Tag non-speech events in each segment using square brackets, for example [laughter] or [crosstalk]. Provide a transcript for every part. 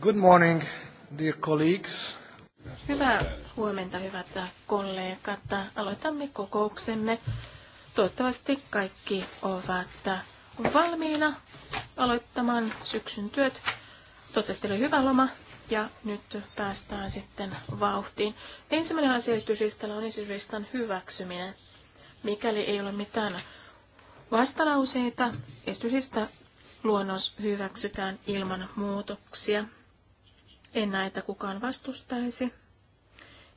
Good morning, dear colleagues. Hyvää huomenta, hyvät kollegat. Aloitamme kokouksemme. Toivottavasti kaikki ovat valmiina aloittamaan syksyn työt. Toivottavasti oli hyvä loma ja nyt päästään sitten vauhtiin. Ensimmäinen asia esityslistalla on esityslistan hyväksyminen. Mikäli ei ole mitään vastalauseita, esityslista luonnos hyväksytään ilman muutoksia. En näitä kukaan vastustaisi,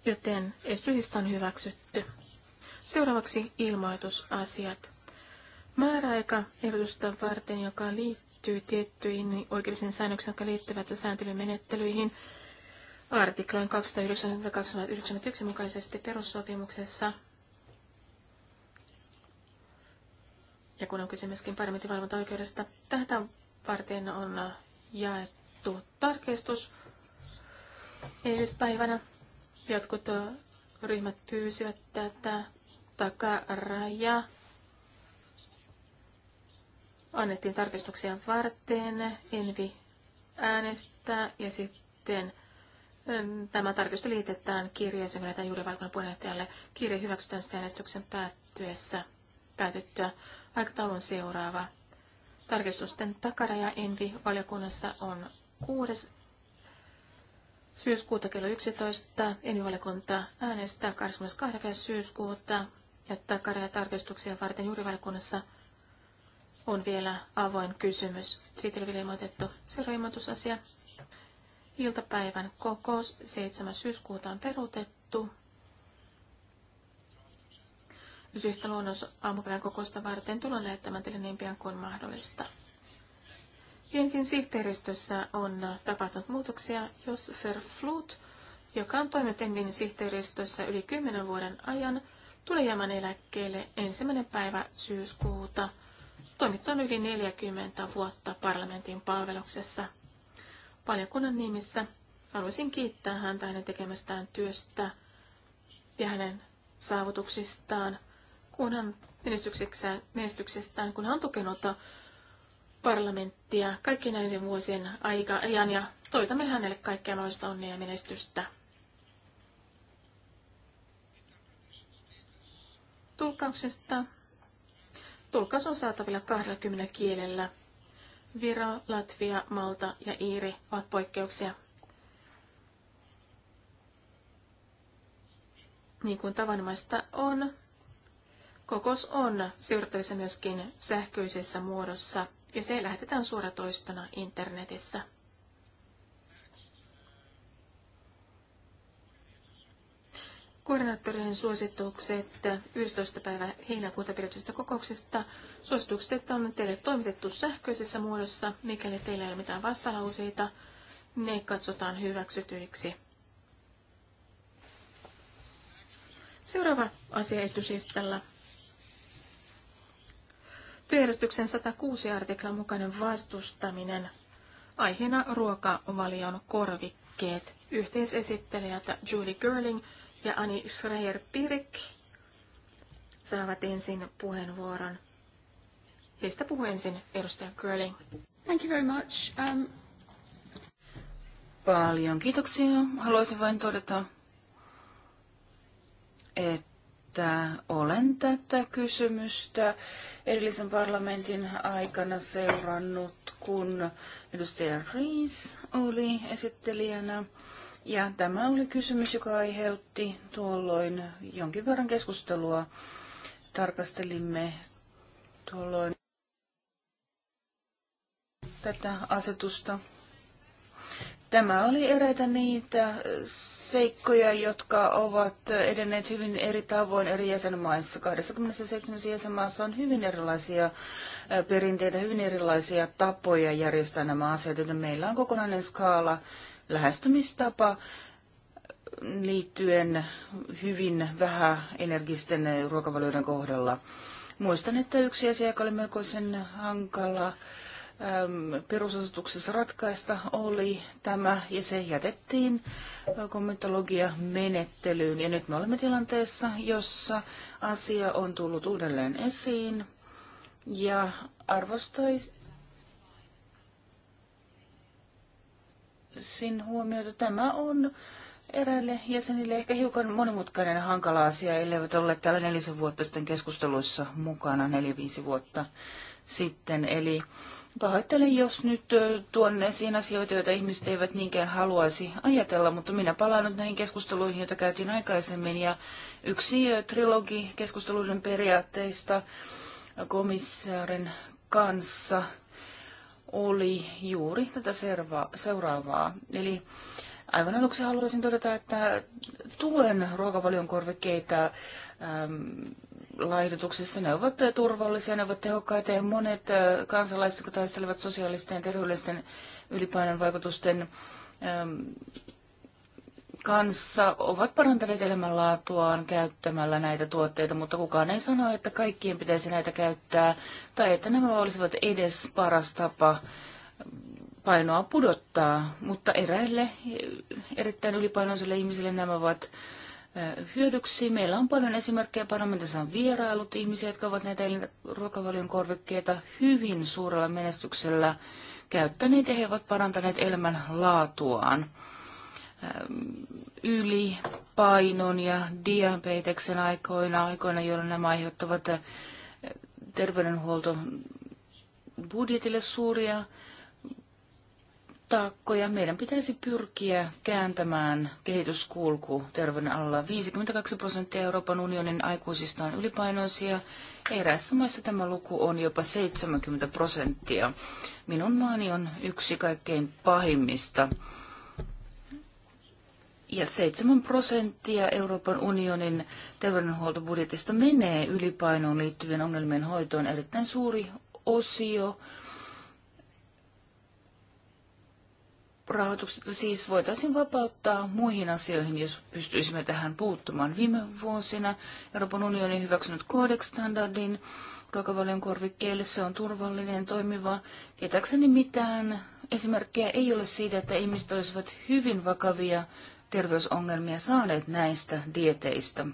joten esitystä on hyväksytty. Seuraavaksi ilmoitusasiat. Määräaika ehdotusta varten, joka liittyy tiettyihin oikeudellisiin säännöksiin, jotka liittyvät sääntelymenettelyihin, artikloin 291 mukaisesti perussopimuksessa. Ja kun on kyse myöskin parlamentin valvontaoikeudesta, tähän varten on jaettu tarkistus Eilispäivänä jotkut ryhmät pyysivät tätä takarajaa. Annettiin tarkistuksia varten, Envi äänestää ja sitten tämä tarkistus liitetään kirjeeseen, jota juuri valkoinen puheenjohtajalle kirje hyväksytään sitä äänestyksen päättyessä, päätyttyä. Aikataulun seuraava. Tarkistusten takaraja Envi-valiokunnassa on 6 syyskuuta kello 11. Enivalikunta äänestää 28. syyskuuta jättää tarkistuksia varten juurivalikunnassa on vielä avoin kysymys. Siitä oli ilmoitettu seuraimoitusasia. Iltapäivän kokous 7. syyskuuta on peruutettu. Syystä luonnos aamupäivän kokousta varten tullaan lähettämään teille niin pian kuin mahdollista. Jenkin sihteeristössä on tapahtunut muutoksia. Jos Verflut, joka on toiminut Jenkin sihteeristössä yli 10 vuoden ajan, tulee jäämään eläkkeelle ensimmäinen päivä syyskuuta. Toimit on yli 40 vuotta parlamentin palveluksessa. Valiokunnan nimissä haluaisin kiittää häntä hänen tekemästään työstä ja hänen saavutuksistaan, kun hän menestyksestään, kun hän on tukenut parlamenttia kaikki näiden vuosien aika, ajan ja toitamme hänelle kaikkea noista onnea ja menestystä. Tulkauksesta. Tulkaus on saatavilla 20 kielellä. Viro, Latvia, Malta ja Iiri ovat poikkeuksia. Niin kuin tavanomaista on, kokous on siirtyessä myöskin sähköisessä muodossa – ja se lähetetään suoratoistona internetissä. Koordinaattorien suositukset 11. päivä heinäkuuta pidetystä kokouksesta. Suositukset on teille toimitettu sähköisessä muodossa, mikäli teillä ei ole mitään vastalauseita. Ne katsotaan hyväksytyiksi. Seuraava asia esityslistalla Työjärjestyksen 106 artiklan mukainen vastustaminen. Aiheena ruokavalion korvikkeet. Yhteisesittelijät Julie Girling ja Ani Schreier-Pirik saavat ensin puheenvuoron. Heistä puhuu ensin edustaja Girling. Thank you very much. Um... Paljon kiitoksia. Haluaisin vain todeta, että että olen tätä kysymystä edellisen parlamentin aikana seurannut, kun edustaja Rees oli esittelijänä. Ja tämä oli kysymys, joka aiheutti tuolloin jonkin verran keskustelua. Tarkastelimme tuolloin tätä asetusta. Tämä oli eräitä niitä seikkoja, jotka ovat edenneet hyvin eri tavoin eri jäsenmaissa. 27 jäsenmaassa on hyvin erilaisia perinteitä, hyvin erilaisia tapoja järjestää nämä asiat, joten meillä on kokonainen skaala, lähestymistapa liittyen hyvin vähäenergisten ruokavalioiden kohdalla. Muistan, että yksi asia, joka oli melkoisen hankala, perusasetuksessa ratkaista oli tämä, ja se jätettiin äh, kommentologia-menettelyyn. Ja nyt me olemme tilanteessa, jossa asia on tullut uudelleen esiin, ja arvostaisin huomiota. Tämä on eräille jäsenille ehkä hiukan monimutkainen ja hankala asia, elleivät ole täällä nelisen vuotta sitten keskusteluissa mukana, neljä-viisi vuotta sitten. Eli Pahoittelen, jos nyt tuonne esiin asioita, joita ihmiset eivät niinkään haluaisi ajatella, mutta minä palaan nyt näihin keskusteluihin, joita käytiin aikaisemmin. Ja yksi trilogi keskusteluiden periaatteista komissaarin kanssa oli juuri tätä seuraavaa. Eli aivan aluksi haluaisin todeta, että tuen ruokavalion korvikkeita ähm, laihdutuksessa. Ne ovat eh, turvallisia, ne ovat tehokkaita ja monet eh, kansalaiset, jotka taistelevat sosiaalisten ja terveellisten ylipainon vaikutusten ehm, kanssa, ovat parantaneet elämänlaatuaan käyttämällä näitä tuotteita, mutta kukaan ei sano, että kaikkien pitäisi näitä käyttää tai että nämä olisivat edes paras tapa painoa pudottaa, mutta eräille eh, erittäin ylipainoisille ihmisille nämä ovat hyödyksi. Meillä on paljon esimerkkejä parlamentissa on vierailut ihmisiä, jotka ovat näitä ruokavalion korvikkeita hyvin suurella menestyksellä käyttäneet ja he ovat parantaneet elämänlaatuaan ylipainon ja diabeteksen aikoina, aikoina, jolloin nämä aiheuttavat terveydenhuolto budjetille suuria taakkoja. Meidän pitäisi pyrkiä kääntämään kehityskulku terveyden alla. 52 prosenttia Euroopan unionin aikuisista on ylipainoisia. Eräissä maissa tämä luku on jopa 70 prosenttia. Minun maani on yksi kaikkein pahimmista. Ja 7 prosenttia Euroopan unionin terveydenhuoltobudjetista menee ylipainoon liittyvien ongelmien hoitoon. Erittäin suuri osio rahoituksesta siis voitaisiin vapauttaa muihin asioihin, jos pystyisimme tähän puuttumaan. Viime vuosina Euroopan unioni on hyväksynyt kodekstandardin, ruokavalion korvikkeelle. Se on turvallinen, toimiva. Tietääkseni mitään esimerkkejä ei ole siitä, että ihmiset olisivat hyvin vakavia terveysongelmia saaneet näistä dieteistä.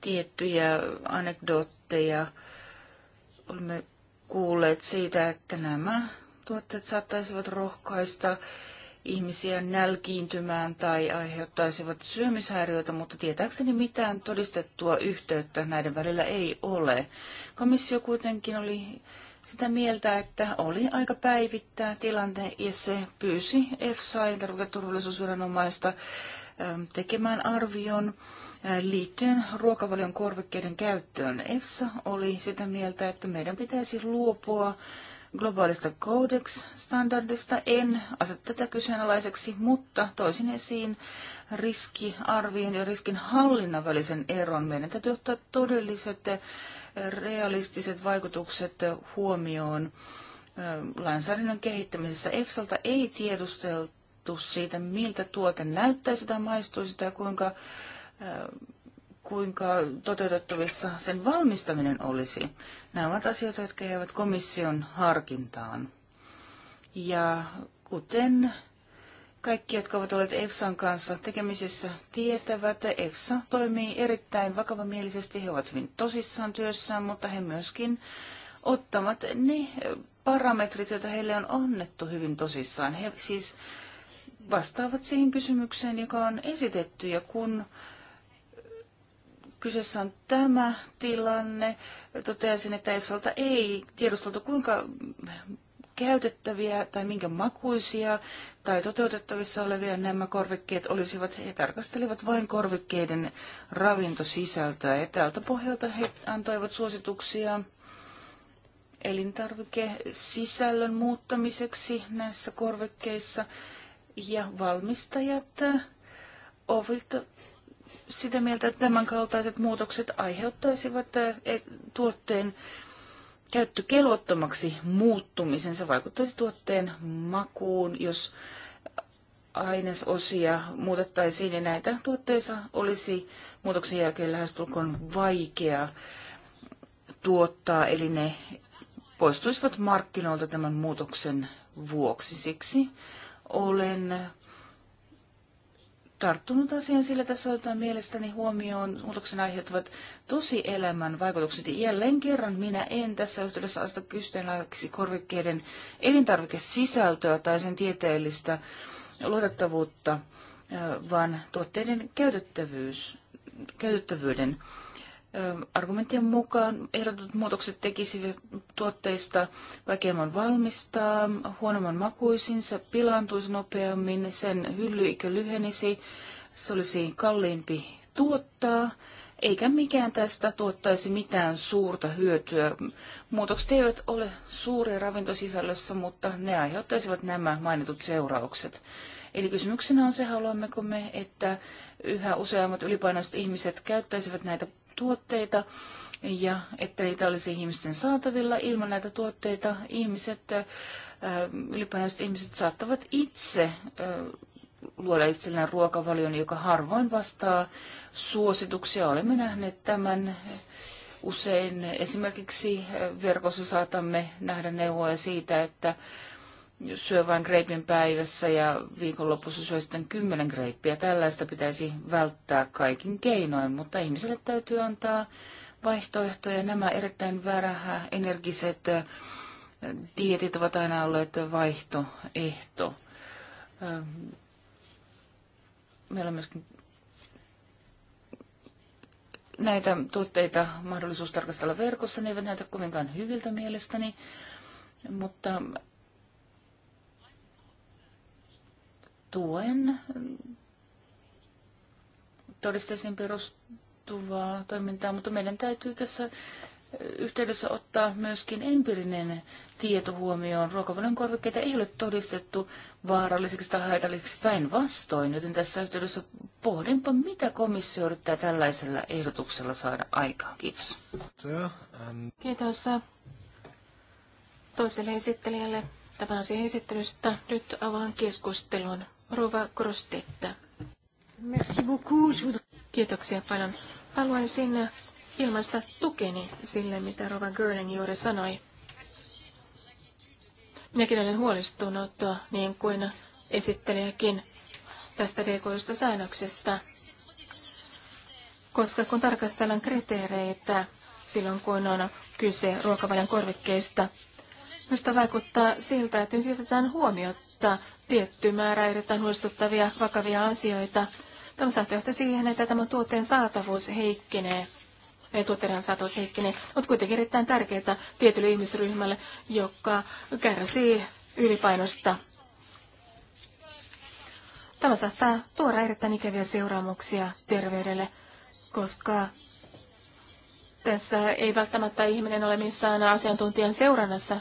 Tiettyjä anekdootteja olemme kuulleet siitä, että nämä tuotteet saattaisivat rohkaista ihmisiä nälkiintymään tai aiheuttaisivat syömishäiriöitä, mutta tietääkseni mitään todistettua yhteyttä näiden välillä ei ole. Komissio kuitenkin oli sitä mieltä, että oli aika päivittää tilanne ja se pyysi EFSA, turvallisuusviranomaista, ähm, tekemään arvion äh, liittyen ruokavalion korvikkeiden käyttöön. EFSA oli sitä mieltä, että meidän pitäisi luopua globaalista Codex-standardista. En aseta tätä kyseenalaiseksi, mutta toisin esiin riskiarviin ja riskin hallinnan välisen eron. Meidän täytyy ottaa todelliset realistiset vaikutukset huomioon lainsäädännön kehittämisessä. EFSAlta ei tiedusteltu siitä, miltä tuote näyttäisi tai maistuisi tai kuinka kuinka toteutettavissa sen valmistaminen olisi. Nämä ovat asioita, jotka jäävät komission harkintaan. Ja kuten kaikki, jotka ovat olleet EFSAn kanssa tekemisissä, tietävät, että EFSA toimii erittäin vakavamielisesti. He ovat hyvin tosissaan työssään, mutta he myöskin ottavat ne parametrit, joita heille on onnettu hyvin tosissaan. He siis vastaavat siihen kysymykseen, joka on esitetty, ja kun Kyseessä on tämä tilanne. Toteaisin, että Exalta ei tiedusteltu kuinka käytettäviä tai minkä makuisia tai toteutettavissa olevia nämä korvikkeet olisivat. He tarkastelivat vain korvikkeiden ravintosisältöä ja tältä pohjalta he antoivat suosituksia elintarvikesisällön muuttamiseksi näissä korvikkeissa ja valmistajat sitä mieltä, että tämän kaltaiset muutokset aiheuttaisivat e, tuotteen käyttökelvottomaksi muuttumisen. Se vaikuttaisi tuotteen makuun, jos ainesosia muutettaisiin ja näitä tuotteissa olisi muutoksen jälkeen lähestulkoon vaikea tuottaa, eli ne poistuisivat markkinoilta tämän muutoksen vuoksi. Siksi olen tarttunut asian, sillä tässä otetaan mielestäni huomioon muutoksen aiheuttavat elämän vaikutukset. Ja jälleen kerran minä en tässä yhteydessä asta kysteenlaiseksi korvikkeiden elintarvikesisältöä tai sen tieteellistä luotettavuutta, vaan tuotteiden käytettävyys, käytettävyyden argumenttien mukaan ehdotut muutokset tekisivät tuotteista vaikeamman valmistaa, huonomman makuisinsa, pilaantuisi nopeammin, sen hyllyikö lyhenisi, se olisi kalliimpi tuottaa, eikä mikään tästä tuottaisi mitään suurta hyötyä. Muutokset eivät ole suuria ravintosisällössä, mutta ne aiheuttaisivat nämä mainitut seuraukset. Eli kysymyksenä on se, haluammeko me, että yhä useammat ylipainoiset ihmiset käyttäisivät näitä tuotteita ja että niitä olisi ihmisten saatavilla. Ilman näitä tuotteita ihmiset, ylipäätään ihmiset saattavat itse luoda itselleen ruokavalion, joka harvoin vastaa suosituksia. Olemme nähneet tämän usein. Esimerkiksi verkossa saatamme nähdä neuvoja siitä, että syö vain greipin päivässä ja viikonlopussa syö sitten kymmenen greippiä. Tällaista pitäisi välttää kaikin keinoin, mutta ihmiselle täytyy antaa vaihtoehtoja. Nämä erittäin värähä energiset äh, dietit ovat aina olleet vaihtoehto. Ähm, meillä on myöskin näitä tuotteita mahdollisuus tarkastella verkossa. Ne eivät näytä kovinkaan hyviltä mielestäni, mutta tuen todisteisiin perustuvaa toimintaa, mutta meidän täytyy tässä yhteydessä ottaa myöskin empiirinen tieto huomioon. Ruokavalion korvikkeita ei ole todistettu vaarallisiksi tai haitalliseksi päinvastoin, joten tässä yhteydessä pohdinpa, mitä komissio yrittää tällaisella ehdotuksella saada aikaan. Kiitos. Kiitos toiselle esittelijälle tämän asian esittelystä. Nyt avaan keskustelun. Rova Krostetta. Merci beaucoup. Kiitoksia paljon. Haluaisin ilmaista tukeni sille, mitä Rova Görling juuri sanoi. Minäkin olen huolestunut, niin kuin esittelijäkin, tästä dekoista säännöksestä, koska kun tarkastellaan kriteereitä silloin, kun on kyse ruokavalion korvikkeista, Minusta vaikuttaa siltä, että nyt jätetään huomiota tietty määrä erittäin huolestuttavia vakavia asioita. Tämä saattaa johtaa siihen, että tämä tuotteen saatavuus heikkenee tuotteiden saatavuus heikkenee, mutta kuitenkin erittäin tärkeää tietylle ihmisryhmälle, joka kärsii ylipainosta. Tämä saattaa tuoda erittäin ikäviä seuraamuksia terveydelle, koska tässä ei välttämättä ihminen ole missään asiantuntijan seurannassa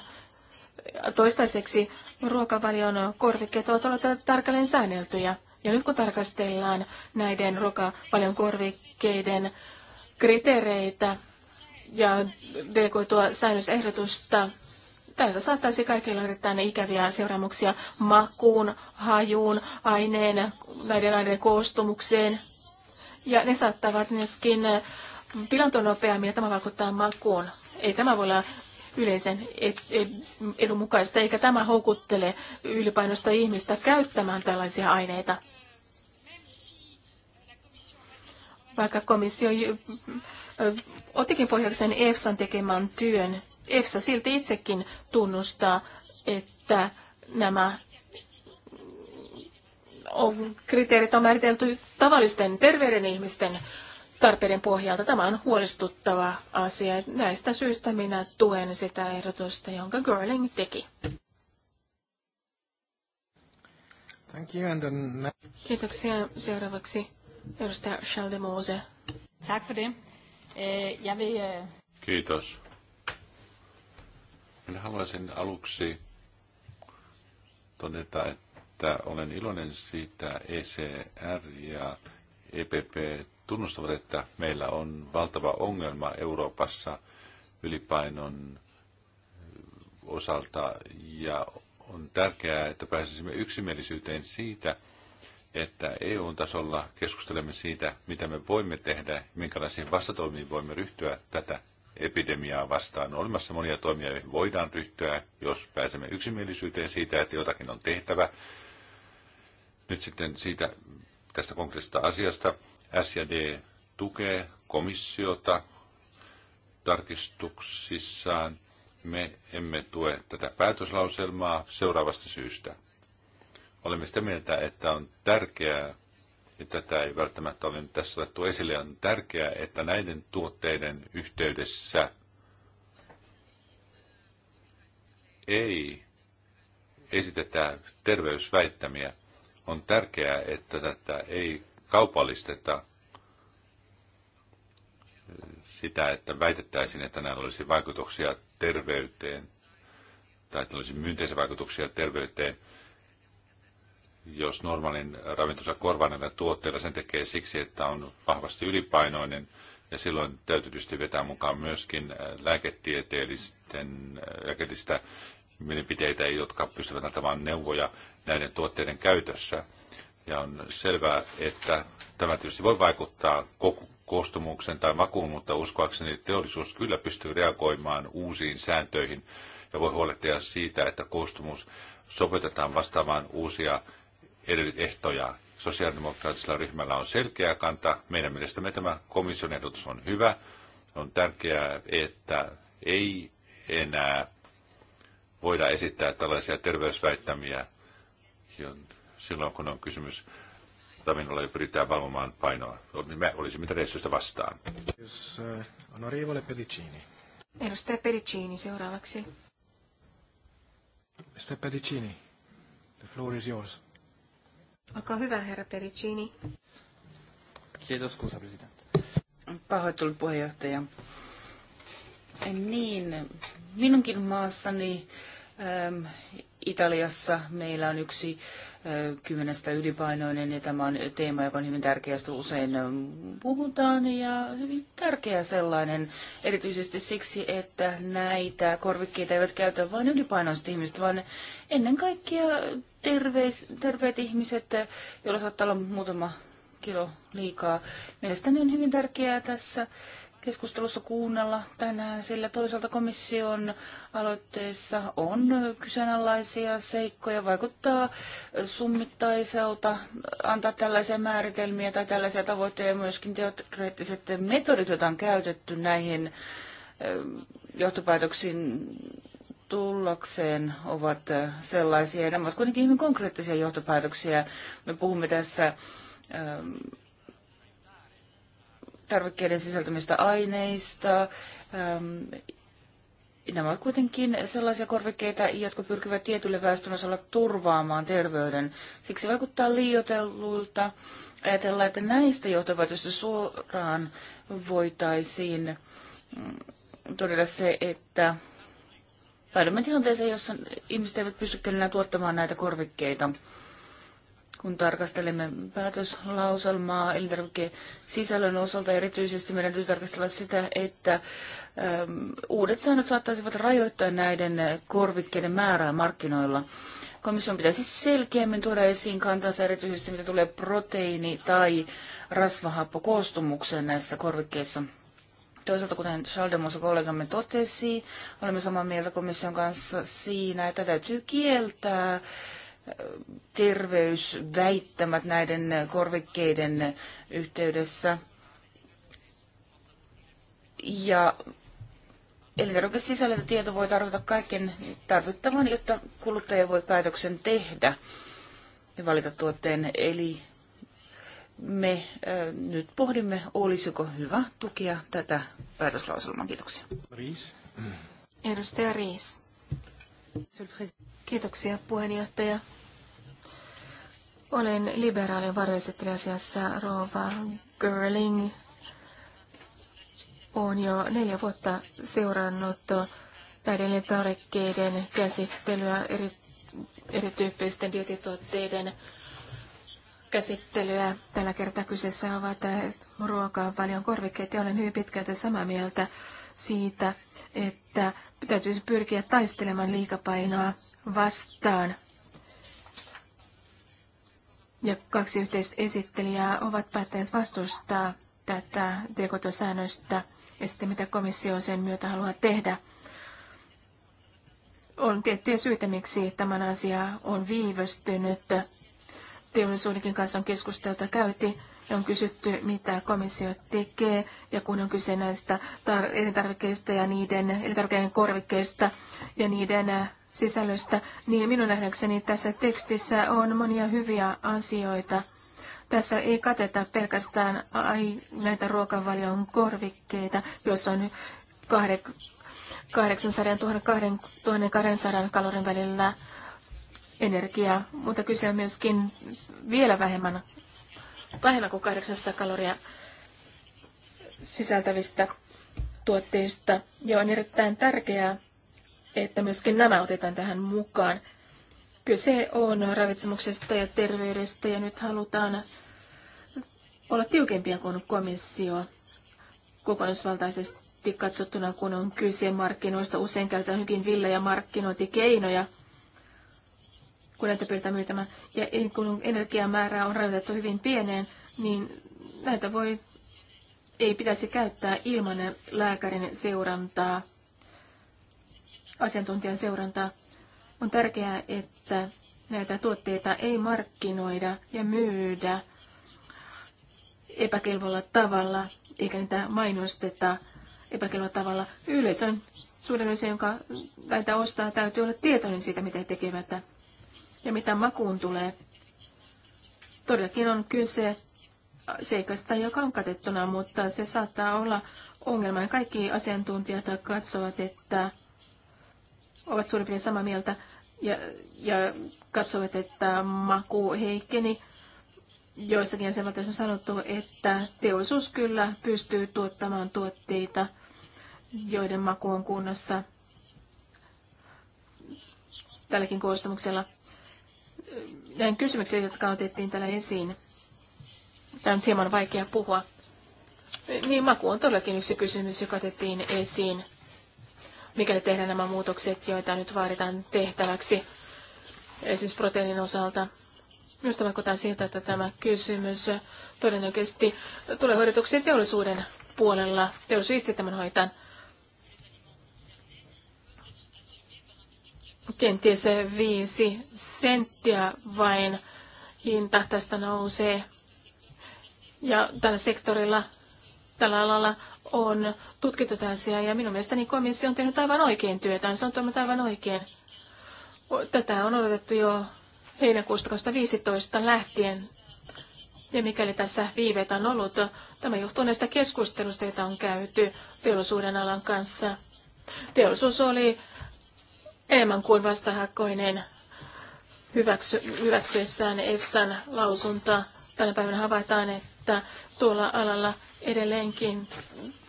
Toistaiseksi ruokavalion korvikkeet ovat olleet tarkalleen säänneltyjä. Ja nyt kun tarkastellaan näiden ruokavalion korvikkeiden kriteereitä ja delegoitua säännösehdotusta, Täältä saattaisi kaikilla erittäin ikäviä seuraamuksia makuun, hajuun, aineen, näiden aineiden koostumukseen. Ja ne saattavat myöskin pilantua nopeammin ja tämä vaikuttaa makuun. Ei tämä voi olla yleisen edun mukaista, eikä tämä houkuttele ylipainosta ihmistä käyttämään tällaisia aineita. Vaikka komissio otikin pohjakseen EFSAn tekemän työn, EFSA silti itsekin tunnustaa, että nämä on, kriteerit on määritelty tavallisten terveyden ihmisten tarpeiden pohjalta. Tämä on huolestuttava asia. Näistä syistä minä tuen sitä ehdotusta, jonka Girling teki. Thank you, and then... Kiitoksia. Seuraavaksi edustaja Charles de Mose. Tack för det. Eh, jag vill... Eh, Kiitos. Minä haluaisin aluksi todeta, että olen iloinen siitä ECR ja EPP tunnustavat, että meillä on valtava ongelma Euroopassa ylipainon osalta ja on tärkeää, että pääsisimme yksimielisyyteen siitä, että EU-tasolla keskustelemme siitä, mitä me voimme tehdä, minkälaisiin vastatoimiin voimme ryhtyä tätä epidemiaa vastaan. On olemassa monia toimia, joihin voidaan ryhtyä, jos pääsemme yksimielisyyteen siitä, että jotakin on tehtävä. Nyt sitten siitä tästä konkreettisesta asiasta. SJD tukee komissiota tarkistuksissaan. Me emme tue tätä päätöslauselmaa seuraavasta syystä. Olemme sitä mieltä, että on tärkeää, ja tätä ei välttämättä ole nyt tässä otettu esille, on tärkeää, että näiden tuotteiden yhteydessä ei esitetä terveysväittämiä. On tärkeää, että tätä ei kaupallisteta sitä, että väitettäisiin, että näillä olisi vaikutuksia terveyteen tai että olisi myönteisiä vaikutuksia terveyteen, jos normaalin ravintonsa korvaanella tuotteella sen tekee siksi, että on vahvasti ylipainoinen, ja silloin täytyy tietysti vetää mukaan myöskin äh, lääketieteellisten, äh, lääketieteellistä mielipiteitä, jotka pystyvät antamaan neuvoja näiden tuotteiden käytössä. Ja on selvää, että tämä tietysti voi vaikuttaa koko koostumuksen tai makuun, mutta uskoakseni teollisuus kyllä pystyy reagoimaan uusiin sääntöihin ja voi huolehtia siitä, että koostumus sopeutetaan vastaamaan uusia ehtoja. Sosiaalidemokraattisella ryhmällä on selkeä kanta. Meidän mielestämme tämä komission ehdotus on hyvä. On tärkeää, että ei enää voida esittää tällaisia terveysväittämiä, silloin, kun on kysymys ravinnolla ja pyritään valvomaan painoa. Niin me olisimme reissuista vastaan. Uh, onorevole Pedicini. Edustaja Pedicini seuraavaksi. Mr. Pedicini, the floor is yours. Olkaa hyvä, herra Pedicini. Kiitos, kuusa presidente. Pahoittelut puheenjohtaja. Niin, minunkin maassani ähm, Italiassa meillä on yksi kymmenestä ylipainoinen ja tämä on teema, joka on hyvin tärkeä, josta usein puhutaan ja hyvin tärkeä sellainen, erityisesti siksi, että näitä korvikkeita eivät käytä vain ylipainoiset ihmiset, vaan ennen kaikkea terveis, terveet ihmiset, joilla saattaa olla muutama kilo liikaa. Mielestäni on hyvin tärkeää tässä keskustelussa kuunnella tänään, sillä toisaalta komission aloitteessa on kyseenalaisia seikkoja. Vaikuttaa summittaiselta antaa tällaisia määritelmiä tai tällaisia tavoitteita ja myöskin teoreettiset metodit, joita on käytetty näihin johtopäätöksiin tullakseen ovat sellaisia. Nämä ovat kuitenkin hyvin konkreettisia johtopäätöksiä. Me puhumme tässä tarvikkeiden sisältämistä aineista. Ähm, nämä ovat kuitenkin sellaisia korvikkeita, jotka pyrkivät tietylle väestönosalle turvaamaan terveyden. Siksi vaikuttaa liioitelluilta Ajatellaan, että näistä johtopäätöstä suoraan voitaisiin mm, todeta se, että päädymme tilanteeseen, jossa ihmiset eivät pysty enää tuottamaan näitä korvikkeita kun tarkastelemme päätöslauselmaa elintarvikesisällön osalta. Erityisesti meidän täytyy tarkastella sitä, että ähm, uudet säännöt saattaisivat rajoittaa näiden korvikkeiden määrää markkinoilla. Komission pitäisi selkeämmin tuoda esiin kantansa erityisesti, mitä tulee proteiini- tai rasvahappokoostumukseen näissä korvikkeissa. Toisaalta, kuten Chaldemossa kollegamme totesi, olemme samaa mieltä komission kanssa siinä, että täytyy kieltää terveysväittämät näiden korvikkeiden yhteydessä. Ja tieto voi tarvita kaiken tarvittavan, jotta kuluttaja voi päätöksen tehdä ja valita tuotteen. Eli me äh, nyt pohdimme, olisiko hyvä tukea tätä päätöslauselmaa. Kiitoksia. Riis. Edustaja Riis. Kiitoksia puheenjohtaja. Olen liberaalin varjoesittelijä Rova Girling. Olen jo neljä vuotta seurannut näiden elintarvikkeiden käsittelyä, eri, erityyppisten dietituotteiden käsittelyä. Tällä kertaa kyseessä ovat ruokavalion korvikkeita ja olen hyvin pitkälti samaa mieltä siitä, että täytyisi pyrkiä taistelemaan liikapainoa vastaan. Ja kaksi yhteistä esittelijää ovat päättäneet vastustaa tätä tekotosäännöstä ja sitten mitä komissio sen myötä haluaa tehdä. On tiettyjä syitä, miksi tämän asia on viivästynyt. Teollisuudenkin kanssa on keskusteltu käyty ja on kysytty, mitä komissio tekee, ja kun on kyse näistä tar- elintarvikkeista ja niiden elintarvikkeiden korvikkeista ja niiden äh, sisällöstä, niin minun nähdäkseni tässä tekstissä on monia hyviä asioita. Tässä ei kateta pelkästään näitä ruokavalion korvikkeita, jos on 800 1200 kalorin välillä energiaa, mutta kyse on myöskin vielä vähemmän vähemmän kuin 800 kaloria sisältävistä tuotteista. Ja on erittäin tärkeää, että myöskin nämä otetaan tähän mukaan. Kyse on ravitsemuksesta ja terveydestä ja nyt halutaan olla tiukempia kuin komissio kokonaisvaltaisesti katsottuna, kun on kyse markkinoista. Usein käytetään hyvin villejä markkinointikeinoja – kun näitä pyritään myytämään. ja kun energiamäärää on rajoitettu hyvin pieneen, niin näitä voi, ei pitäisi käyttää ilman lääkärin seurantaa, asiantuntijan seurantaa. On tärkeää, että näitä tuotteita ei markkinoida ja myydä epäkelvolla tavalla, eikä niitä mainosteta epäkelvolla tavalla. Yleisön suurin osa, jonka näitä ostaa, täytyy olla tietoinen siitä, mitä he tekevät. Ja mitä makuun tulee, todellakin on kyse seikasta, joka on katettuna, mutta se saattaa olla ongelman. Kaikki asiantuntijat katsovat, että ovat suurin piirtein samaa mieltä ja, ja katsovat, että maku heikkeni. Joissakin jäsenvaltioissa on sanottu, että teollisuus kyllä pystyy tuottamaan tuotteita, joiden maku on kunnossa tälläkin koostumuksella näin kysymyksiin, jotka otettiin täällä esiin. Tämä on hieman vaikea puhua. Niin, maku on todellakin yksi kysymys, joka otettiin esiin. Mikäli tehdään nämä muutokset, joita nyt vaaditaan tehtäväksi, esimerkiksi proteiinin osalta, Minusta vaikuttaa siltä, että tämä kysymys todennäköisesti tulee hoidetuksi teollisuuden puolella. Teollisuus itse tämän hoitaa. kenties viisi senttiä vain hinta tästä nousee. Ja tällä sektorilla, tällä alalla on tutkittu tätä ja minun mielestäni komissio on tehnyt aivan oikein työtään. Se on toiminut aivan oikein. Tätä on odotettu jo heinäkuusta 2015 lähtien. Ja mikäli tässä viiveitä on ollut, tämä johtuu näistä keskustelusta, joita on käyty teollisuuden alan kanssa. Teollisuus oli Eeman kuin vastahakkoinen hyväksy, hyväksyessään EFSAn lausunta. Tänä päivänä havaitaan, että tuolla alalla edelleenkin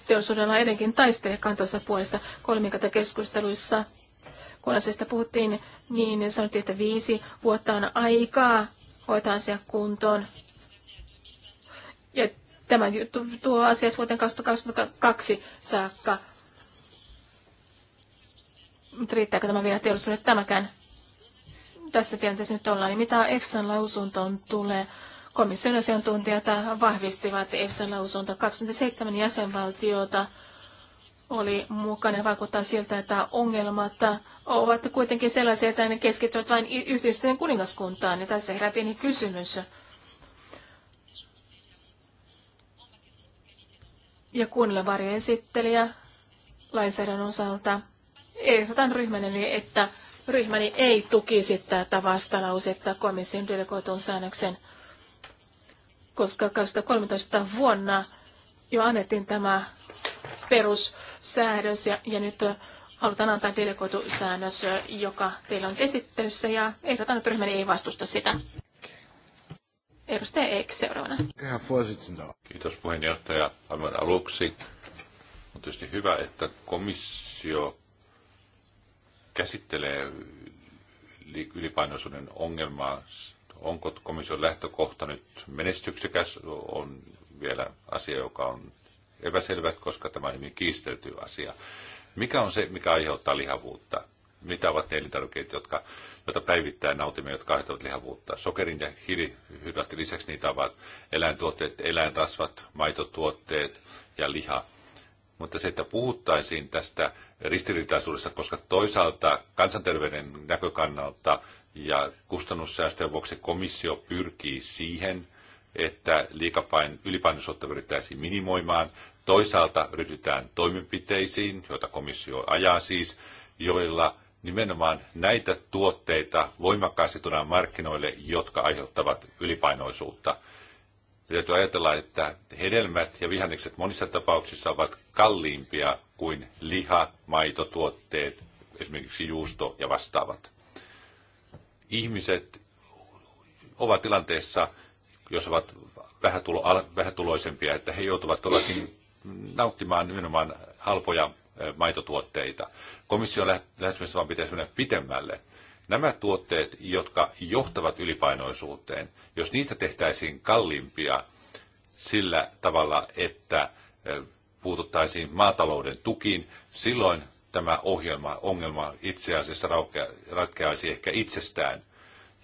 teollisuudella edelleenkin taistelee kantansa puolesta kolmikata keskusteluissa. Kun asiasta puhuttiin, niin sanottiin, että viisi vuotta on aikaa hoitaa asia kuntoon. Ja tämä tuo asiat vuoteen 2022 saakka mutta riittääkö tämä vielä teollisuudelle tämäkään? Tässä tilanteessa nyt ollaan. Ja mitä EFSAn lausuntoon tulee? Komission asiantuntijat vahvistivat EFSAn lausunto 27 jäsenvaltiota oli mukana ja vaikuttaa siltä, että ongelmat ovat kuitenkin sellaisia, että ne keskittyvät vain yhteistyön kuningaskuntaan. Ja tässä herää pieni kysymys. Ja kuunnella varjoesittelijä lainsäädännön osalta ehdotan ryhmäni, että ryhmäni ei tukisi tätä vastalausetta komission delegoitun säännöksen, koska 2013 vuonna jo annettiin tämä perussäädös ja, ja nyt halutaan antaa delegoitu säännös, joka teillä on esittelyssä ja ehdotan, että ryhmäni ei vastusta sitä. Edustaja Eik seuraavana. Kiitos puheenjohtaja. Aivan aluksi on tietysti hyvä, että komissio käsittelee ylipainoisuuden ongelmaa? Onko komission lähtökohta nyt menestyksekäs? On vielä asia, joka on epäselvä, koska tämä on hyvin kiistelty asia. Mikä on se, mikä aiheuttaa lihavuutta? Mitä ovat ne elintarvikkeet, jotka, joita päivittäin nautimme, jotka aiheuttavat lihavuutta? Sokerin ja hiilihydraatin lisäksi niitä ovat eläintuotteet, eläintasvat, maitotuotteet ja liha mutta se, että puhuttaisiin tästä ristiriitaisuudessa, koska toisaalta kansanterveyden näkökannalta ja kustannussäästöjen vuoksi komissio pyrkii siihen, että liikapain ylipainosuutta pyrittäisiin minimoimaan. Toisaalta ryhdytään toimenpiteisiin, joita komissio ajaa siis, joilla nimenomaan näitä tuotteita voimakkaasti tuodaan markkinoille, jotka aiheuttavat ylipainoisuutta täytyy ajatella, että hedelmät ja vihannekset monissa tapauksissa ovat kalliimpia kuin liha, maitotuotteet, esimerkiksi juusto ja vastaavat. Ihmiset ovat tilanteessa, jos ovat vähätuloisempia, että he joutuvat todellakin nauttimaan nimenomaan halpoja maitotuotteita. Komissio lähtemistä vaan pitäisi mennä pitemmälle. Nämä tuotteet, jotka johtavat ylipainoisuuteen, jos niitä tehtäisiin kalliimpia sillä tavalla, että eh, puututtaisiin maatalouden tukiin, silloin tämä ohjelma, ongelma itse asiassa ratkeaisi ehkä itsestään.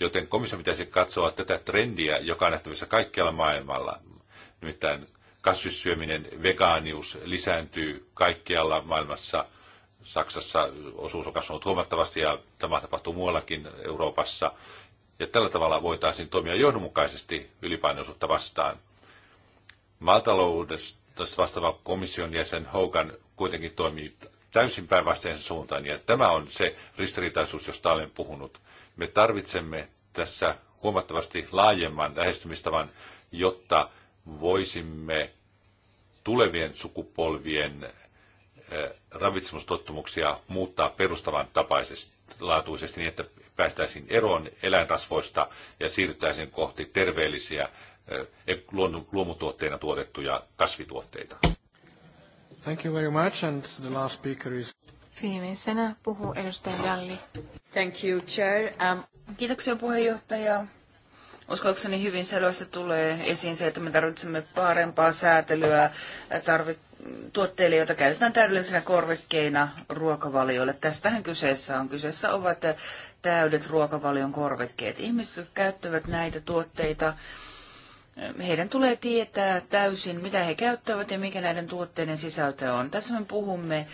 Joten komissio pitäisi katsoa tätä trendiä, joka on nähtävissä kaikkialla maailmalla. Nimittäin kasvissyöminen, vegaanius lisääntyy kaikkialla maailmassa – Saksassa osuus on kasvanut huomattavasti ja tämä tapahtuu muuallakin Euroopassa. Ja tällä tavalla voitaisiin toimia johdonmukaisesti ylipainoisuutta vastaan. Maataloudesta vastaava komission jäsen Hogan kuitenkin toimii täysin päinvastaisen suuntaan. Ja tämä on se ristiriitaisuus, josta olen puhunut. Me tarvitsemme tässä huomattavasti laajemman lähestymistavan, jotta voisimme tulevien sukupolvien Eh, ravitsemustottumuksia muuttaa perustavan laatuisesti niin, että päästäisiin eroon eläinrasvoista ja siirryttäisiin kohti terveellisiä eh, luomutuotteina tuotettuja kasvituotteita. Thank you very much and the last speaker is... Viimeisenä puhuu edustaja Dalli. Thank you, Chair. Um... Kiitoksia puheenjohtaja. Uskoakseni hyvin selvästi tulee esiin se, että me tarvitsemme parempaa säätelyä, tarvitsemme tuotteille, joita käytetään täydellisenä korvikkeina ruokavalioille. Tästähän kyseessä on. Kyseessä ovat täydet ruokavalion korvikkeet. Ihmiset, jotka käyttävät näitä tuotteita, heidän tulee tietää täysin, mitä he käyttävät ja mikä näiden tuotteiden sisältö on. Tässä me puhumme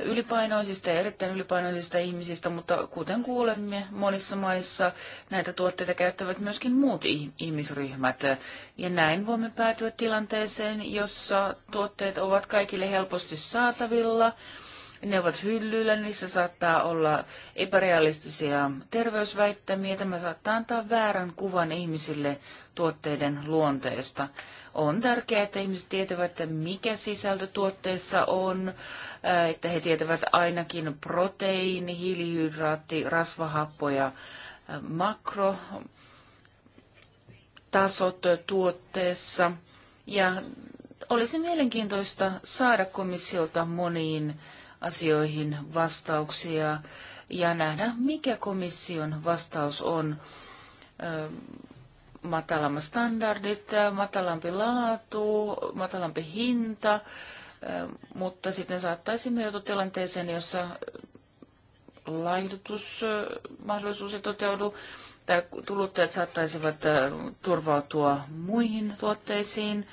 ylipainoisista ja erittäin ylipainoisista ihmisistä, mutta kuten kuulemme, monissa maissa näitä tuotteita käyttävät myöskin muut ihmisryhmät. Ja näin voimme päätyä tilanteeseen, jossa tuotteet ovat kaikille helposti saatavilla, ne ovat hyllyillä, niissä saattaa olla epärealistisia terveysväittämiä. Tämä saattaa antaa väärän kuvan ihmisille tuotteiden luonteesta. On tärkeää, että ihmiset tietävät, mikä sisältö tuotteessa on, äh, että he tietävät ainakin proteiini, hiilihydraatti, rasvahappoja, äh, makro tasot tuotteessa. Ja olisi mielenkiintoista saada komissiolta moniin asioihin vastauksia ja nähdä, mikä komission vastaus on äh, matalammat standardit, matalampi laatu, matalampi hinta, eh, mutta sitten saattaisimme joutua tilanteeseen, jossa laihdutusmahdollisuus ei toteudu, tai tuluttajat saattaisivat eh, turvautua muihin tuotteisiin.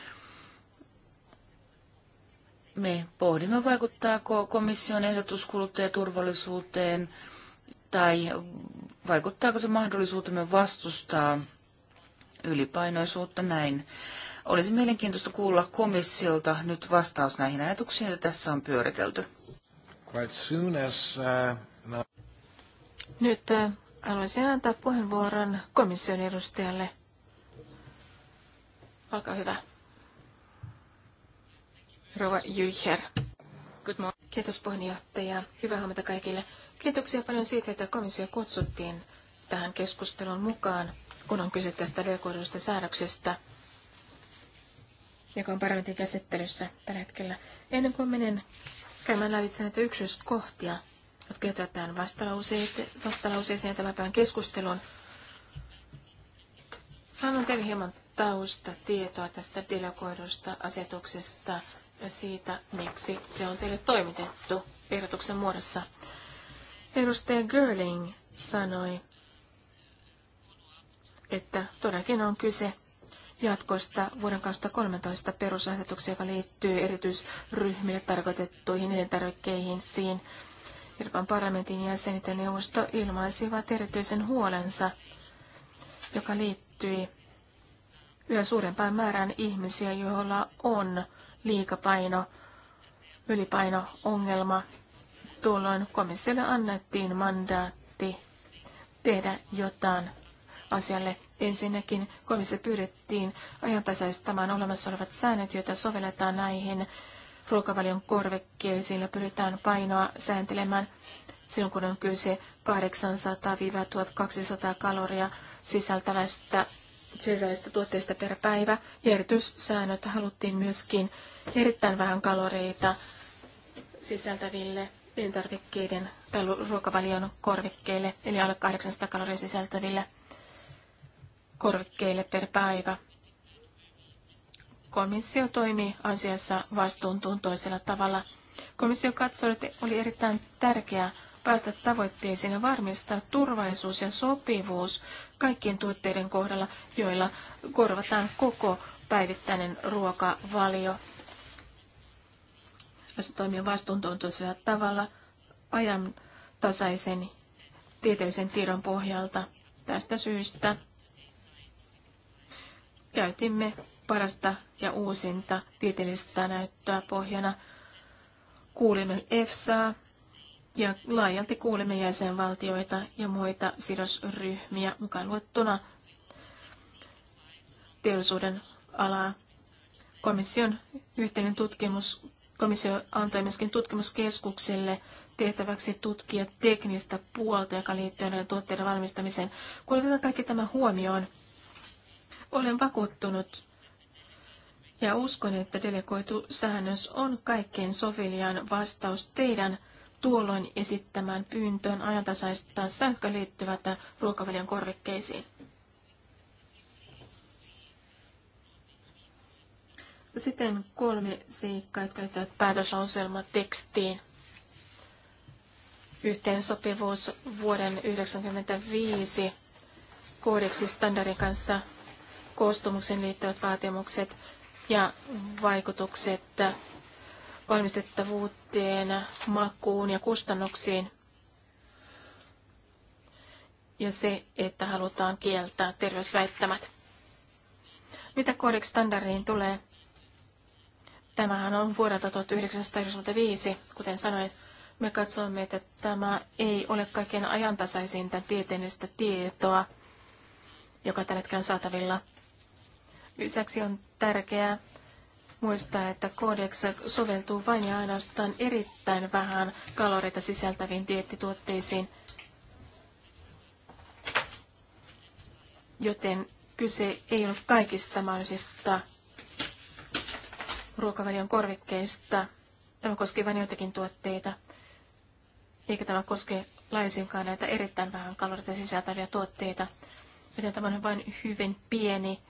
Me pohdimme, vaikuttaako komission ehdotus kuluttajaturvallisuuteen tai vaikuttaako se mahdollisuutemme vastustaa ylipainoisuutta näin. Olisi mielenkiintoista kuulla komissiolta nyt vastaus näihin ajatuksiin, joita tässä on pyöritelty. Quite soon as, uh, no. Nyt uh, haluaisin antaa puheenvuoron komission edustajalle. Olkaa hyvä. Rova Jycher. Good morning. Kiitos puheenjohtaja. Hyvää huomenta kaikille. Kiitoksia paljon siitä, että komissio kutsuttiin tähän keskusteluun mukaan kun on kyse tästä reagoidusta säädöksestä, joka on parlamentin käsittelyssä tällä hetkellä. Ennen kuin menen käymään lävitse näitä yksityiskohtia, jotka liittyvät tähän vastalauseeseen tämän päivän keskusteluun, annan teille hieman tietoa tästä delegoidusta asetuksesta ja siitä, miksi se on teille toimitettu ehdotuksen muodossa. Edustaja Görling sanoi, että todellakin on kyse jatkosta vuoden 2013 perusasetuksia, joka liittyy erityisryhmille tarkoitettuihin elintarvikkeisiin. Euroopan parlamentin jäsenet ja neuvosto ilmaisivat erityisen huolensa, joka liittyi yhä suurempaan määrään ihmisiä, joilla on liikapaino, ylipaino-ongelma. Tuolloin komissiolle annettiin mandaatti tehdä jotain asialle. Ensinnäkin komissio pyydettiin ajantasaistamaan olemassa olevat säännöt, joita sovelletaan näihin ruokavalion korvekkeisiin ja pyritään painoa sääntelemään silloin, kun on kyse 800-1200 kaloria sisältävästä sisältävästä tuotteista per päivä. Järjestyssäännöt haluttiin myöskin erittäin vähän kaloreita sisältäville elintarvikkeiden tai ruokavalion korvikkeille, eli alle 800 kaloria sisältäville korvikkeille per päivä. Komissio toimi asiassa vastuuntuntoisella tavalla. Komissio katsoi, että oli erittäin tärkeää päästä tavoitteisiin ja varmistaa turvallisuus ja sopivuus kaikkien tuotteiden kohdalla, joilla korvataan koko päivittäinen ruokavalio. Se toimii vastuuntuntoisella tavalla ajantasaisen tieteellisen tiedon pohjalta. Tästä syystä käytimme parasta ja uusinta tieteellistä näyttöä pohjana. Kuulimme EFSAa ja laajalti kuulimme jäsenvaltioita ja muita sidosryhmiä mukaan luettuna teollisuuden alaa. Komission yhteinen tutkimus, komissio antoi myöskin tutkimuskeskukselle tehtäväksi tutkia teknistä puolta, joka liittyy näiden tuotteiden valmistamiseen. Kun otetaan kaikki tämä huomioon, olen vakuuttunut ja uskon, että delegoitu säännös on kaikkein soveliaan vastaus teidän tuolloin esittämään pyyntöön ajantasaistaa sähkö jotka liittyvät ruokavälien korvikkeisiin. Sitten kolme seikkaa, jotka liittyvät tekstiin. Yhteensopivuus vuoden 1995 koodeksi standardin kanssa koostumuksen liittyvät vaatimukset ja vaikutukset valmistettavuuteen, makuun ja kustannuksiin. Ja se, että halutaan kieltää terveysväittämät. Mitä kodex standardiin tulee? Tämähän on vuodelta 1995, kuten sanoin. Me katsomme, että tämä ei ole kaikkein ajantasaisinta tieteellistä tietoa, joka tällä hetkellä on saatavilla. Lisäksi on tärkeää muistaa, että Codex soveltuu vain ja ainoastaan erittäin vähän kaloreita sisältäviin diettituotteisiin, joten kyse ei ole kaikista mahdollisista ruokavalion korvikkeista. Tämä koskee vain joitakin tuotteita, eikä tämä koske laisinkaan näitä erittäin vähän kaloreita sisältäviä tuotteita, joten tämä on vain hyvin pieni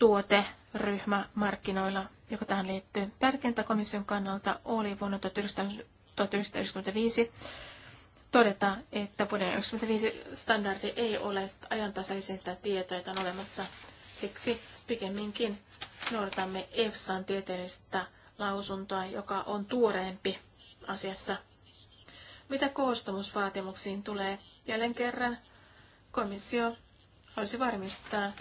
tuoteryhmä markkinoilla, joka tähän liittyy. Tärkeintä komission kannalta oli vuonna 1995 todeta, että vuoden 1995 standardi ei ole ajantasaisinta tietoa, joita on olemassa. Siksi pikemminkin noudatamme EFSAn tieteellistä lausuntoa, joka on tuoreempi asiassa. Mitä koostumusvaatimuksiin tulee? Jälleen kerran komissio olisi varmistaa,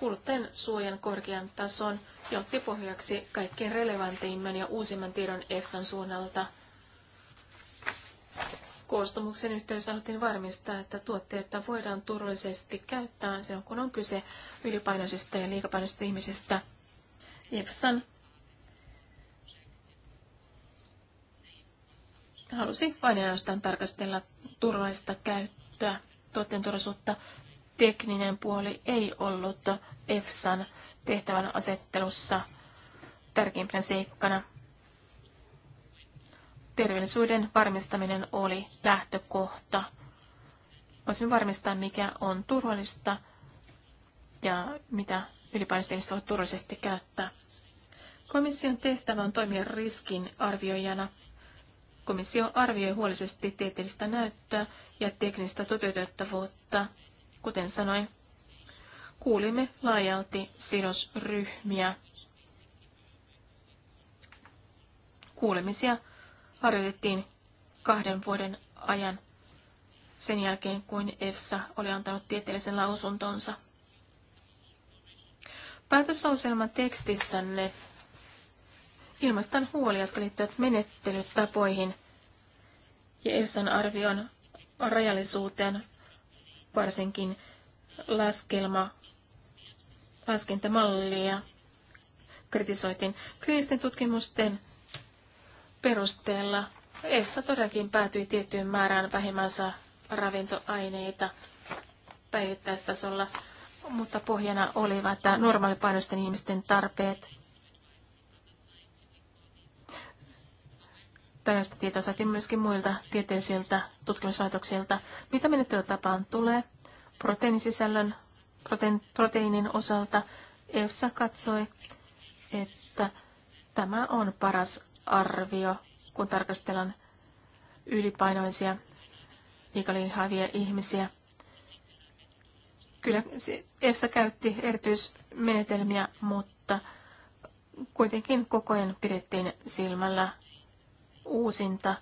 kuluttajan suojan korkean tason ja otti pohjaksi kaikkein relevanteimman ja uusimman tiedon EFSAn suunnalta. Koostumuksen yhteydessä haluttiin varmistaa, että tuotteita voidaan turvallisesti käyttää silloin, kun on kyse ylipainoisista ja liikapainoisista ihmisistä. EFSAn halusi vain ainoastaan tarkastella turvallista käyttöä, tuotteen turvallisuutta tekninen puoli ei ollut EFSAn tehtävän asettelussa tärkeimpänä seikkana. Terveellisyyden varmistaminen oli lähtökohta. Voisimme varmistaa, mikä on turvallista ja mitä ylipäänsä voi turvallisesti käyttää. Komission tehtävä on toimia riskin arvioijana. Komissio arvioi huolisesti tieteellistä näyttöä ja teknistä toteutettavuutta Kuten sanoin, kuulimme laajalti sidosryhmiä. Kuulemisia harjoitettiin kahden vuoden ajan sen jälkeen, kuin EFSA oli antanut tieteellisen lausuntonsa. Päätösauselman tekstissänne ilmaistaan huolia, jotka liittyvät menettelytapoihin ja EFSAn arvion rajallisuuteen varsinkin laskelma, laskentamallia kritisoitiin. Kriisten tutkimusten perusteella Essa todellakin päätyi tiettyyn määrään vähemmänsä ravintoaineita päivittäistasolla, mutta pohjana olivat normaalipainoisten ihmisten tarpeet – Tällaista tietoa saatiin myöskin muilta tieteellisiltä tutkimuslaitoksilta. Mitä menettelytapaan tulee proteiinisisällön, protein, proteiinin osalta, Elsa katsoi, että tämä on paras arvio, kun tarkastellaan ylipainoisia liikalihaavia ihmisiä. Kyllä EFSA käytti erityismenetelmiä, mutta kuitenkin koko ajan pidettiin silmällä uusinta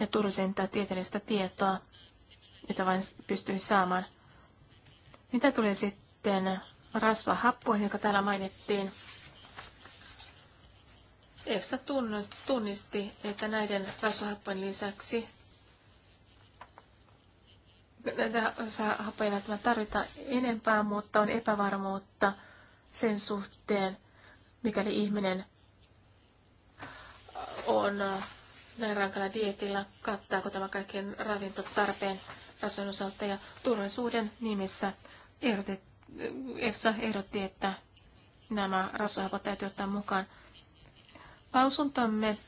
ja tursinta tieteellistä tietoa, mitä vain pystyy saamaan. Mitä tulee sitten rasvahappoihin, joka täällä mainittiin? EFSA tunnisti, että näiden rasvahappojen lisäksi näitä happoja välttämättä tarvitaan enempää, mutta on epävarmuutta sen suhteen, mikäli ihminen on näin rankalla dietillä, kattaako tämä kaikkien ravintotarpeen rasvan osalta ja turvallisuuden nimissä ehdotet, EFSA ehdotti, että nämä rasvahapot täytyy ottaa mukaan. Lausuntomme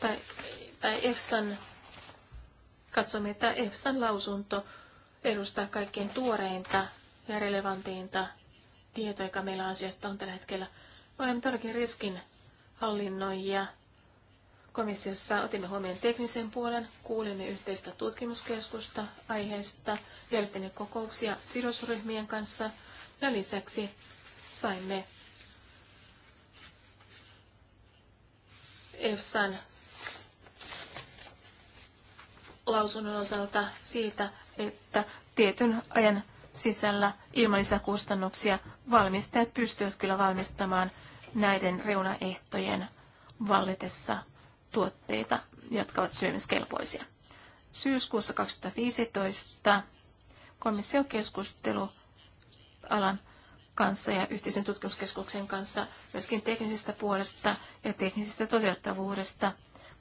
tai, tai EFSAn, katsomme, että EFSAn lausunto edustaa kaikkein tuoreinta ja relevantiinta tietoa, joka meillä asiasta on tällä hetkellä. Olemme todellakin riskin hallinnoijia. Komissiossa otimme huomioon teknisen puolen, kuulimme yhteistä tutkimuskeskusta aiheesta, järjestimme kokouksia sidosryhmien kanssa ja lisäksi saimme EFSAn lausunnon osalta siitä, että tietyn ajan sisällä ilman lisäkustannuksia valmistajat pystyvät kyllä valmistamaan – näiden reunaehtojen vallitessa tuotteita, jotka ovat syömiskelpoisia. Syyskuussa 2015 keskustelu alan kanssa ja yhteisen tutkimuskeskuksen kanssa myöskin teknisestä puolesta ja teknisestä toteuttavuudesta,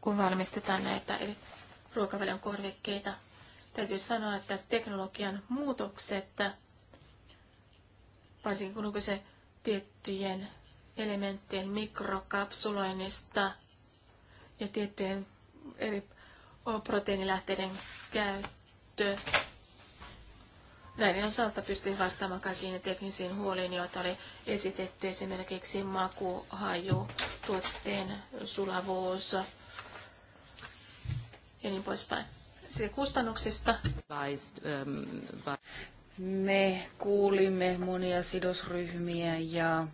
kun valmistetaan näitä eli ruokavälion korvikkeita. Täytyy sanoa, että teknologian muutokset, varsinkin kun on kyse tiettyjen elementtien mikrokapsuloinnista ja tiettyjen eri proteiinilähteiden käyttö. Näiden osalta pystyin vastaamaan kaikkiin teknisiin huoliin, joita oli esitetty esimerkiksi maku, haju, tuotteen sulavuus ja niin poispäin. Sitten kustannuksista. Um, Me kuulimme monia sidosryhmiä ja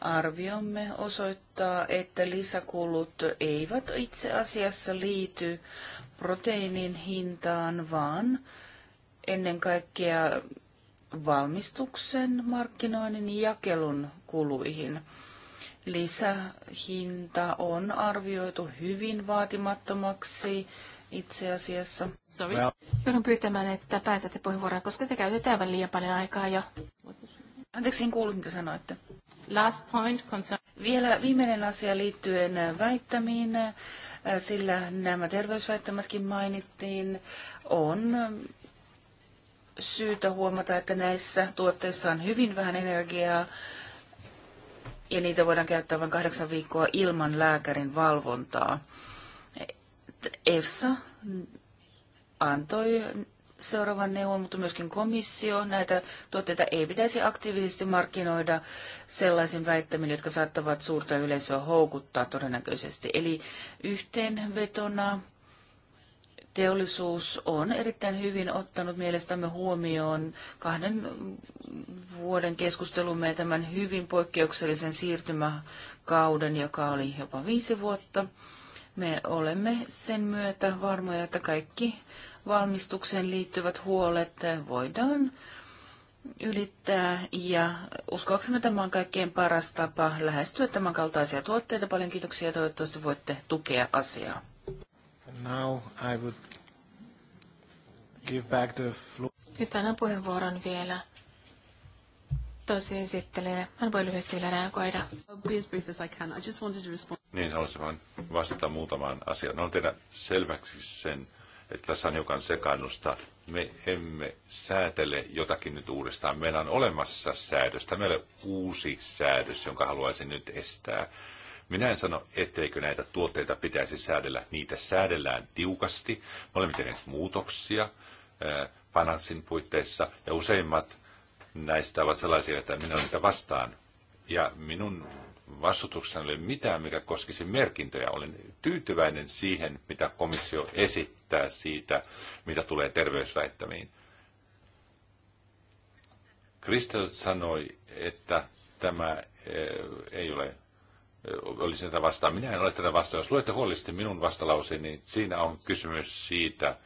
Arviomme osoittaa, että lisäkulut eivät itse asiassa liity proteiinin hintaan, vaan ennen kaikkea valmistuksen, markkinoinnin ja jakelun kuluihin. Lisähinta on arvioitu hyvin vaatimattomaksi itse asiassa. Sorry. Joudun pyytämään, että päätätte puheenvuoroa, koska te käytetään aivan liian paljon aikaa jo. Anteeksi, en kuullut, mitä sanoitte. Last point concern... Vielä viimeinen asia liittyen väittämiin, sillä nämä terveysväittämätkin mainittiin, on syytä huomata, että näissä tuotteissa on hyvin vähän energiaa ja niitä voidaan käyttää vain kahdeksan viikkoa ilman lääkärin valvontaa. EFSA antoi seuraavan neuvon, mutta myöskin komissio. Näitä tuotteita ei pitäisi aktiivisesti markkinoida sellaisin väittämin, jotka saattavat suurta yleisöä houkuttaa todennäköisesti. Eli yhteenvetona teollisuus on erittäin hyvin ottanut mielestämme huomioon kahden vuoden keskustelumme tämän hyvin poikkeuksellisen siirtymäkauden, joka oli jopa viisi vuotta. Me olemme sen myötä varmoja, että kaikki valmistukseen liittyvät huolet voidaan ylittää ja uskoakseni tämä on kaikkein paras tapa lähestyä tämän kaltaisia tuotteita. Paljon kiitoksia ja toivottavasti voitte tukea asiaa. Now I would give back the floor. Nyt annan puheenvuoron vielä tosi esittelee. Hän voi lyhyesti vielä reagoida. Niin, haluaisin vain vastata muutamaan asiaan. No, on tehdä selväksi sen, että tässä on hiukan sekannusta. Me emme säätele jotakin nyt uudestaan. Meillä on olemassa säädöstä. Meillä on uusi säädös, jonka haluaisin nyt estää. Minä en sano, etteikö näitä tuotteita pitäisi säädellä. Niitä säädellään tiukasti. Me olemme tehneet muutoksia eh, Panatsin puitteissa ja useimmat näistä ovat sellaisia, että minä olen niitä vastaan. Ja minun vastustuksena ole mitään, mikä koskisi merkintöjä. Olen tyytyväinen siihen, mitä komissio esittää siitä, mitä tulee terveysväittämiin. Kristel sanoi, että tämä eh, ei ole eh, olisi tätä vastaan. Minä en ole tätä vastaan. Jos luette huolellisesti minun vastalauseeni, niin siinä on kysymys siitä,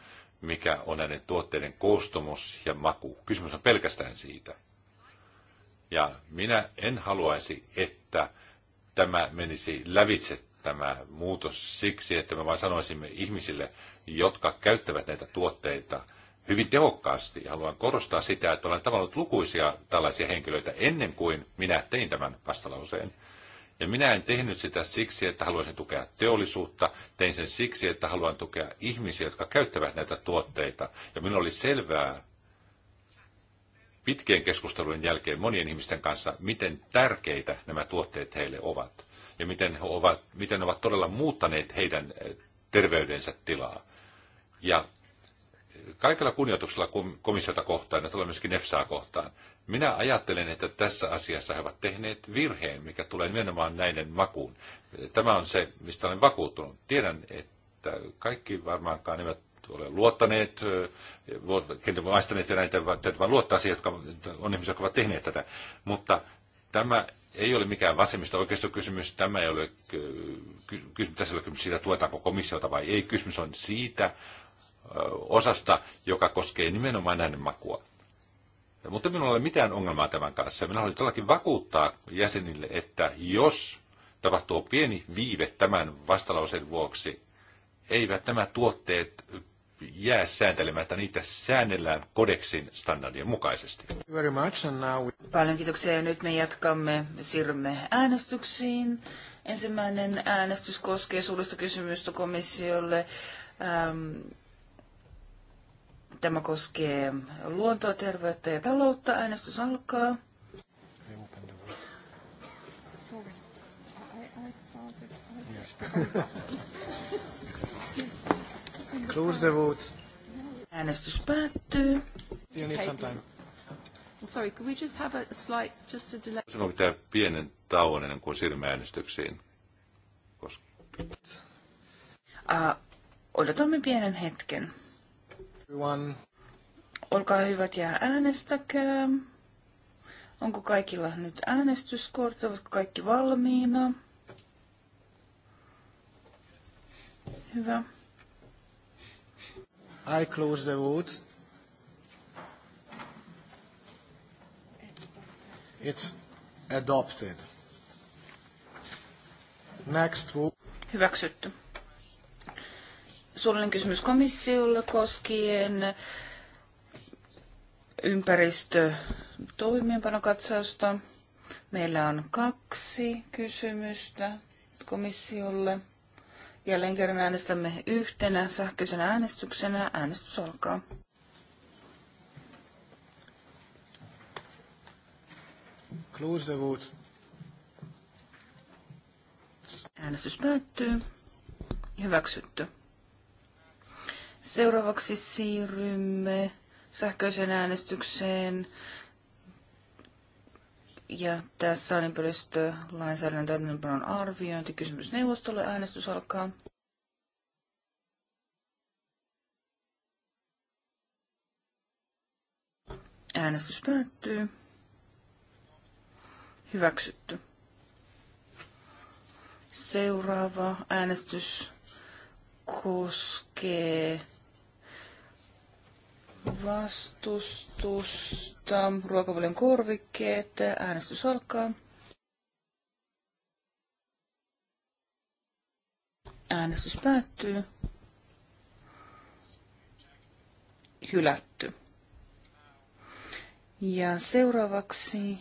mikä on näiden tuotteiden koostumus ja maku. Kysymys on pelkästään siitä. Ja minä en haluaisi, että tämä menisi lävitse tämä muutos siksi, että me vain sanoisimme ihmisille, jotka käyttävät näitä tuotteita hyvin tehokkaasti. Haluan korostaa sitä, että olen tavannut lukuisia tällaisia henkilöitä ennen kuin minä tein tämän vastalauseen. Ja minä en tehnyt sitä siksi, että haluaisin tukea teollisuutta, tein sen siksi, että haluan tukea ihmisiä, jotka käyttävät näitä tuotteita. Ja minulla oli selvää pitkien keskustelujen jälkeen monien ihmisten kanssa, miten tärkeitä nämä tuotteet heille ovat ja miten he ovat, miten he ovat todella muuttaneet heidän eh, terveydensä tilaa. Ja kaikella kunnioituksella komissiota kohtaan ja tulee myöskin EFSAa kohtaan, minä ajattelen, että tässä asiassa he ovat tehneet virheen, mikä tulee nimenomaan näiden makuun. Tämä on se, mistä olen vakuuttunut. Tiedän, että kaikki varmaankaan eivät ole luottaneet, kenties maistaneet ja näitä, täytyy vaan luottaa siihen, jotka on ihmisiä, jotka ovat tehneet tätä. Mutta tämä ei ole mikään vasemmista oikeistokysymys. Tämä ei ole kysymys, tässä ei ole kysymys siitä, tuetaanko komissiota vai ei. Kysymys on siitä osasta, joka koskee nimenomaan näiden makua. Mutta minulla ei ole mitään ongelmaa tämän kanssa. Minä haluan todellakin vakuuttaa jäsenille, että jos tapahtuu pieni viive tämän vastalauseen vuoksi, eivät nämä tuotteet jää sääntelemättä, niin niitä säännellään kodeksin standardien mukaisesti. Very much, and now we... Paljon kiitoksia ja nyt me jatkamme, siirrymme äänestyksiin. Ensimmäinen äänestys koskee suurista kysymystä komissiolle. Ähm, tämä koskee luontoa, terveyttä ja taloutta. Äänestys alkaa. Sorry. I, I started. I... [laughs] [laughs] Close the vote. Äänestys päättyy. You need some time. I'm sorry, could we just have a slight, just a delay? Voisimme pitää pienen tauon ennen kuin siirrymme äänestyksiin. Koska... Uh, odotamme pienen hetken. Everyone. Olkaa hyvät ja äänestäkää. Onko kaikilla nyt äänestyskortti? Ovatko kaikki valmiina? Hyvä. I close the vote. It's adopted. Next vote. Hyväksytty. Suullinen kysymys komissiolle koskien ympäristötoimienpanokatsausta. Meillä on kaksi kysymystä komissiolle. Jälleen kerran äänestämme yhtenä sähköisenä äänestyksenä. Äänestys alkaa. Close the vote. Äänestys päättyy. Hyväksytty. Seuraavaksi siirrymme sähköiseen äänestykseen ja tässä on ympäristö, lainsäädännön täytäntöönpanon arviointi. Kysymys neuvostolle. Äänestys alkaa. Äänestys päättyy. Hyväksytty. Seuraava äänestys koskee vastustusta, ruokavalion korvikkeet, äänestys alkaa. Äänestys päättyy. Hylätty. Ja seuraavaksi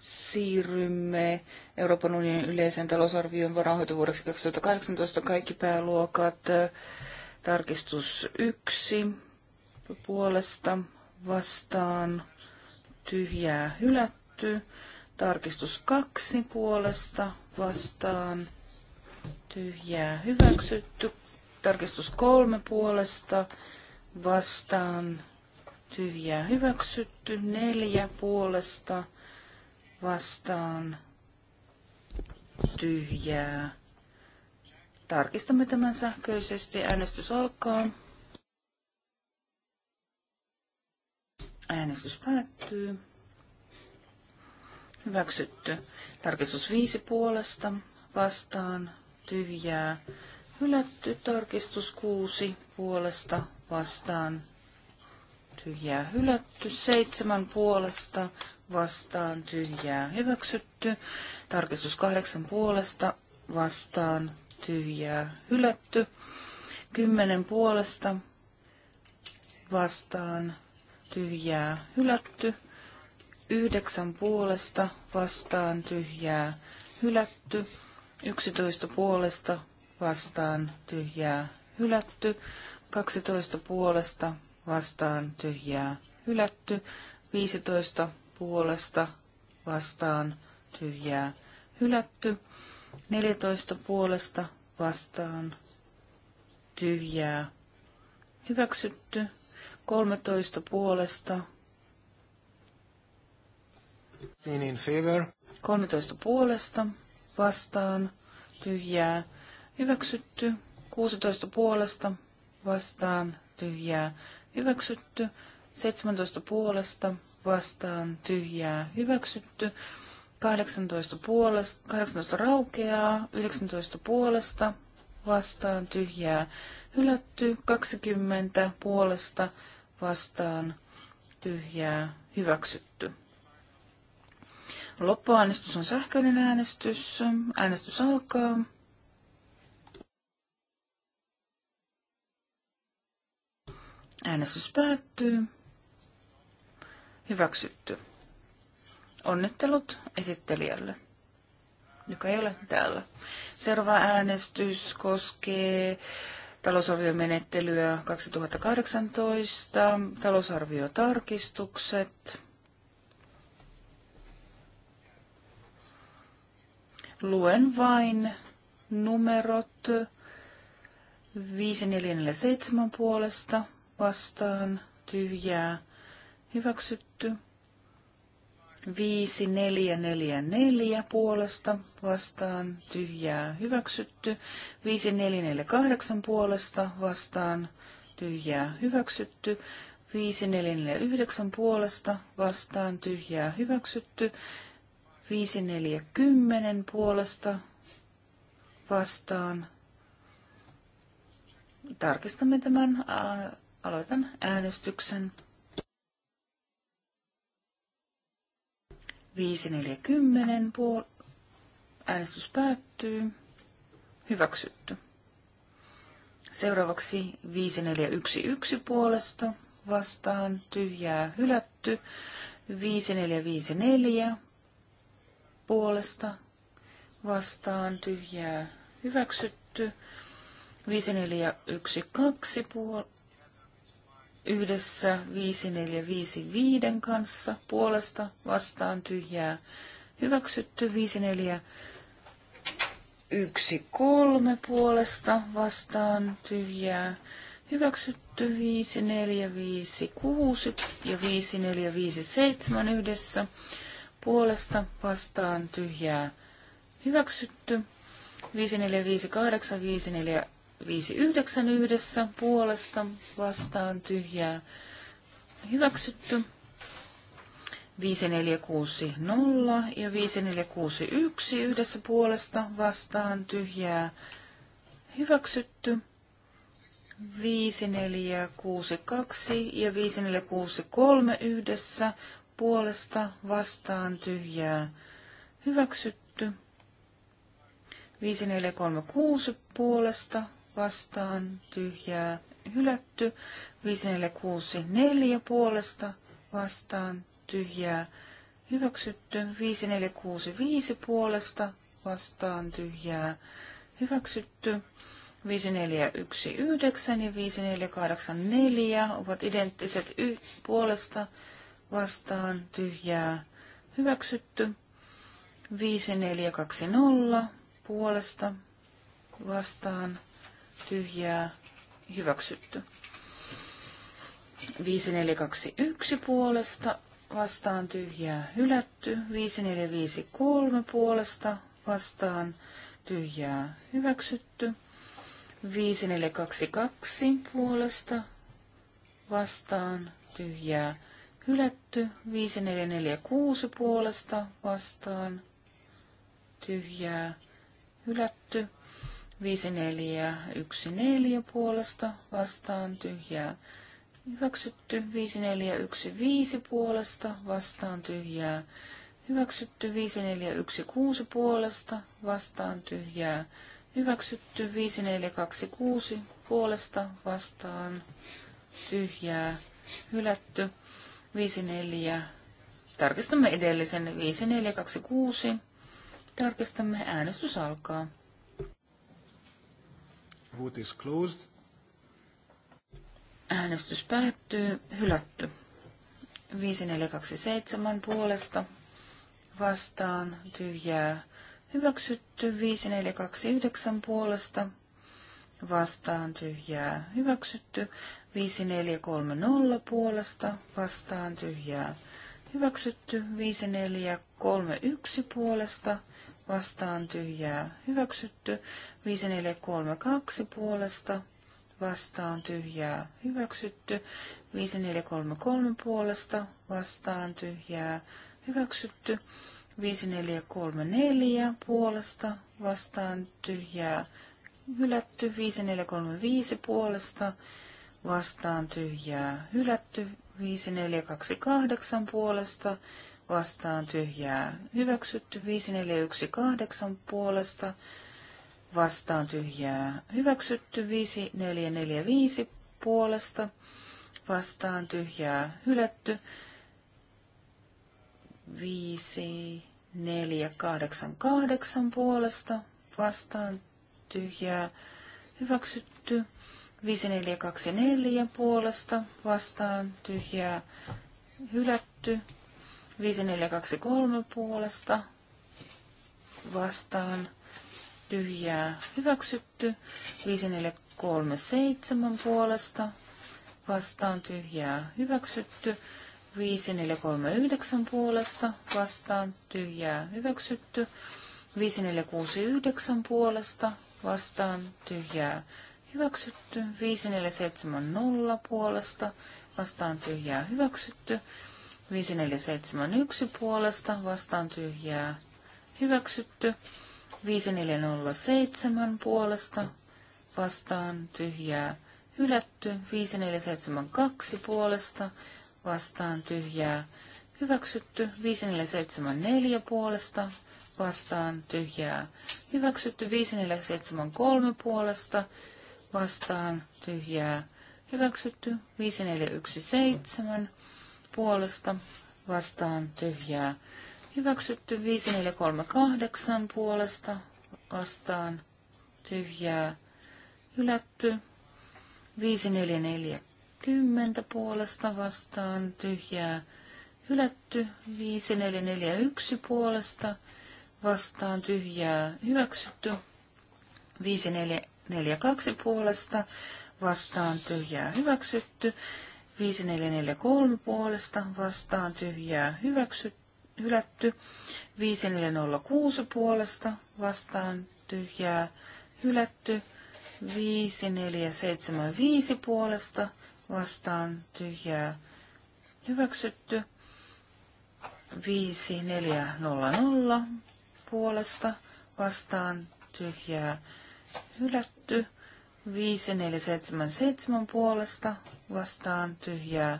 siirrymme Euroopan unionin yleisen talousarvion varanhoitovuodeksi 2018 kaikki pääluokat. Tarkistus 1 puolesta vastaan tyhjää hylätty. Tarkistus kaksi puolesta vastaan tyhjää hyväksytty. Tarkistus kolme puolesta vastaan tyhjää hyväksytty. Neljä puolesta vastaan tyhjää. Tarkistamme tämän sähköisesti. Äänestys alkaa. Äänestys päättyy. Hyväksytty. Tarkistus 5 puolesta vastaan tyhjää. Hylätty tarkistus 6 puolesta vastaan tyhjää. Hylätty 7 puolesta vastaan tyhjää. Hyväksytty. Tarkistus 8 puolesta vastaan tyhjää. Hylätty. 10 puolesta vastaan tyhjää hylätty. Yhdeksän puolesta vastaan tyhjää hylätty. Yksitoista puolesta vastaan tyhjää hylätty. Kaksitoista puolesta vastaan tyhjää hylätty. Viisitoista puolesta vastaan tyhjää hylätty. Neljätoista puolesta vastaan tyhjää hyväksytty. 13 puolesta. in favor. 13 puolesta vastaan tyhjää hyväksytty. 16 puolesta vastaan tyhjää hyväksytty. 17 puolesta vastaan tyhjää hyväksytty. 18 puolesta, 18 raukeaa, 19 puolesta vastaan tyhjää hylätty, 20 puolesta vastaan tyhjää hyväksytty. Loppuäänestys on sähköinen äänestys. Äänestys alkaa. Äänestys päättyy. Hyväksytty. Onnittelut esittelijälle, joka ei ole täällä. Seuraava äänestys koskee talousarviomenettelyä 2018, talousarviotarkistukset, luen vain numerot 5447 puolesta vastaan tyhjää hyväksytty. 5444 puolesta vastaan tyhjää hyväksytty. 5448 puolesta vastaan tyhjää hyväksytty. 5449 puolesta vastaan tyhjää hyväksytty. 5410 puolesta vastaan. Tarkistamme tämän. Aloitan äänestyksen. 5.40 puol... äänestys päättyy. Hyväksytty. Seuraavaksi 5.41 puolesta vastaan tyhjää hylätty. 5454 puolesta vastaan tyhjää hyväksytty. 5412 puolesta yhdessä 5455 kanssa puolesta vastaan tyhjää hyväksytty 5413 puolesta vastaan tyhjää hyväksytty 5456 ja 5457 yhdessä puolesta vastaan tyhjää hyväksytty 5458 54 59 yhdessä puolesta vastaan tyhjää hyväksytty. 5460 ja 5461 yhdessä puolesta vastaan tyhjää hyväksytty. 5462 ja 5463 yhdessä puolesta vastaan tyhjää hyväksytty. 5436 puolesta vastaan tyhjää hylätty. neljä puolesta vastaan tyhjää hyväksytty. 5465 puolesta vastaan tyhjää hyväksytty. 5419 ja 5484 ovat identtiset y puolesta vastaan tyhjää hyväksytty. 5420 puolesta vastaan tyhjää hyväksytty. 5421 puolesta vastaan tyhjää hylätty. 5453 puolesta vastaan tyhjää hyväksytty. 5422 puolesta vastaan tyhjää hylätty. 5446 puolesta vastaan tyhjää hylätty. 5414 puolesta vastaan tyhjää. Hyväksytty 5415 puolesta vastaan tyhjää. Hyväksytty 5416 puolesta vastaan tyhjää. Hyväksytty 5426 puolesta vastaan tyhjää. Hylätty 54. Tarkistamme edellisen 5426. Tarkistamme äänestys alkaa. Vote is closed. Äänestys päättyy. Hylätty. 5427 puolesta vastaan tyhjää. Hyväksytty 5429 puolesta vastaan tyhjää. Hyväksytty 5430 puolesta vastaan tyhjää. Hyväksytty 5431 puolesta vastaan tyhjää hyväksytty. 5432 puolesta vastaan tyhjää hyväksytty. 5433 puolesta vastaan tyhjää hyväksytty. 5434 puolesta vastaan tyhjää hylätty. 5435 puolesta vastaan tyhjää hylätty. 5428 puolesta vastaan tyhjää hyväksytty. 5418 puolesta vastaan tyhjää hyväksytty. 5445 puolesta vastaan tyhjää hylätty. 5488 puolesta vastaan tyhjää hyväksytty. 5424 puolesta vastaan tyhjää hylätty. 5423 puolesta vastaan tyhjää hyväksytty. 5437 puolesta vastaan tyhjää hyväksytty. 5439 puolesta vastaan tyhjää hyväksytty. 5469 puolesta vastaan tyhjää hyväksytty. 5470 puolesta vastaan tyhjää hyväksytty. 5471 puolesta vastaan tyhjää hyväksytty. 5407 puolesta vastaan tyhjää hylätty. 5472 puolesta vastaan tyhjää hyväksytty. 5474 puolesta vastaan tyhjää hyväksytty. 5473 puolesta vastaan tyhjää hyväksytty. 5417 puolesta vastaan tyhjää. Hyväksytty 5438 puolesta vastaan tyhjää. Hylätty 5440 puolesta vastaan tyhjää. Hylätty 5441 puolesta vastaan tyhjää. Hyväksytty 5442 puolesta vastaan tyhjää. Hyväksytty 5443 puolesta vastaan tyhjää hyväksy, hylätty. 5406 puolesta vastaan tyhjää hylätty. 5475 puolesta vastaan tyhjää hyväksytty. 5400 puolesta vastaan tyhjää hylätty. 5477 puolesta vastaan tyhjää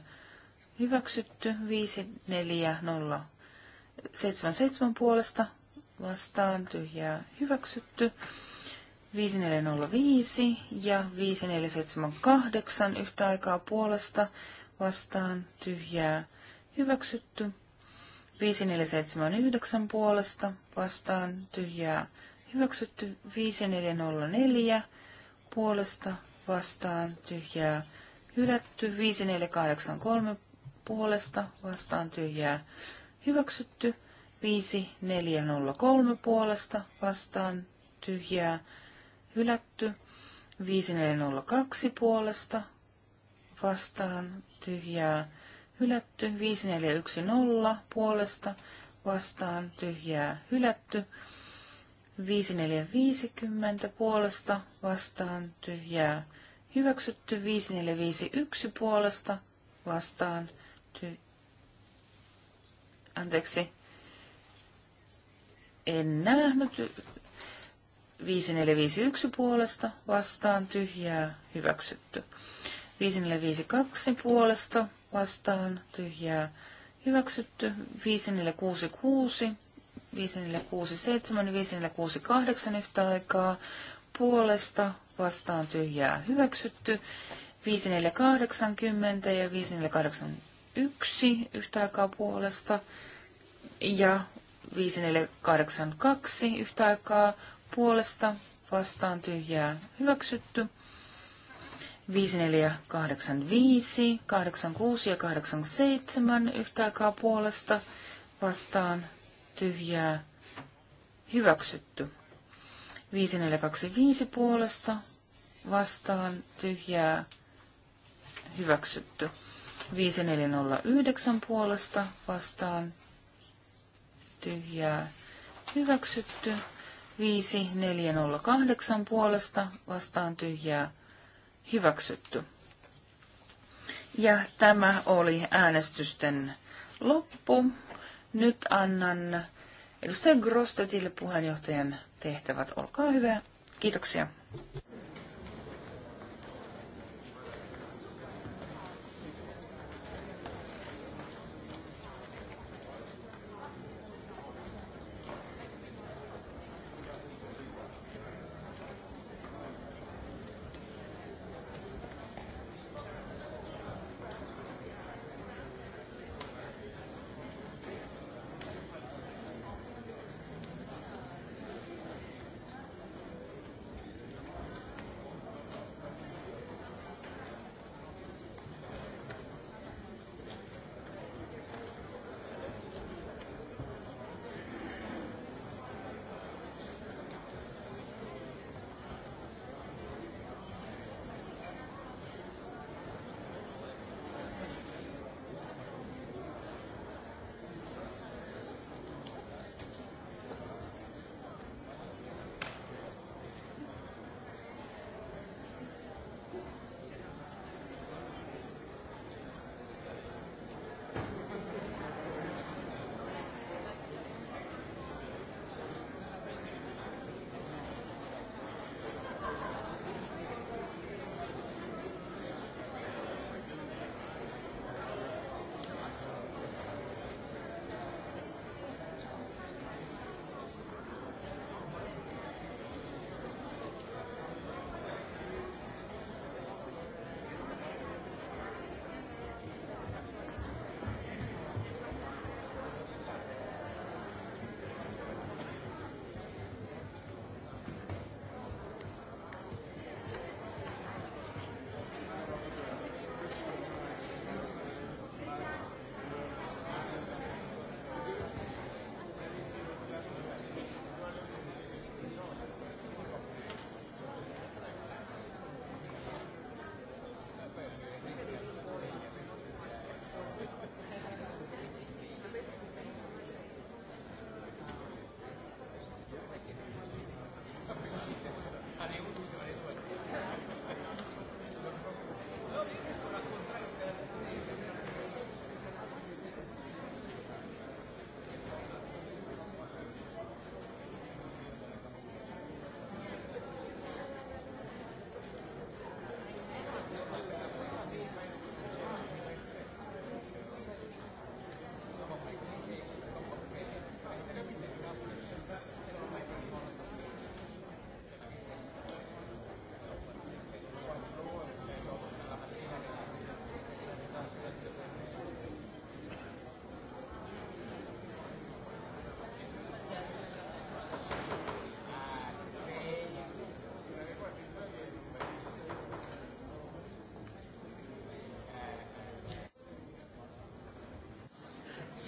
hyväksytty. 54077 puolesta vastaan tyhjää hyväksytty. 5405 ja 5478 yhtä aikaa puolesta vastaan tyhjää hyväksytty. 5479 puolesta vastaan tyhjää hyväksytty. 5404 puolesta vastaan tyhjää hylätty. 5483 puolesta vastaan tyhjää hyväksytty. 5403 puolesta vastaan tyhjää hylätty. 5402 puolesta vastaan tyhjää hylätty. 5410 puolesta vastaan tyhjää hylätty. 5450 puolesta vastaan tyhjää. Hyväksytty 5451 puolesta vastaan ty... Anteeksi. En nähnyt. 5451 puolesta vastaan tyhjää. Hyväksytty. 5452 puolesta vastaan tyhjää. Hyväksytty. 5466 5467 ja 5468 yhtä aikaa. Puolesta vastaan tyhjää hyväksytty. 5480 ja 5481 yhtä aikaa puolesta. Ja 5482 yhtä aikaa puolesta vastaan tyhjää hyväksytty. 5485, 86 ja 87 yhtä aikaa puolesta vastaan tyhjää hyväksytty. 5425 puolesta vastaan tyhjää hyväksytty. 5409 puolesta vastaan tyhjää hyväksytty. 5408 puolesta vastaan tyhjää hyväksytty. Ja tämä oli äänestysten loppu. Nyt annan edustaja Grostetille puheenjohtajan tehtävät. Olkaa hyvä. Kiitoksia.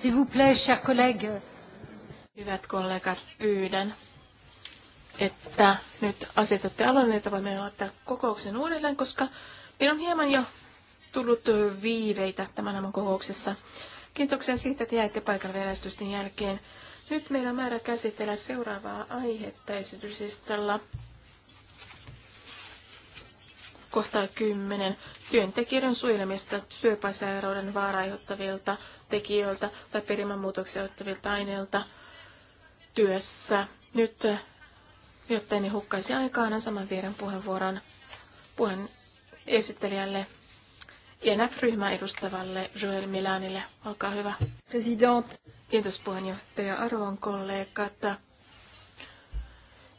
S'il vous plaît, chers collègues. Hyvät kollegat, pyydän, että nyt asetutte aloille, että voimme ottaa kokouksen uudelleen, koska meillä on hieman jo tullut viiveitä tämän aamun kokouksessa. Kiitoksia siitä, että jäitte paikalle järjestysten jälkeen. Nyt meillä on määrä käsitellä seuraavaa aihetta esityslistalla. Kohtaa 10. Työntekijöiden suojelemista syöpäsairauden vaaraihottavilta tekijöiltä tai perimänmuutoksia aiheuttavilta aineilta työssä. Nyt, jotta en hukkaisi aikaa, annan saman vieraan puheenvuoron puheen esittelijälle inf ryhmä edustavalle Joel Milanille. Olkaa hyvä. President. Kiitos puheenjohtaja arvon kollegat.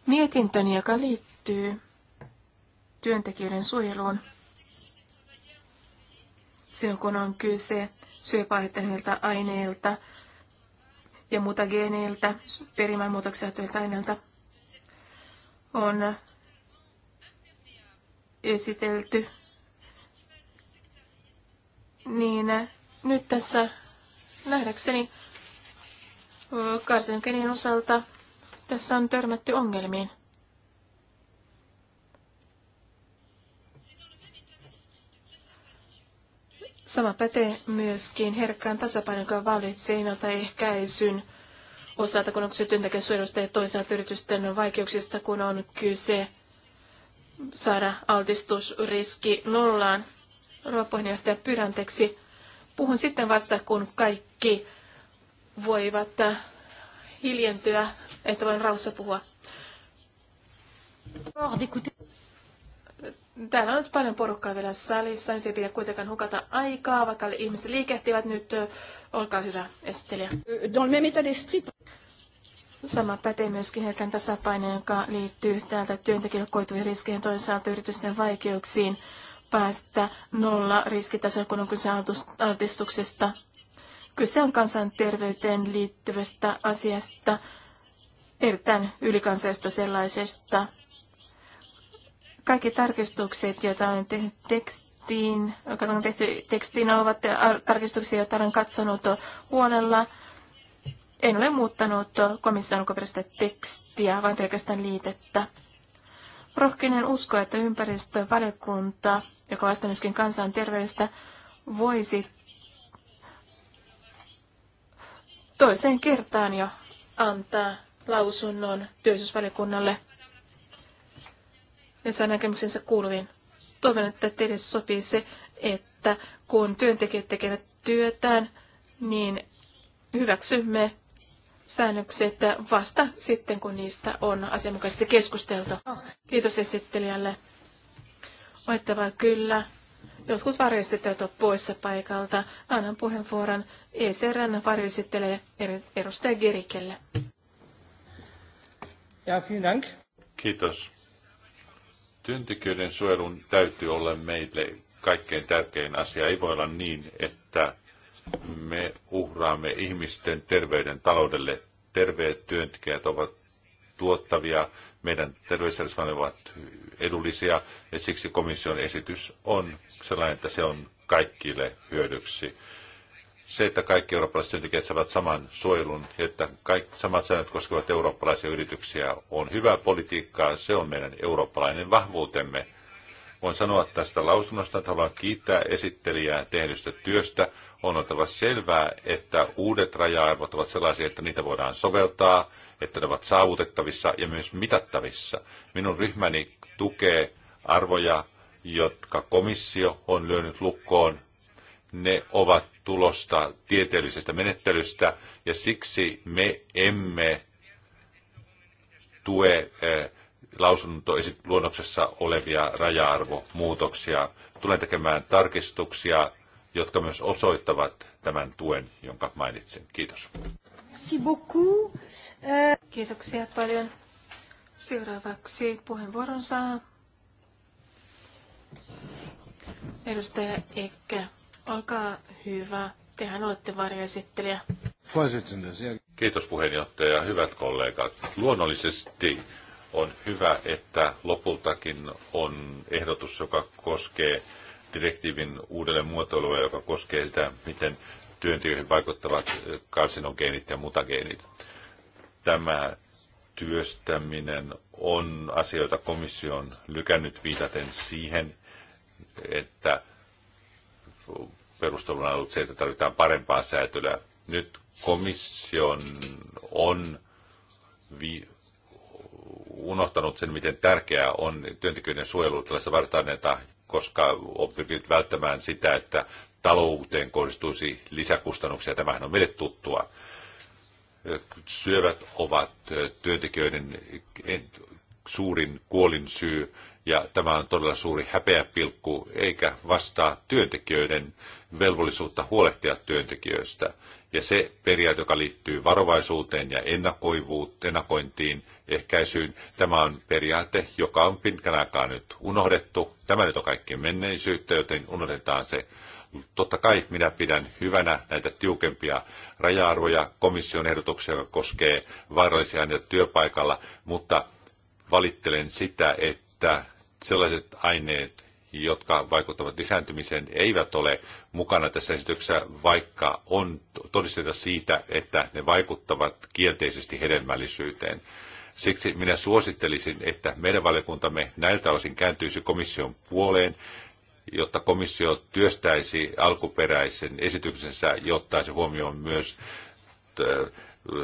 Mietintöni, joka liittyy työntekijöiden suojeluun silloin, kun on kyse syöpäaiheuttaneilta aineilta ja mutageeneiltä, perimänmuutoksia muutoksia aineilta, on esitelty. Niin nyt tässä nähdäkseni karsinogeenien osalta tässä on törmätty ongelmiin. Sama pätee myöskin herkkään tasapainon, joka vallitsee ennaltaehkäisyn osalta, kun on kyse työntekijäsuojelusta ja toisaalta yritysten vaikeuksista, kun on kyse saada altistusriski nollaan. Rouva puheenjohtaja, pyranteksi. Puhun sitten vasta, kun kaikki voivat hiljentyä, että voin rauhassa puhua. Täällä on nyt paljon porukkaa vielä salissa. Nyt ei pidä kuitenkaan hukata aikaa, vaikka ihmiset liikehtivät nyt. Olkaa hyvä, esittelijä. Dans le même état d'esprit. Sama pätee myöskin herkän tasapaino, joka liittyy täältä työntekijöille koituviin riskeihin toisaalta yritysten vaikeuksiin päästä nolla riskitasolla, kun on kyse altistuksesta. Kyse on kansanterveyteen liittyvästä asiasta, erittäin ylikansallisesta sellaisesta. Kaikki tarkistukset, joita olen tehnyt tekstiin, jotka on tehty tekstiin, ovat tarkistuksia, joita olen katsonut huolella. En ole muuttanut komission alkuperäistä tekstiä, vaan pelkästään liitettä. Rohkinen usko, että ympäristövaliokunta, joka vastaa myöskin kansanterveydestä, voisi toiseen kertaan jo antaa lausunnon työllisyysvaliokunnalle ja saa näkemyksensä kuuluviin. Toivon, että teille sopii se, että kun työntekijät tekevät työtään, niin hyväksymme säännökset vasta sitten, kun niistä on asianmukaisesti keskusteltu. Kiitos esittelijälle. Moittavaa kyllä. Jotkut varjestettavat ovat poissa paikalta. Annan puheenvuoron ECRn varjestettelijä edustaja Gerikelle. Ja, vielen Dank. Kiitos. Työntekijöiden suojelun täytyy olla meille kaikkein tärkein asia. Ei voi olla niin, että me uhraamme ihmisten terveyden taloudelle. Terveet työntekijät ovat tuottavia, meidän terveysjärjestelmämme ovat edullisia ja siksi komission esitys on sellainen, että se on kaikille hyödyksi se, että kaikki eurooppalaiset työntekijät saavat saman suojelun, että kaikki samat säännöt koskevat eurooppalaisia yrityksiä, on hyvää politiikkaa. Se on meidän eurooppalainen vahvuutemme. Voin sanoa tästä lausunnosta, että haluan kiittää esittelijää tehdystä työstä. On oltava selvää, että uudet raja-arvot ovat sellaisia, että niitä voidaan soveltaa, että ne ovat saavutettavissa ja myös mitattavissa. Minun ryhmäni tukee arvoja, jotka komissio on lyönyt lukkoon. Ne ovat tulosta tieteellisestä menettelystä, ja siksi me emme tue lausuntoluonnoksessa olevia raja-arvomuutoksia. Tulen tekemään tarkistuksia, jotka myös osoittavat tämän tuen, jonka mainitsin. Kiitos. Euh, Kiitoksia paljon. Seuraavaksi puheenvuoron saa edustaja Ekkä. Olkaa hyvä. Tehän olette varjoesittelijä. Kiitos puheenjohtaja. Hyvät kollegat. Luonnollisesti on hyvä, että lopultakin on ehdotus, joka koskee direktiivin uudelleen muotoilua, joka koskee sitä, miten työntekijöihin vaikuttavat karsinogeenit ja mutageenit. Tämä työstäminen on asioita komission lykännyt viitaten siihen, että perusteluna ollut se, että tarvitaan parempaa säätelyä. Nyt komission on vi- unohtanut sen, miten tärkeää on työntekijöiden suojelu tällaisessa vartaneita, koska on pyrkinyt välttämään sitä, että talouteen kohdistuisi lisäkustannuksia. Tämähän on meille tuttua syövät ovat työntekijöiden suurin kuolinsyy ja tämä on todella suuri häpeäpilkku eikä vastaa työntekijöiden velvollisuutta huolehtia työntekijöistä. Ja se periaate, joka liittyy varovaisuuteen ja ennakointiin, ehkäisyyn, tämä on periaate, joka on pitkän aikaa nyt unohdettu. Tämä nyt on kaikkien menneisyyttä, joten unohdetaan se. Totta kai minä pidän hyvänä näitä tiukempia raja-arvoja komission ehdotuksia, joka koskee vaarallisia aineita työpaikalla, mutta valittelen sitä, että sellaiset aineet, jotka vaikuttavat lisääntymiseen, eivät ole mukana tässä esityksessä, vaikka on todisteita siitä, että ne vaikuttavat kielteisesti hedelmällisyyteen. Siksi minä suosittelisin, että meidän valiokuntamme näiltä osin kääntyisi komission puoleen, jotta komissio työstäisi alkuperäisen esityksensä ja ottaisi huomioon myös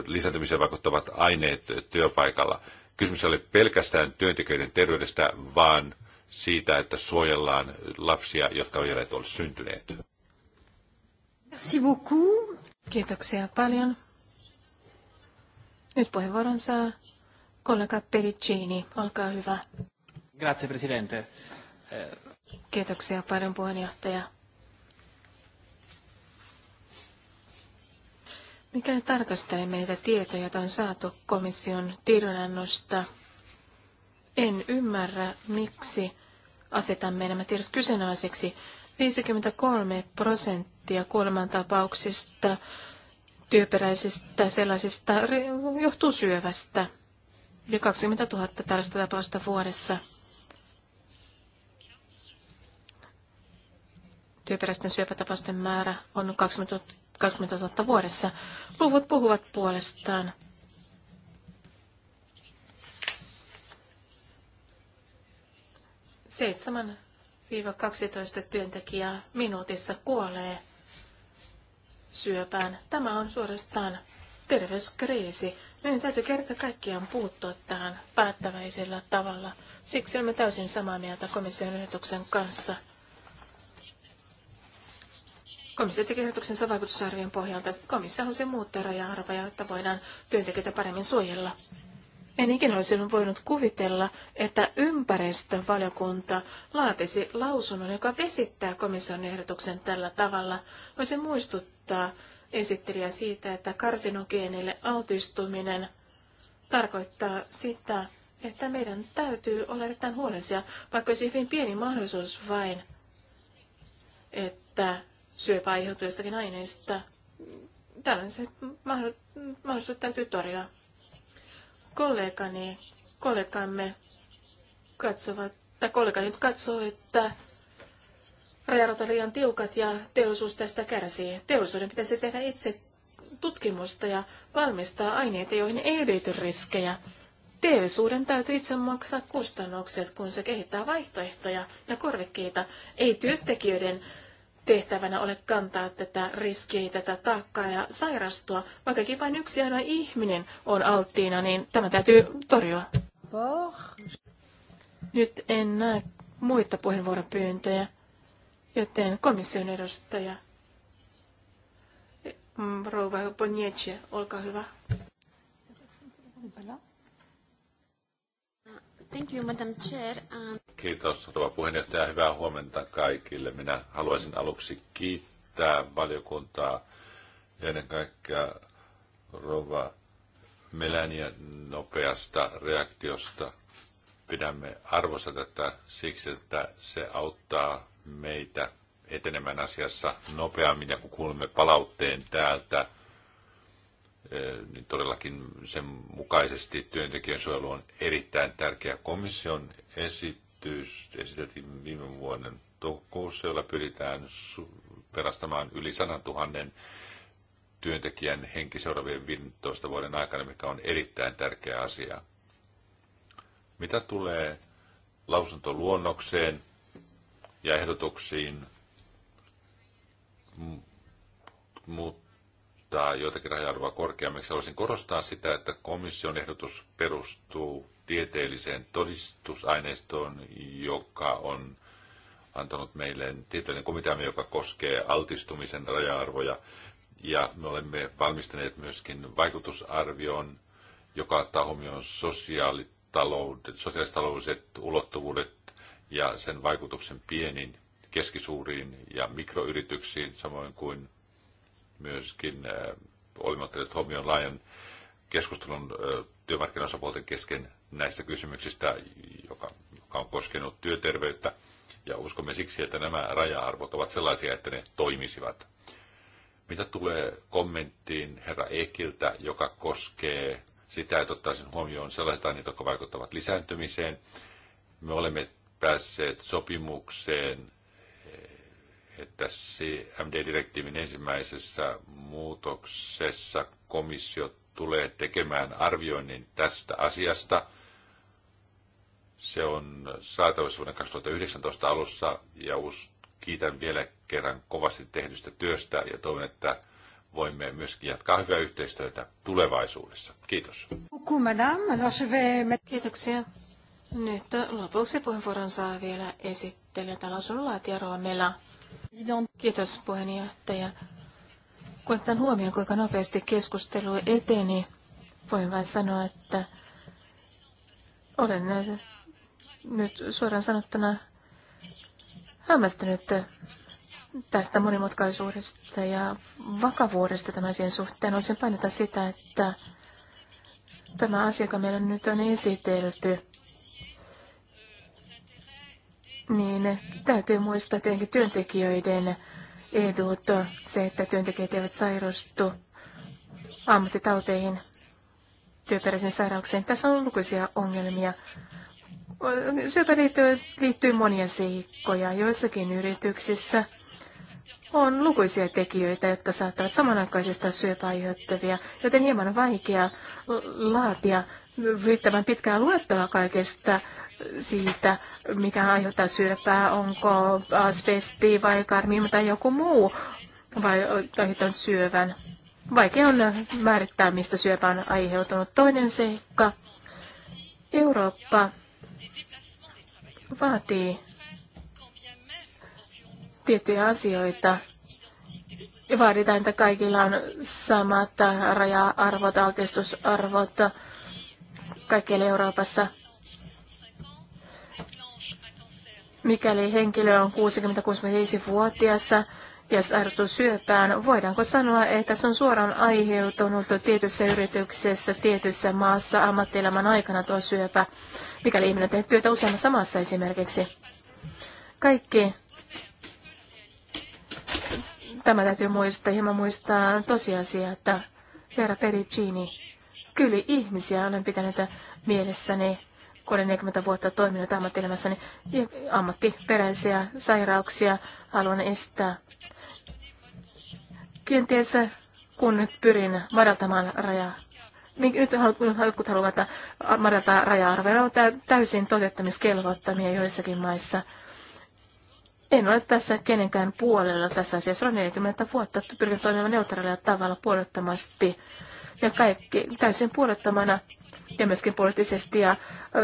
lisääntymiseen vaikuttavat aineet työpaikalla kysymys ei ole pelkästään työntekijöiden terveydestä, vaan siitä, että suojellaan lapsia, jotka vielä eivät ole syntyneet. Merci beaucoup. Kiitoksia paljon. Nyt puheenvuoron saa kollega Pericini. Olkaa hyvä. Grazie, Presidente. Eh. Kiitoksia paljon puheenjohtaja. Mikäli tarkastelemme niitä tietoja, joita on saatu komission tiedonannosta, en ymmärrä, miksi asetamme nämä tiedot kyseenalaiseksi. 53 prosenttia kuolemantapauksista työperäisistä sellaisista johtuu syövästä. Yli 20 000 tällaista tapausta vuodessa. Työperäisten syöpätapausten määrä on 20 20 000 vuodessa. Luvut puhuvat puolestaan. Seitsemän 12 työntekijää minuutissa kuolee syöpään. Tämä on suorastaan terveyskriisi. Meidän täytyy kerta kaikkiaan puuttua tähän päättäväisellä tavalla. Siksi olemme täysin samaa mieltä komission ehdotuksen kanssa – Komissio teki ehdotuksensa vaikutusarvion pohjalta. Komissio halusi muuttaa raja-arvoja, jotta voidaan työntekijöitä paremmin suojella. En ikinä olisi voinut kuvitella, että ympäristövaliokunta laatisi lausunnon, joka vesittää komission ehdotuksen tällä tavalla. Voisi muistuttaa esittelijä siitä, että karsinogeenille altistuminen tarkoittaa sitä, että meidän täytyy olla erittäin huolellisia, vaikka olisi hyvin pieni mahdollisuus vain, että syöpä aiheutuu aineista. Tällainen Tällaiset mahdollisuudet täytyy torjua. Kollegani, kollegamme katsovat, tai kollegani nyt katsoo, että rajarot ovat liian tiukat ja teollisuus tästä kärsii. Teollisuuden pitäisi tehdä itse tutkimusta ja valmistaa aineita, joihin ei liity riskejä. Teollisuuden täytyy itse maksaa kustannukset, kun se kehittää vaihtoehtoja ja korvikkeita, ei työntekijöiden tehtävänä ole kantaa tätä riskiä, tätä taakkaa ja sairastua. Vaikkakin vain yksi aina ihminen on alttiina, niin tämä täytyy torjua. Nyt en näe muita puheenvuoropyyntöjä, joten komission edustaja Rouva Boniece, olkaa hyvä. Thank you, Madam Chair. Um, Kiitos, rouva puheenjohtaja. Hyvää huomenta kaikille. Minä haluaisin aluksi kiittää valiokuntaa ja ennen kaikkea rouva Melania nopeasta reaktiosta. Pidämme arvossa tätä siksi, että se auttaa meitä etenemään asiassa nopeammin ja kun kuulemme palautteen täältä niin todellakin sen mukaisesti työntekijän suojelu on erittäin tärkeä. Komission esitys Esitettiin viime vuoden toukokuussa, jolla pyritään pelastamaan yli 100 000 työntekijän henki seuraavien 15 vuoden aikana, mikä on erittäin tärkeä asia. Mitä tulee lausuntoluonnokseen ja ehdotuksiin, muut nostaa joitakin raja-arvoa korkeammiksi. Haluaisin korostaa sitä, että komission ehdotus perustuu tieteelliseen todistusaineistoon, joka on antanut meille tieteellinen komiteamme, joka koskee altistumisen raja-arvoja. Ja me olemme valmistaneet myöskin vaikutusarvion, joka ottaa huomioon sosiaalistaloudelliset ulottuvuudet ja sen vaikutuksen pieniin, keskisuuriin ja mikroyrityksiin, samoin kuin myöskin äh, olimme ottaneet huomioon laajan keskustelun äh, työmarkkinaosapuolten kesken näistä kysymyksistä, joka, joka on koskenut työterveyttä. Ja uskomme siksi, että nämä raja-arvot ovat sellaisia, että ne toimisivat. Mitä tulee kommenttiin herra Ekiltä, joka koskee sitä, että ottaisin huomioon sellaiset aineet, jotka vaikuttavat lisääntymiseen. Me olemme päässeet sopimukseen että CMD-direktiivin ensimmäisessä muutoksessa komissio tulee tekemään arvioinnin tästä asiasta. Se on saatavissa vuoden 2019 alussa ja kiitän vielä kerran kovasti tehdystä työstä ja toivon, että voimme myöskin jatkaa hyvää yhteistyötä tulevaisuudessa. Kiitos. Kiitoksia. Nyt lopuksi puheenvuoron saa vielä esittelijä talousunlaatia Roomela. Kiitos puheenjohtaja. Kun otan huomioon, kuinka nopeasti keskustelu eteni, voin vain sanoa, että olen nyt suoraan sanottuna hämmästynyt tästä monimutkaisuudesta ja vakavuudesta tämän asian suhteen. Olisin painota sitä, että tämä asia, joka meillä nyt on esitelty, niin täytyy muistaa tietenkin työntekijöiden edut, se, että työntekijät eivät sairastu ammattitauteihin, työperäisen sairaukseen. Tässä on lukuisia ongelmia. Syöpä liittyy, liittyy monia seikkoja. Joissakin yrityksissä on lukuisia tekijöitä, jotka saattavat samanaikaisesti olla syöpäaiheuttavia, joten hieman vaikea laatia riittävän pitkää luettavaa kaikesta siitä, mikä aiheuttaa syöpää, onko asbesti vai karmium tai joku muu vai aiheuttanut syövän. Vaikea on määrittää, mistä syöpä on aiheutunut. Toinen seikka. Eurooppa vaatii tiettyjä asioita. Vaaditaan, että kaikilla on samat raja-arvot, altistusarvot kaikkialla Euroopassa. mikäli henkilö on 60-65-vuotias ja sairastuu syöpään, voidaanko sanoa, että se on suoraan aiheutunut tietyssä yrityksessä, tietyssä maassa ammattielämän aikana tuo syöpä, mikäli ihminen on tehnyt työtä useammassa maassa esimerkiksi. Kaikki tämä täytyy muistaa, hieman muistaa tosiasia, että Herra Perigini, kyllä ihmisiä olen pitänyt mielessäni kun 40 vuotta toiminut ammattilämässäni, niin ammattiperäisiä sairauksia haluan estää. Kenties kun nyt pyrin madaltamaan rajaa, niin nyt jotkut haluavat madaltaa raja-arvoja, ovat täysin toteuttamiskelvottomia joissakin maissa. En ole tässä kenenkään puolella tässä asiassa. Olen 40 vuotta pyrkinyt toimimaan neutraalilla tavalla puolettomasti ja kaikki täysin puolettomana ja myöskin poliittisesti ja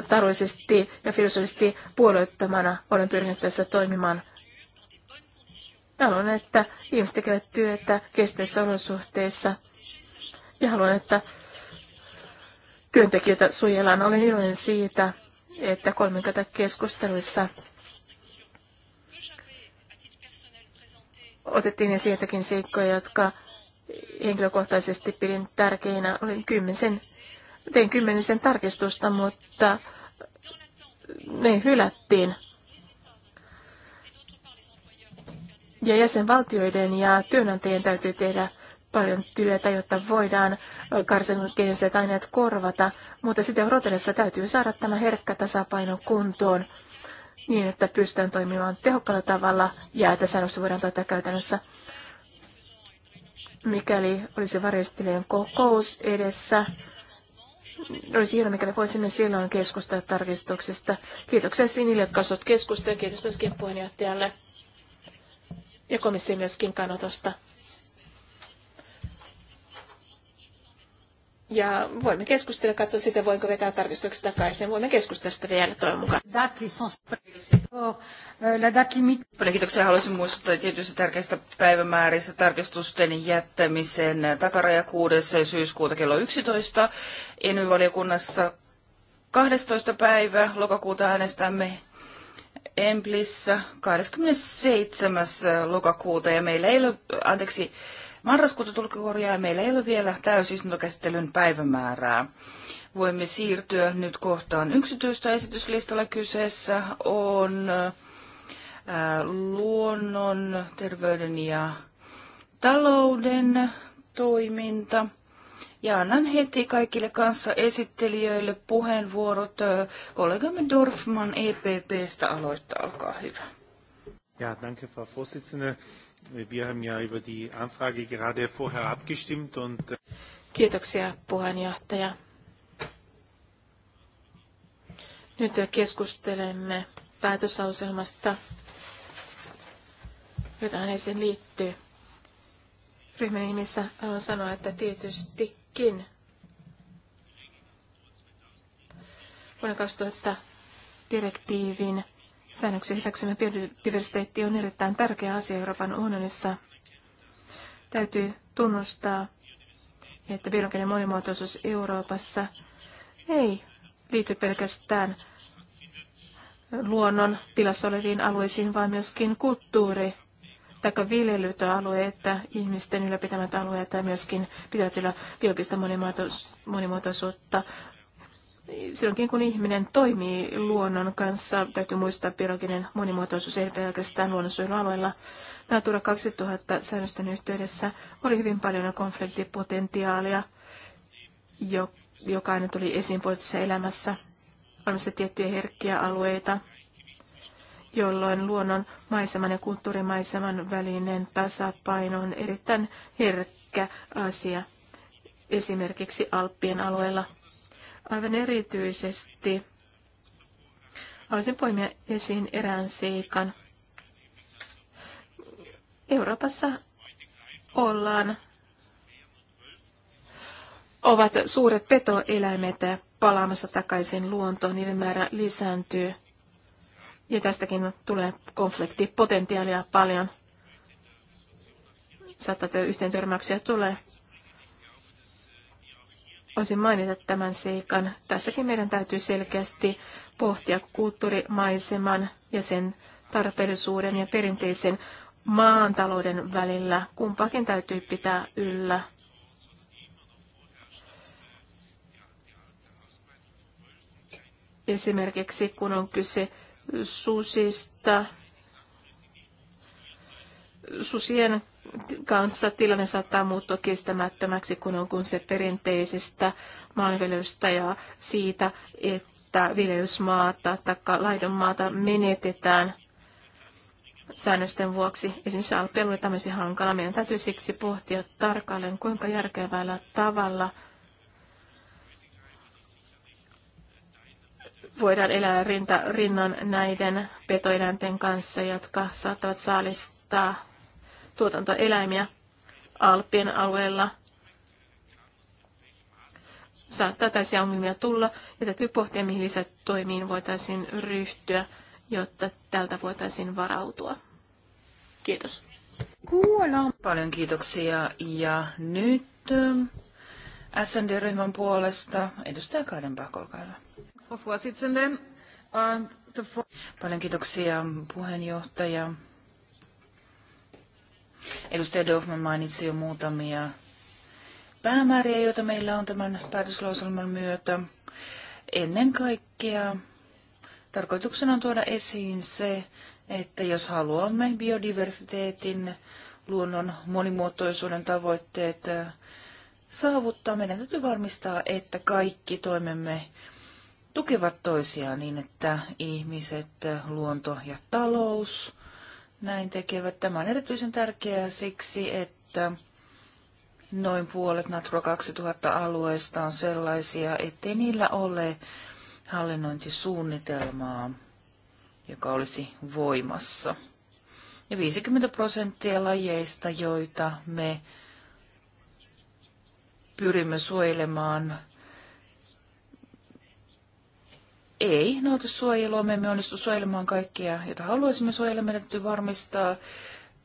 taloudellisesti ja filosofisesti puolueettomana olen pyrkinyt tässä toimimaan. Haluan, että ihmiset tekevät työtä kestävissä olosuhteissa ja haluan, että työntekijöitä suojellaan. Olen iloinen siitä, että kolmikata keskusteluissa otettiin esiin jotakin seikkoja, jotka henkilökohtaisesti pidin tärkeinä. Olin kymmenisen tein kymmenisen tarkistusta, mutta ne hylättiin. Ja jäsenvaltioiden ja työnantajien täytyy tehdä paljon työtä, jotta voidaan karsinogeeniset aineet korvata, mutta sitten rotellessa täytyy saada tämä herkkä tasapaino kuntoon niin, että pystytään toimimaan tehokkaalla tavalla ja että säännössä voidaan toteuttaa käytännössä. Mikäli olisi varjestelijan kokous edessä, olisi hieno, mikäli voisimme silloin keskustella tarkistuksesta. Kiitoksia sinille, jotka olet keskustelua. Kiitos myöskin puheenjohtajalle ja komissio myöskin kannatosta. Ja voimme keskustella, katsoa sitä, voinko vetää tarkistukset takaisin. Voimme keskustella sitä vielä toivon mukaan. Euh, Paljon kiitoksia. Haluaisin muistuttaa tietysti tärkeistä päivämääristä tarkistusten jättämisen takaraja 6. syyskuuta kello 11. eny 12. päivä lokakuuta äänestämme Emplissä 27. lokakuuta ja meillä ei ole, anteeksi, marraskuuta tulkikorjaa meillä ei ole vielä täysistuntokäsittelyn päivämäärää. Voimme siirtyä nyt kohtaan yksityistä esityslistalla. Kyseessä on äh, luonnon, terveyden ja talouden toiminta. Ja annan heti kaikille kanssa esittelijöille puheenvuorot. Äh, kollegamme Dorfman EPPstä aloittaa, olkaa hyvä. Ja, danke, Frau Vorsitzende. Wir haben ja über die Anfrage gerade vorher abgestimmt und äh, Kiitoksia puheenjohtaja. Nyt keskustelemme päätöslauselmasta, jota aiheeseen liittyy. Ryhmän nimissä haluan sanoa, että tietystikin vuonna 2000 direktiivin säännöksen hyväksymä biodiversiteetti on erittäin tärkeä asia Euroopan unionissa. Täytyy tunnustaa, että biologinen monimuotoisuus Euroopassa ei liity pelkästään luonnon tilassa oleviin alueisiin, vaan myöskin kulttuuri- tai viljelytöalueet, ihmisten ylläpitämät alueet tai myöskin pitävät yllä biologista monimuotoisuutta silloinkin kun ihminen toimii luonnon kanssa, täytyy muistaa biologinen monimuotoisuus ei pelkästään luonnonsuojelualueilla. Natura 2000-säännösten yhteydessä oli hyvin paljon konfliktipotentiaalia, joka aina tuli esiin poliittisessa elämässä. Olemassa tiettyjä herkkiä alueita, jolloin luonnon maiseman ja kulttuurimaiseman välinen tasapaino on erittäin herkkä asia, esimerkiksi Alppien alueella – Aivan erityisesti haluaisin poimia esiin erään seikan. Euroopassa ollaan, ovat suuret petoeläimet palaamassa takaisin luontoon, niiden määrä lisääntyy. Ja tästäkin tulee konfliktipotentiaalia paljon. Saattaa yhteen törmäyksiä tulee. Voisin mainita tämän seikan. Tässäkin meidän täytyy selkeästi pohtia kulttuurimaiseman ja sen tarpeellisuuden ja perinteisen maantalouden välillä. Kumpaakin täytyy pitää yllä. Esimerkiksi kun on kyse susista, susien kanssa tilanne saattaa muuttua kestämättömäksi, kun on kun se perinteisestä maanviljelystä ja siitä, että viljelysmaata tai laidonmaata menetetään säännösten vuoksi. Esimerkiksi alpeilu on tämmöisen hankala. Meidän täytyy siksi pohtia tarkalleen, kuinka järkevällä tavalla voidaan elää rinta, rinnan näiden petoeläinten kanssa, jotka saattavat saalistaa tuotantoeläimiä Alppien alueella. Saattaa tällaisia ongelmia tulla ja täytyy pohtia, mihin lisätoimiin voitaisiin ryhtyä, jotta tältä voitaisiin varautua. Kiitos. Kuulla. Paljon kiitoksia. Ja nyt ähm, SND-ryhmän puolesta edustaja Kaidenbach, olkaa hyvä. Äh, Paljon kiitoksia puheenjohtaja. Edustaja Dorfman mainitsi jo muutamia päämääriä, joita meillä on tämän päätöslauselman myötä. Ennen kaikkea tarkoituksena on tuoda esiin se, että jos haluamme biodiversiteetin, luonnon monimuotoisuuden tavoitteet äh, saavuttaa, meidän täytyy varmistaa, että kaikki toimemme tukevat toisiaan niin, että ihmiset, äh, luonto ja talous näin tekevät. Tämä on erityisen tärkeää siksi, että noin puolet Natura 2000-alueista on sellaisia, ettei niillä ole hallinnointisuunnitelmaa, joka olisi voimassa. Ja 50 prosenttia lajeista, joita me pyrimme suojelemaan ei nauti suojelua. Me emme onnistu suojelemaan kaikkia, joita haluaisimme suojella. Meidän täytyy varmistaa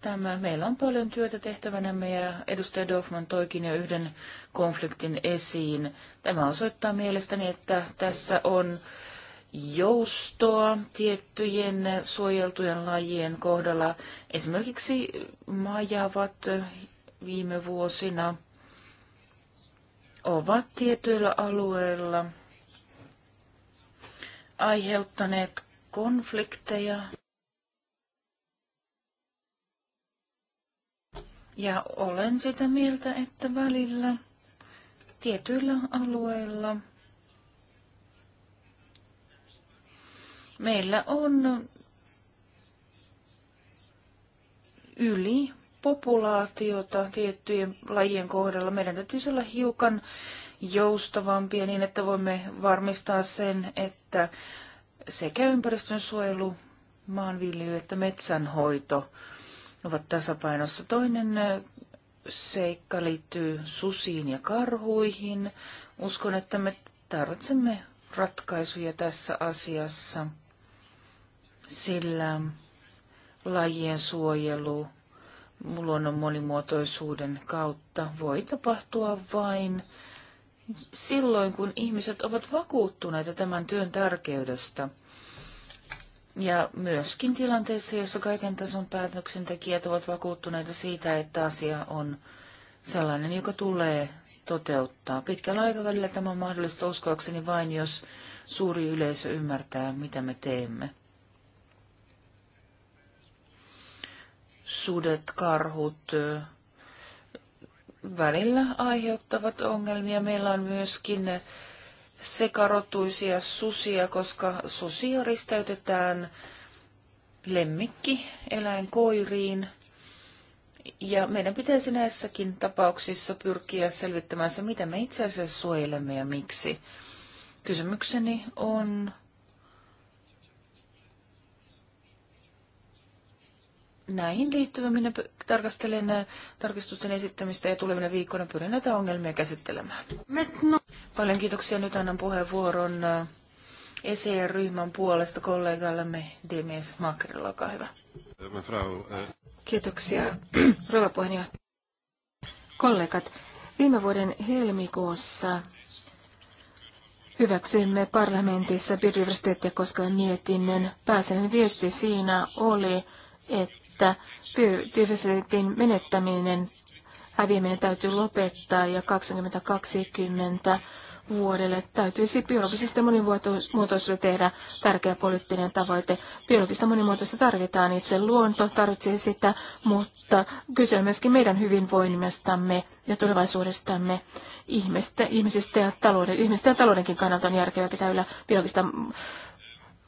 tämä. Meillä on paljon työtä tehtävänämme ja edustaja Dorfman toikin jo yhden konfliktin esiin. Tämä osoittaa mielestäni, että tässä on joustoa tiettyjen suojeltujen lajien kohdalla. Esimerkiksi majavat viime vuosina ovat tietyillä alueilla – aiheuttaneet konflikteja ja olen sitä mieltä, että välillä tietyillä alueilla meillä on yli populaatiota tiettyjen lajien kohdalla. Meidän täytyisi olla hiukan joustavampia niin, että voimme varmistaa sen, että sekä ympäristönsuojelu, maanviljely että metsänhoito ovat tasapainossa. Toinen seikka liittyy susiin ja karhuihin. Uskon, että me tarvitsemme ratkaisuja tässä asiassa, sillä lajien suojelu luonnon monimuotoisuuden kautta voi tapahtua vain silloin, kun ihmiset ovat vakuuttuneita tämän työn tärkeydestä. Ja myöskin tilanteessa, jossa kaiken tason päätöksentekijät ovat vakuuttuneita siitä, että asia on sellainen, joka tulee toteuttaa. Pitkällä aikavälillä tämä on mahdollista uskoakseni vain, jos suuri yleisö ymmärtää, mitä me teemme. Sudet, karhut, välillä aiheuttavat ongelmia. Meillä on myöskin sekarotuisia susia, koska susia risteytetään lemmikki eläinkoiriin. Ja meidän pitäisi näissäkin tapauksissa pyrkiä selvittämään se, mitä me itse asiassa suojelemme ja miksi. Kysymykseni on näihin liittyvä minä tarkastelen äh, tarkistusten esittämistä ja tulevina viikkoina pyrin näitä ongelmia käsittelemään. Paljon kiitoksia. Nyt annan puheenvuoron äh, ECR-ryhmän puolesta kollegallemme Demes Makrilla. Olkaa hyvä. Kiitoksia, [clears throat] rouva puheenjohtaja. Kollegat, viime vuoden helmikuussa Hyväksyimme parlamentissa biodiversiteettia koskevan mietinnön. Pääsenen viesti siinä oli, että että biodiversiteetin menettäminen, häviäminen täytyy lopettaa ja 2020 vuodelle täytyisi biologisesta monimuotoisuudesta tehdä tärkeä poliittinen tavoite. Biologista monimuotoista tarvitaan, itse luonto tarvitsee sitä, mutta kyse on myöskin meidän hyvinvoinnistamme ja tulevaisuudestamme ihmistä, ihmisistä, ja talouden, ihmisten ja taloudenkin kannalta on järkevää pitää yllä biologista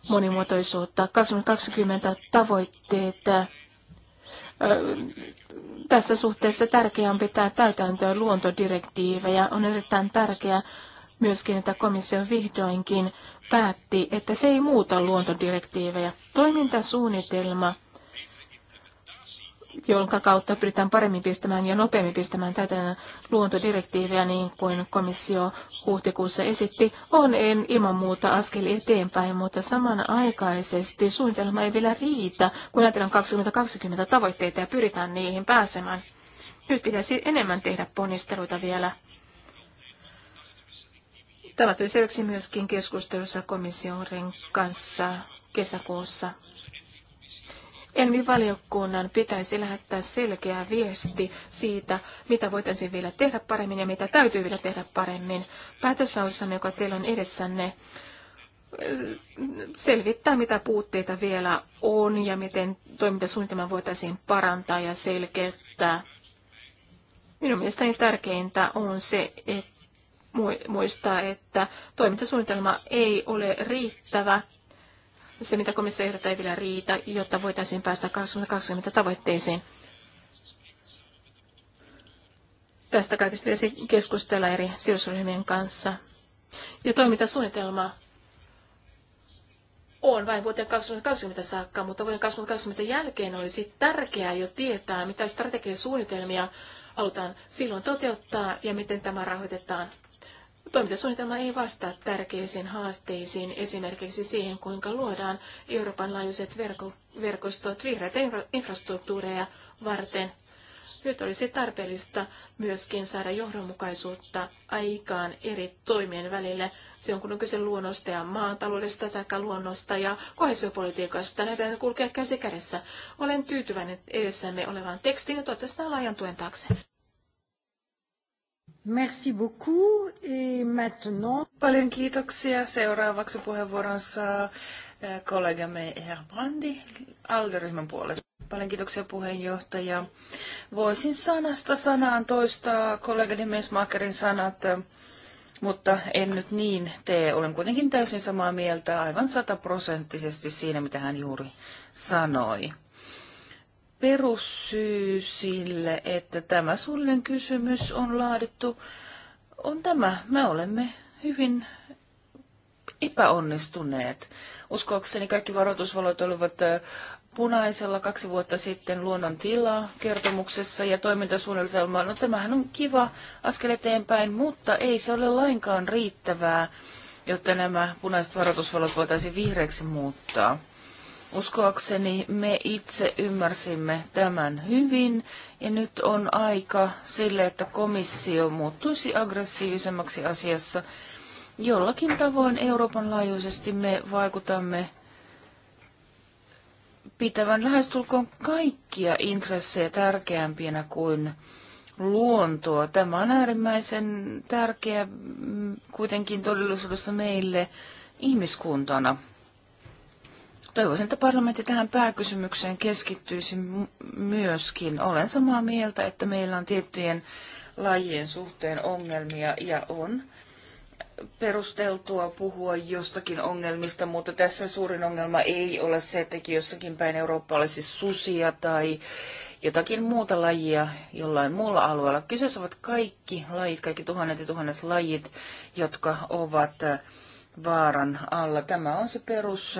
monimuotoisuutta. 2020 tavoitteet tässä suhteessa tärkeää on pitää täytäntöön luontodirektiivejä. On erittäin tärkeää myöskin, että komissio vihdoinkin päätti, että se ei muuta luontodirektiivejä. Toimintasuunnitelma jonka kautta pyritään paremmin pistämään ja nopeammin pistämään täytäntöön luontodirektiiviä, niin kuin komissio huhtikuussa esitti, on en ilman muuta askel eteenpäin, mutta samanaikaisesti suunnitelma ei vielä riitä, kun ajatellaan 2020 tavoitteita ja pyritään niihin pääsemään. Nyt pitäisi enemmän tehdä ponnisteluita vielä. Tämä tuli selväksi myöskin keskustelussa komission kanssa kesäkuussa. Envi-valiokunnan pitäisi lähettää selkeä viesti siitä, mitä voitaisiin vielä tehdä paremmin ja mitä täytyy vielä tehdä paremmin. Päätösausamme, joka teillä on edessänne, selvittää, mitä puutteita vielä on ja miten toimintasuunnitelma voitaisiin parantaa ja selkeyttää. Minun mielestäni tärkeintä on se, että muistaa, että toimintasuunnitelma ei ole riittävä se, mitä komissio ehdottaa, ei vielä riitä, jotta voitaisiin päästä 2020 tavoitteisiin. Tästä kaikesta pitäisi keskustella eri sidosryhmien kanssa. Ja toimintasuunnitelma on vain vuoteen 2020 saakka, mutta vuoden 2020 jälkeen olisi tärkeää jo tietää, mitä strategiasuunnitelmia halutaan silloin toteuttaa ja miten tämä rahoitetaan. Toimintasuunnitelma ei vastaa tärkeisiin haasteisiin, esimerkiksi siihen, kuinka luodaan Euroopan laajuiset verko, verkostot vihreitä infra, infrastruktuureja varten. Nyt olisi tarpeellista myöskin saada johdonmukaisuutta aikaan eri toimien välille, on kun on kyse luonnosta ja maataloudesta tai luonnosta ja kohesiopolitiikasta. Näitä kulkea käsi kädessä. Olen tyytyväinen edessämme olevaan tekstiin ja toivottavasti laajan tuen taakse. Merci beaucoup. Et maintenant... Paljon kiitoksia. Seuraavaksi puheenvuoron saa kollegamme Herr Brandi. Alderyhmän puolesta. Paljon kiitoksia puheenjohtaja. Voisin sanasta sanaan toistaa kollegani Mesmakerin sanat, mutta en nyt niin tee. Olen kuitenkin täysin samaa mieltä aivan sataprosenttisesti siinä, mitä hän juuri sanoi perussyy sille, että tämä suullinen kysymys on laadittu, on tämä. Me olemme hyvin epäonnistuneet. Uskoakseni kaikki varoitusvalot olivat punaisella kaksi vuotta sitten luonnon tila kertomuksessa ja toimintasuunnitelma. No tämähän on kiva askel eteenpäin, mutta ei se ole lainkaan riittävää, jotta nämä punaiset varoitusvalot voitaisiin vihreäksi muuttaa. Uskoakseni me itse ymmärsimme tämän hyvin ja nyt on aika sille, että komissio muuttuisi aggressiivisemmaksi asiassa. Jollakin tavoin Euroopan laajuisesti me vaikutamme pitävän lähestulkoon kaikkia intressejä tärkeämpinä kuin luontoa. Tämä on äärimmäisen tärkeä mm, kuitenkin todellisuudessa meille ihmiskuntana. Toivoisin, että parlamentti tähän pääkysymykseen keskittyisi myöskin. Olen samaa mieltä, että meillä on tiettyjen lajien suhteen ongelmia ja on perusteltua puhua jostakin ongelmista, mutta tässä suurin ongelma ei ole se, että jossakin päin Eurooppa olisi susia tai jotakin muuta lajia jollain muulla alueella. Kyseessä ovat kaikki lajit, kaikki tuhannet ja tuhannet lajit, jotka ovat vaaran alla. Tämä on se perus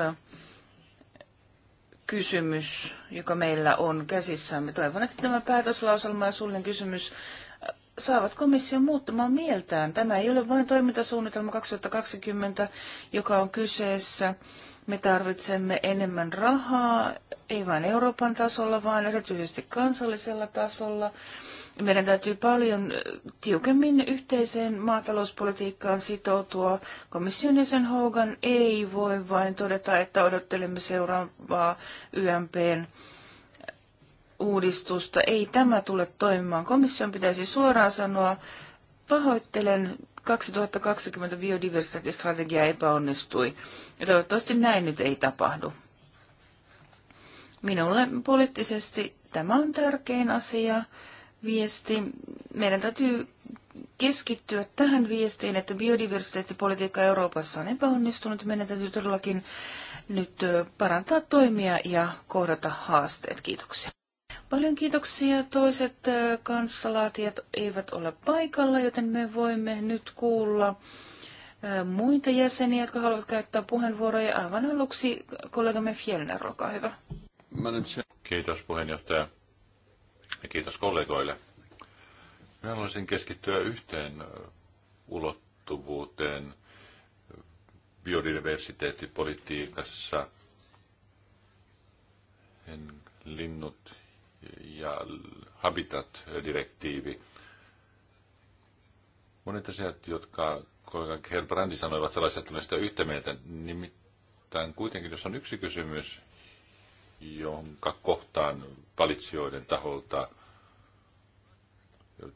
kysymys, joka meillä on käsissämme. Toivon, että tämä päätöslauselma ja suullinen kysymys äh, saavat komission muuttamaan mieltään. Tämä ei ole vain toimintasuunnitelma 2020, joka on kyseessä. Me tarvitsemme enemmän rahaa, ei vain Euroopan tasolla, vaan erityisesti kansallisella tasolla. Meidän täytyy paljon tiukemmin yhteiseen maatalouspolitiikkaan sitoutua. Komission jäsen Hogan ei voi vain todeta, että odottelemme seuraavaa YMPn uudistusta. Ei tämä tule toimimaan. Komission pitäisi suoraan sanoa, pahoittelen, 2020 biodiversiteettistrategia epäonnistui. Ja toivottavasti näin nyt ei tapahdu. Minulle poliittisesti tämä on tärkein asia viesti. Meidän täytyy keskittyä tähän viestiin, että biodiversiteettipolitiikka Euroopassa on epäonnistunut. Meidän täytyy todellakin nyt parantaa toimia ja kohdata haasteet. Kiitoksia. Paljon kiitoksia. Toiset kanssalaatijat eivät ole paikalla, joten me voimme nyt kuulla muita jäseniä, jotka haluavat käyttää puheenvuoroja. Aivan aluksi kollegamme Fjellner, olkaa hyvä. Kiitos puheenjohtaja ja kiitos kollegoille. Minä haluaisin keskittyä yhteen ulottuvuuteen biodiversiteettipolitiikassa. Linnut ja Habitat-direktiivi. Monet asiat, jotka kollega Herr Brandi sanoi, ovat sellaisia, että olen sitä yhtä mieltä. Nimittäin kuitenkin, jos on yksi kysymys, jonka kohtaan valitsijoiden taholta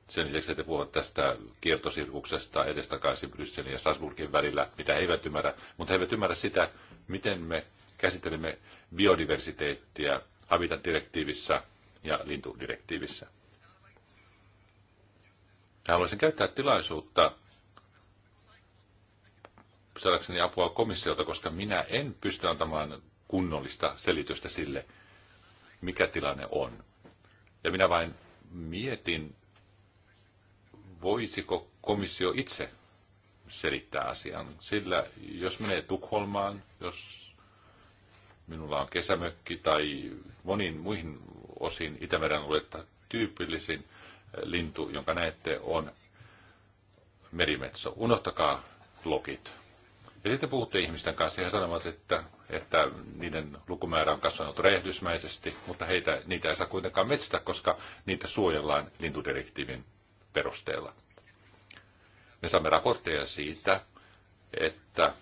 sen lisäksi, että puhuvat tästä kiertosirkuksesta edestakaisin Brysselin ja Strasbourgin välillä, mitä he eivät ymmärrä, mutta he eivät ymmärrä sitä, miten me käsittelemme biodiversiteettiä Habitat-direktiivissä ja lintudirektiivissä. Haluaisin käyttää tilaisuutta saadakseni apua komissiolta, koska minä en pysty antamaan kunnollista selitystä sille, mikä tilanne on. Ja minä vain mietin, voisiko komissio itse selittää asian. Sillä jos menee Tukholmaan, jos minulla on kesämökki tai moniin muihin osin Itämeren luetta tyypillisin eh, lintu, jonka näette, on merimetso. Unohtakaa lokit. Ja sitten puhutte ihmisten kanssa ja he sanovat, että, että niiden lukumäärä on kasvanut rehdysmäisesti, mutta heitä, niitä ei saa kuitenkaan metsästä, koska niitä suojellaan lintudirektiivin perusteella. Me saamme raportteja siitä, että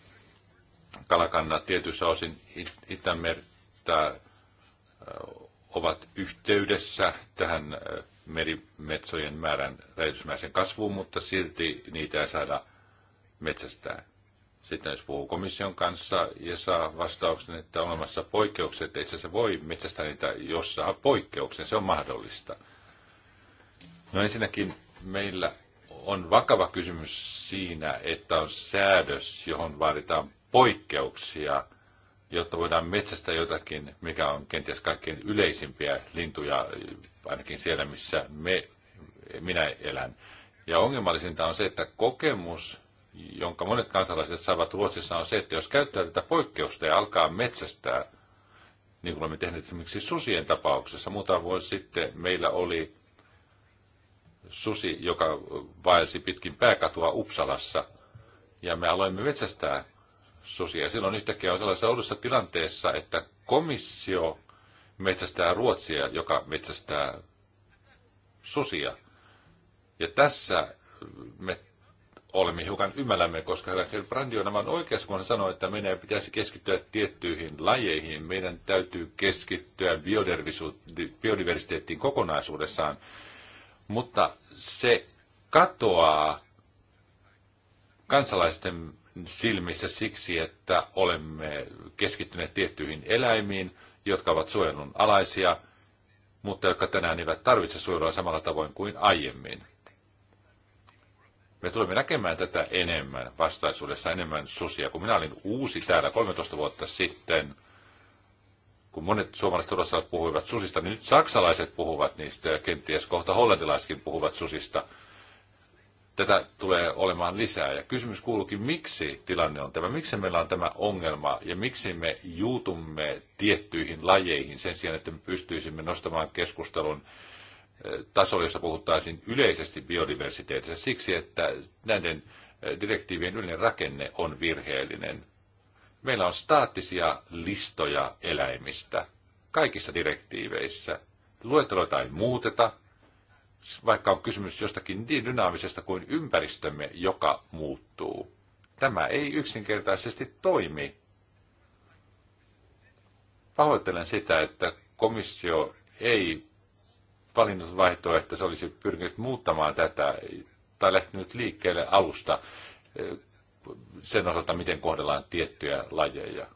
kalakannat tietyissä osin It- Itämertä ovat yhteydessä tähän merimetsojen määrän räjähdysmäisen kasvuun, mutta silti niitä ei saada metsästään. Sitten jos puhuu komission kanssa ja saa vastauksen, että on olemassa poikkeukset, että itse asiassa voi metsästää niitä, jos saa poikkeuksen, se on mahdollista. No ensinnäkin meillä on vakava kysymys siinä, että on säädös, johon vaaditaan poikkeuksia, jotta voidaan metsästä jotakin, mikä on kenties kaikkein yleisimpiä lintuja, ainakin siellä, missä me, minä elän. Ja ongelmallisinta on se, että kokemus jonka monet kansalaiset saavat Ruotsissa, on se, että jos käyttää tätä poikkeusta ja alkaa metsästää, niin kuin olemme tehneet esimerkiksi susien tapauksessa, muutama vuosi sitten meillä oli susi, joka vaelsi pitkin pääkatua Uppsalassa, ja me aloimme metsästää susia. Silloin yhtäkkiä on sellaisessa oudossa tilanteessa, että komissio metsästää Ruotsia, joka metsästää susia. Ja tässä me olemme hiukan ymmälämme, koska herra Brandi on aivan oikeassa, kun hän sanoi, että meidän pitäisi keskittyä tiettyihin lajeihin. Meidän täytyy keskittyä biodiversiteettiin kokonaisuudessaan. Mutta se katoaa kansalaisten silmissä siksi, että olemme keskittyneet tiettyihin eläimiin, jotka ovat suojelun alaisia, mutta jotka tänään eivät tarvitse suojelua samalla tavoin kuin aiemmin. Me tulemme näkemään tätä enemmän vastaisuudessa, enemmän susia. Kun minä olin uusi täällä 13 vuotta sitten, kun monet suomalaiset ruotsalaiset puhuivat susista, niin nyt saksalaiset puhuvat niistä ja kenties kohta hollantilaisetkin puhuvat susista. Tätä tulee olemaan lisää. Ja kysymys kuuluukin, miksi tilanne on tämä, miksi meillä on tämä ongelma ja miksi me juutumme tiettyihin lajeihin sen sijaan, että me pystyisimme nostamaan keskustelun taso, jossa puhuttaisiin yleisesti biodiversiteetistä siksi, että näiden eh, direktiivien yleinen rakenne on virheellinen. Meillä on staattisia listoja eläimistä kaikissa direktiiveissä. Luetteloita ei muuteta, vaikka on kysymys jostakin niin dynaamisesta kuin ympäristömme, joka muuttuu. Tämä ei yksinkertaisesti toimi. Pahoittelen sitä, että komissio ei valinnut vaihtoehto, että se olisi pyrkinyt muuttamaan tätä tai lähtenyt liikkeelle alusta eh, sen osalta, miten kohdellaan tiettyjä lajeja.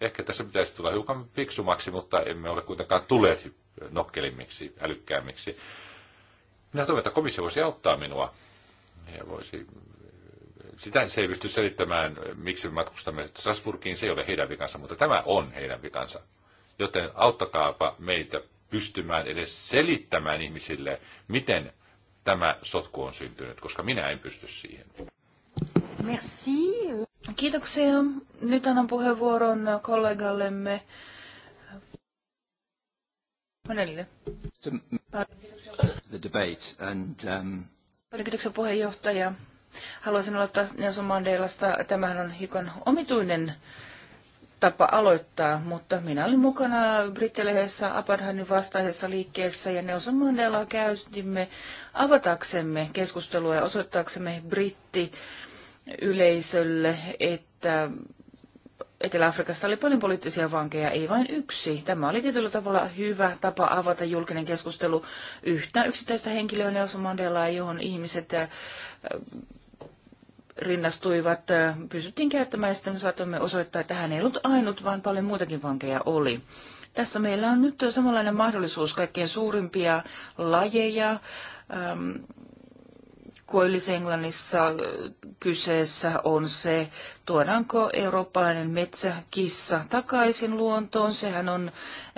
Ehkä tässä pitäisi tulla hiukan fiksumaksi, mutta emme ole kuitenkaan tulleet nokkelimmiksi, älykkäämmiksi. Minä toivon, että komissio voisi auttaa minua. Ja voisi... Eh, sitä se ei pysty selittämään, miksi me matkustamme Strasburgiin, se ei ole heidän vikansa, mutta tämä on heidän vikansa. Joten auttakaapa meitä pystymään edes selittämään ihmisille, miten tämä sotku on syntynyt, koska minä en pysty siihen. Merci. Kiitoksia. Nyt annan puheenvuoron kollegallemme Monelle. The debate and, um... kiitoksia puheenjohtaja. Haluaisin aloittaa Nelson Mandelasta. Tämähän on hiukan omituinen tapa aloittaa, mutta minä olin mukana brittilehdessä apartheidin vastaisessa liikkeessä ja Nelson Mandelaa käytimme avataksemme keskustelua ja osoittaaksemme britti yleisölle, että Etelä-Afrikassa oli paljon poliittisia vankeja, ei vain yksi. Tämä oli tietyllä tavalla hyvä tapa avata julkinen keskustelu yhtä yksittäistä henkilöä Nelson Mandelaa, johon ihmiset rinnastuivat, pysyttiin käyttämään ja sitten saatoimme osoittaa, että hän ei ollut ainut, vaan paljon muutakin vankeja oli. Tässä meillä on nyt samanlainen mahdollisuus kaikkien suurimpia lajeja. Ähm, Koillis-Englannissa kyseessä on se, tuodaanko eurooppalainen metsäkissa takaisin luontoon. Sehän on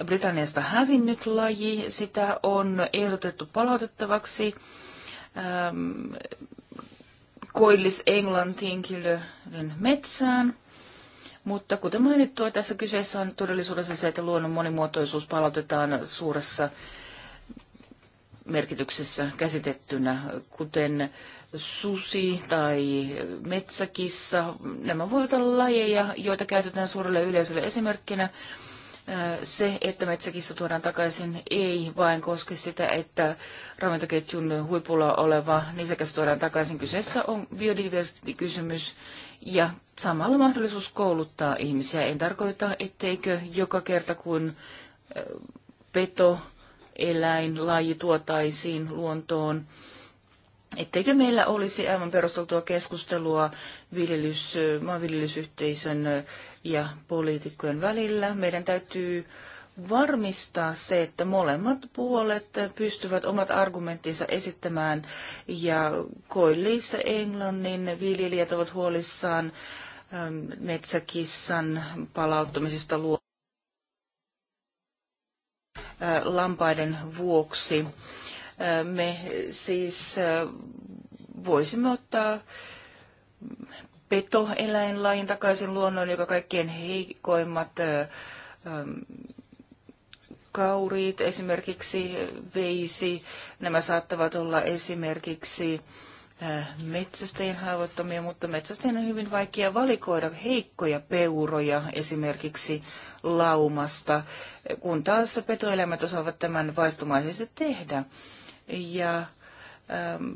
Britanniasta hävinnyt laji, sitä on ehdotettu palautettavaksi. Ähm, koillis-englantinkilön metsään. Mutta kuten mainittua, tässä kyseessä on todellisuudessa se, että luonnon monimuotoisuus palautetaan suuressa merkityksessä käsitettynä, kuten susi tai metsäkissa. Nämä voivat olla lajeja, joita käytetään suurelle yleisölle esimerkkinä se, että metsäkissa tuodaan takaisin, ei vain koske sitä, että ravintoketjun huipulla oleva nisäkäs tuodaan takaisin. Kyseessä on biodiversiteettikysymys ja samalla mahdollisuus kouluttaa ihmisiä. En tarkoita, etteikö joka kerta kun peto, eläin, laji tuotaisiin luontoon, etteikö meillä olisi aivan perusteltua keskustelua viljelys, maanviljelysyhteisön ja poliitikkojen välillä. Meidän täytyy varmistaa se, että molemmat puolet pystyvät omat argumenttinsa esittämään ja koilliissa Englannin viljelijät ovat huolissaan ähm, metsäkissan palauttamisesta luo äh, lampaiden vuoksi. Äh, me siis äh, voisimme ottaa petoeläinlajin takaisin luonnon, joka kaikkien heikoimmat kauriit esimerkiksi veisi. Nämä saattavat olla esimerkiksi metsästäjien haavoittamia, mutta metsästäjien on hyvin vaikea valikoida heikkoja peuroja esimerkiksi laumasta, kun taas petoelämät osaavat tämän vaistomaisesti tehdä. Ja ähm,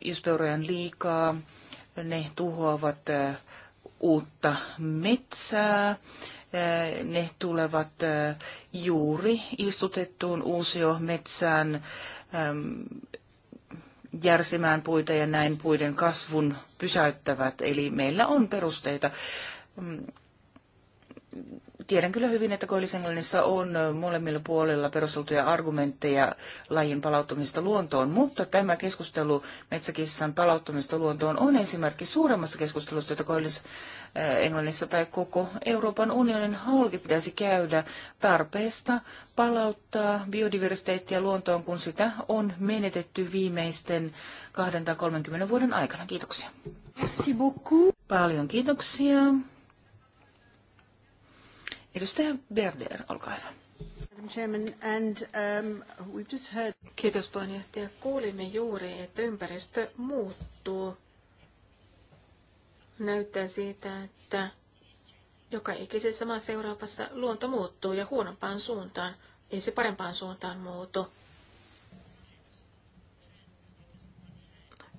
jos peuroja on liikaa, ne tuhoavat uutta metsää. Ne tulevat juuri istutettuun uusiometsään järsimään puita ja näin puiden kasvun pysäyttävät. Eli meillä on perusteita mm, tiedän kyllä hyvin, että Koillis-Englannissa on molemmilla puolilla perusteltuja argumentteja lajin palauttamista luontoon, mutta tämä keskustelu metsäkissan palauttamista luontoon on esimerkki suuremmasta keskustelusta, jota Koillis-Englannissa tai koko Euroopan unionin halki pitäisi käydä tarpeesta palauttaa biodiversiteettiä luontoon, kun sitä on menetetty viimeisten 20 30 vuoden aikana. Kiitoksia. Merci beaucoup. Paljon kiitoksia. Edustaja Berder, olkaa hyvä. Um, Kiitos puheenjohtaja. Kuulimme juuri, että ympäristö muuttuu. Näyttää siitä, että joka ikisessä maassa Euroopassa luonto muuttuu ja huonompaan suuntaan, ei se parempaan suuntaan muutu.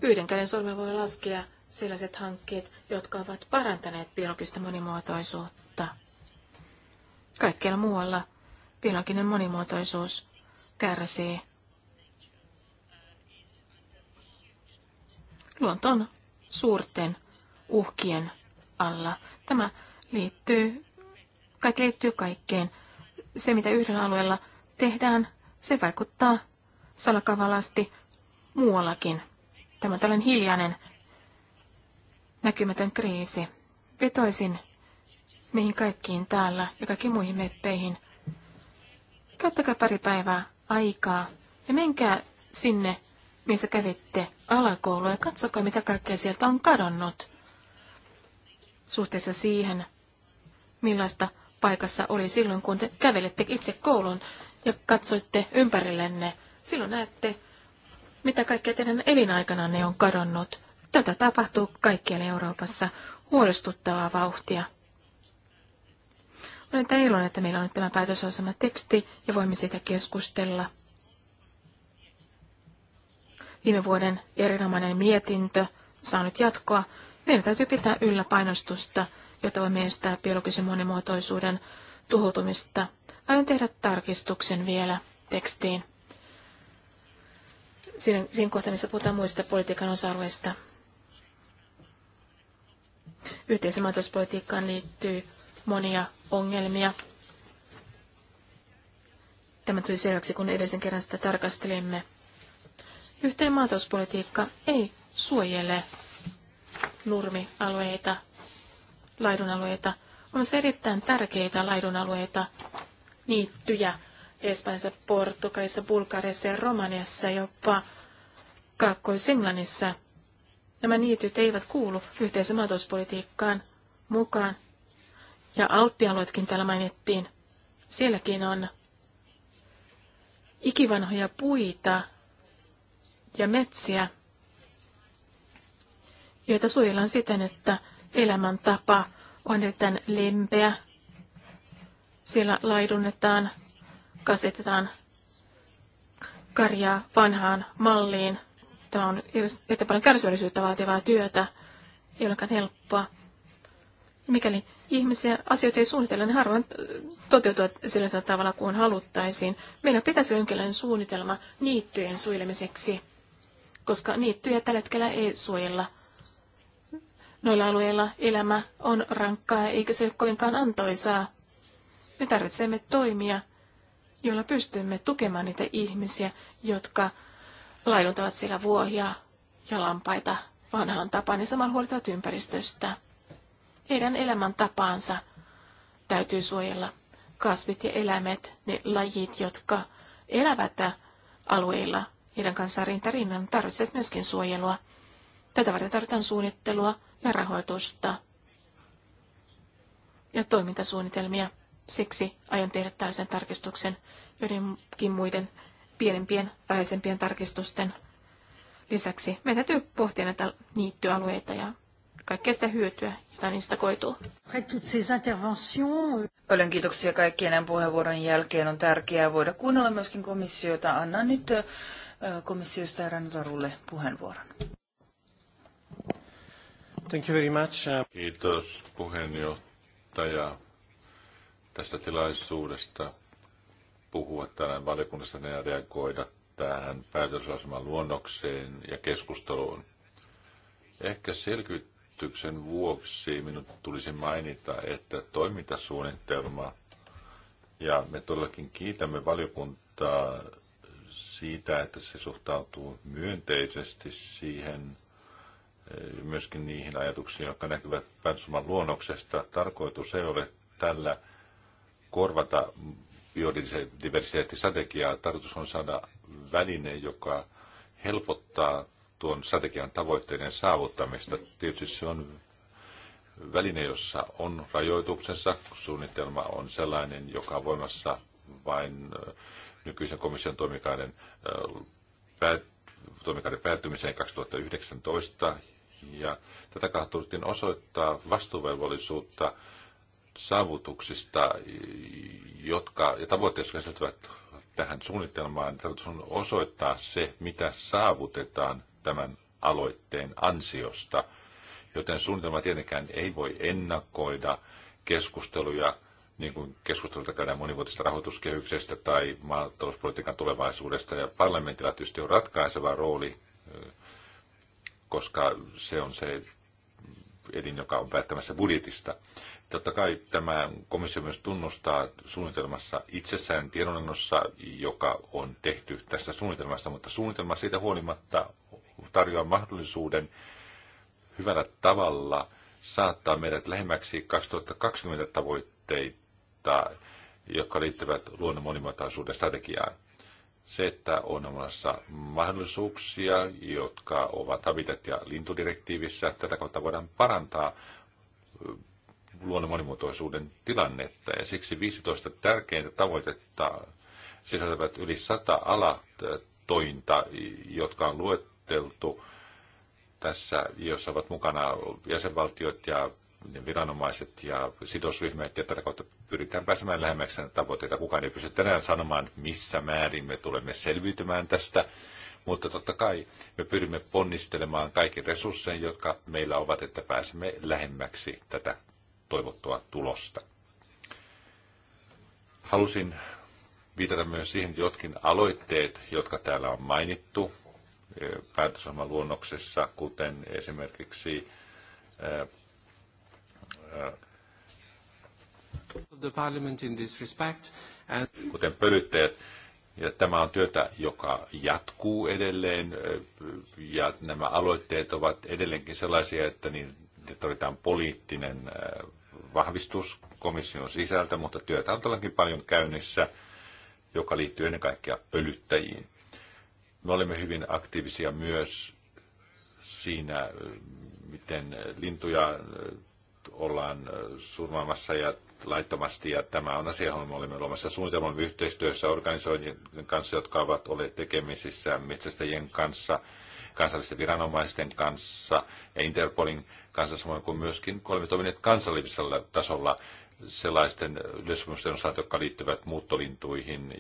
Yhden käden sormen voi laskea sellaiset hankkeet, jotka ovat parantaneet biologista monimuotoisuutta Kaikkialla muualla biologinen monimuotoisuus kärsii. Luonto on suurten uhkien alla. Tämä liittyy, kaikki liittyy kaikkeen. Se, mitä yhdellä alueella tehdään, se vaikuttaa salakavalasti muuallakin. Tämä on tällainen hiljainen näkymätön kriisi. Vetoisin meihin kaikkiin täällä ja kaikkiin muihin meppeihin. Käyttäkää pari päivää aikaa ja menkää sinne, missä kävitte alakoulua ja katsokaa, mitä kaikkea sieltä on kadonnut suhteessa siihen, millaista paikassa oli silloin, kun te kävelette itse koulun ja katsoitte ympärillenne. Silloin näette, mitä kaikkea teidän ne on kadonnut. Tätä tapahtuu kaikkialla Euroopassa huolestuttavaa vauhtia. Olen tämän iloinen, että meillä on nyt tämä päätösosama teksti ja voimme siitä keskustella. Viime vuoden erinomainen mietintö saa nyt jatkoa. Meidän täytyy pitää yllä painostusta, jota voi estää biologisen monimuotoisuuden tuhoutumista. Aion tehdä tarkistuksen vielä tekstiin. Siinä, siinä kohtaa, missä puhutaan muista politiikan osa-alueista. Yhteisen maatalouspolitiikkaan liittyy monia ongelmia. Tämä tuli selväksi, kun edellisen kerran sitä tarkastelimme. Yhteen maatalouspolitiikka ei suojele nurmialueita, laidunalueita. On se erittäin tärkeitä laidunalueita, niittyjä Espanjassa, Portugalissa, Bulgariassa ja Romaniassa, jopa Kaakkois-Englannissa. Nämä niityt eivät kuulu yhteisen maatalouspolitiikkaan mukaan ja alttialueetkin täällä mainittiin. Sielläkin on ikivanhoja puita ja metsiä, joita suojellaan siten, että elämäntapa on erittäin lempeä. Siellä laidunnetaan, kasetetaan karjaa vanhaan malliin. Tämä on erittäin paljon kärsivällisyyttä vaativaa työtä, ei olekaan helppoa. Mikäli ihmisiä, asioita ei suunnitella, niin harvoin toteutua sellaisella tavalla kuin haluttaisiin. Meillä pitäisi jonkinlainen suunnitelma niittyjen suojelemiseksi, koska niittyjä tällä hetkellä ei suojella. Noilla alueilla elämä on rankkaa eikä se ole kovinkaan antoisaa. Me tarvitsemme toimia, joilla pystymme tukemaan niitä ihmisiä, jotka laiduntavat siellä vuohia ja lampaita vanhaan tapaan ja samalla huolitavat ympäristöstä heidän elämäntapaansa täytyy suojella. Kasvit ja eläimet, ne lajit, jotka elävät alueilla, heidän kanssaan rintarinnan tarvitsevat myöskin suojelua. Tätä varten tarvitaan suunnittelua ja rahoitusta ja toimintasuunnitelmia. Siksi aion tehdä tällaisen tarkistuksen joidenkin muiden pienempien, vähäisempien tarkistusten lisäksi. Meidän täytyy pohtia näitä niittyalueita ja kaikkea sitä hyötyä, jota niistä koituu. Euh, Paljon kiitoksia kaikkien näiden puheenvuoron jälkeen. On tärkeää voida kuunnella myöskin komissiota. Annan nyt komissiosta Ranutarulle puheenvuoron. Thank you very much. Uh, Kiitos puheenjohtaja tästä tilaisuudesta puhua tänään valiokunnassa ja reagoida tähän päätösaseman luonnokseen ja keskusteluun. Ehkä selkyyttä järjestyksen vuoksi minun tulisi mainita, että toimintasuunnitelma, ja me todellakin kiitämme valiokuntaa siitä, että se suhtautuu myönteisesti siihen, eh, myöskin niihin ajatuksiin, jotka näkyvät Pänsuman luonnoksesta. Tarkoitus ei ole tällä korvata biodiversiteettistrategiaa. Tarkoitus on saada väline, joka helpottaa tuon strategian tavoitteiden saavuttamista. Tietysti se on väline, jossa on rajoituksensa. Suunnitelma on sellainen, joka on voimassa vain äh, nykyisen komission toimikauden, äh, päät, toimikauden päättymiseen 2019. Ja tätä kautta tultiin osoittaa vastuuvelvollisuutta saavutuksista, jotka, ja tavoitteista, jotka tähän suunnitelmaan. Tarkoitus on osoittaa se, mitä saavutetaan tämän aloitteen ansiosta, joten suunnitelma tietenkään ei voi ennakoida keskusteluja, niin kuin keskusteluita käydään monivuotisesta rahoituskehyksestä tai maatalouspolitiikan tulevaisuudesta, ja parlamentilla tietysti on ratkaiseva rooli, koska se on se elin, joka on päättämässä budjetista. Totta kai tämä komissio myös tunnustaa suunnitelmassa itsessään tiedonannossa, joka on tehty tässä suunnitelmasta, mutta suunnitelma siitä huolimatta tarjoaa mahdollisuuden hyvällä tavalla saattaa meidät lähemmäksi 2020 tavoitteita, jotka liittyvät luonnon monimuotoisuuden strategiaan. Se, että on olemassa mahdollisuuksia, jotka ovat habitat- ja lintudirektiivissä, tätä kautta voidaan parantaa luonnon monimuotoisuuden tilannetta. Ja siksi 15 tärkeintä tavoitetta sisältävät yli 100 alatointa, jotka on luettu neuvoteltu tässä, jossa ovat mukana jäsenvaltiot ja viranomaiset ja sidosryhmät, ja tätä kautta pyritään pääsemään lähemmäksi tavoitteita. Kukaan ei pysty tänään sanomaan, missä määrin me tulemme selviytymään tästä, mutta totta kai me pyrimme ponnistelemaan kaikki resursseja, jotka meillä ovat, että pääsemme lähemmäksi tätä toivottua tulosta. Halusin viitata myös siihen jotkin aloitteet, jotka täällä on mainittu päätösohjelmaluonnoksessa, kuten esimerkiksi in this respect. And... kuten pölyttäjät. Ja tämä on työtä, joka jatkuu edelleen, ja nämä aloitteet ovat edelleenkin sellaisia, että niin tarvitaan poliittinen vahvistus komission sisältä, mutta työtä on todellakin paljon käynnissä, joka liittyy ennen kaikkea pölyttäjiin. Me olemme hyvin aktiivisia myös siinä, miten lintuja ollaan surmaamassa ja laittomasti. Ja tämä on asia, johon me olemme olemassa suunnitelman yhteistyössä organisoijien kanssa, jotka ovat olleet tekemisissä metsästäjien kanssa, kansallisten viranomaisten kanssa ja Interpolin kanssa, samoin kuin myöskin olemme toimineet kansallisella tasolla sellaisten yleissopimusten osalta, jotka liittyvät muuttolintuihin,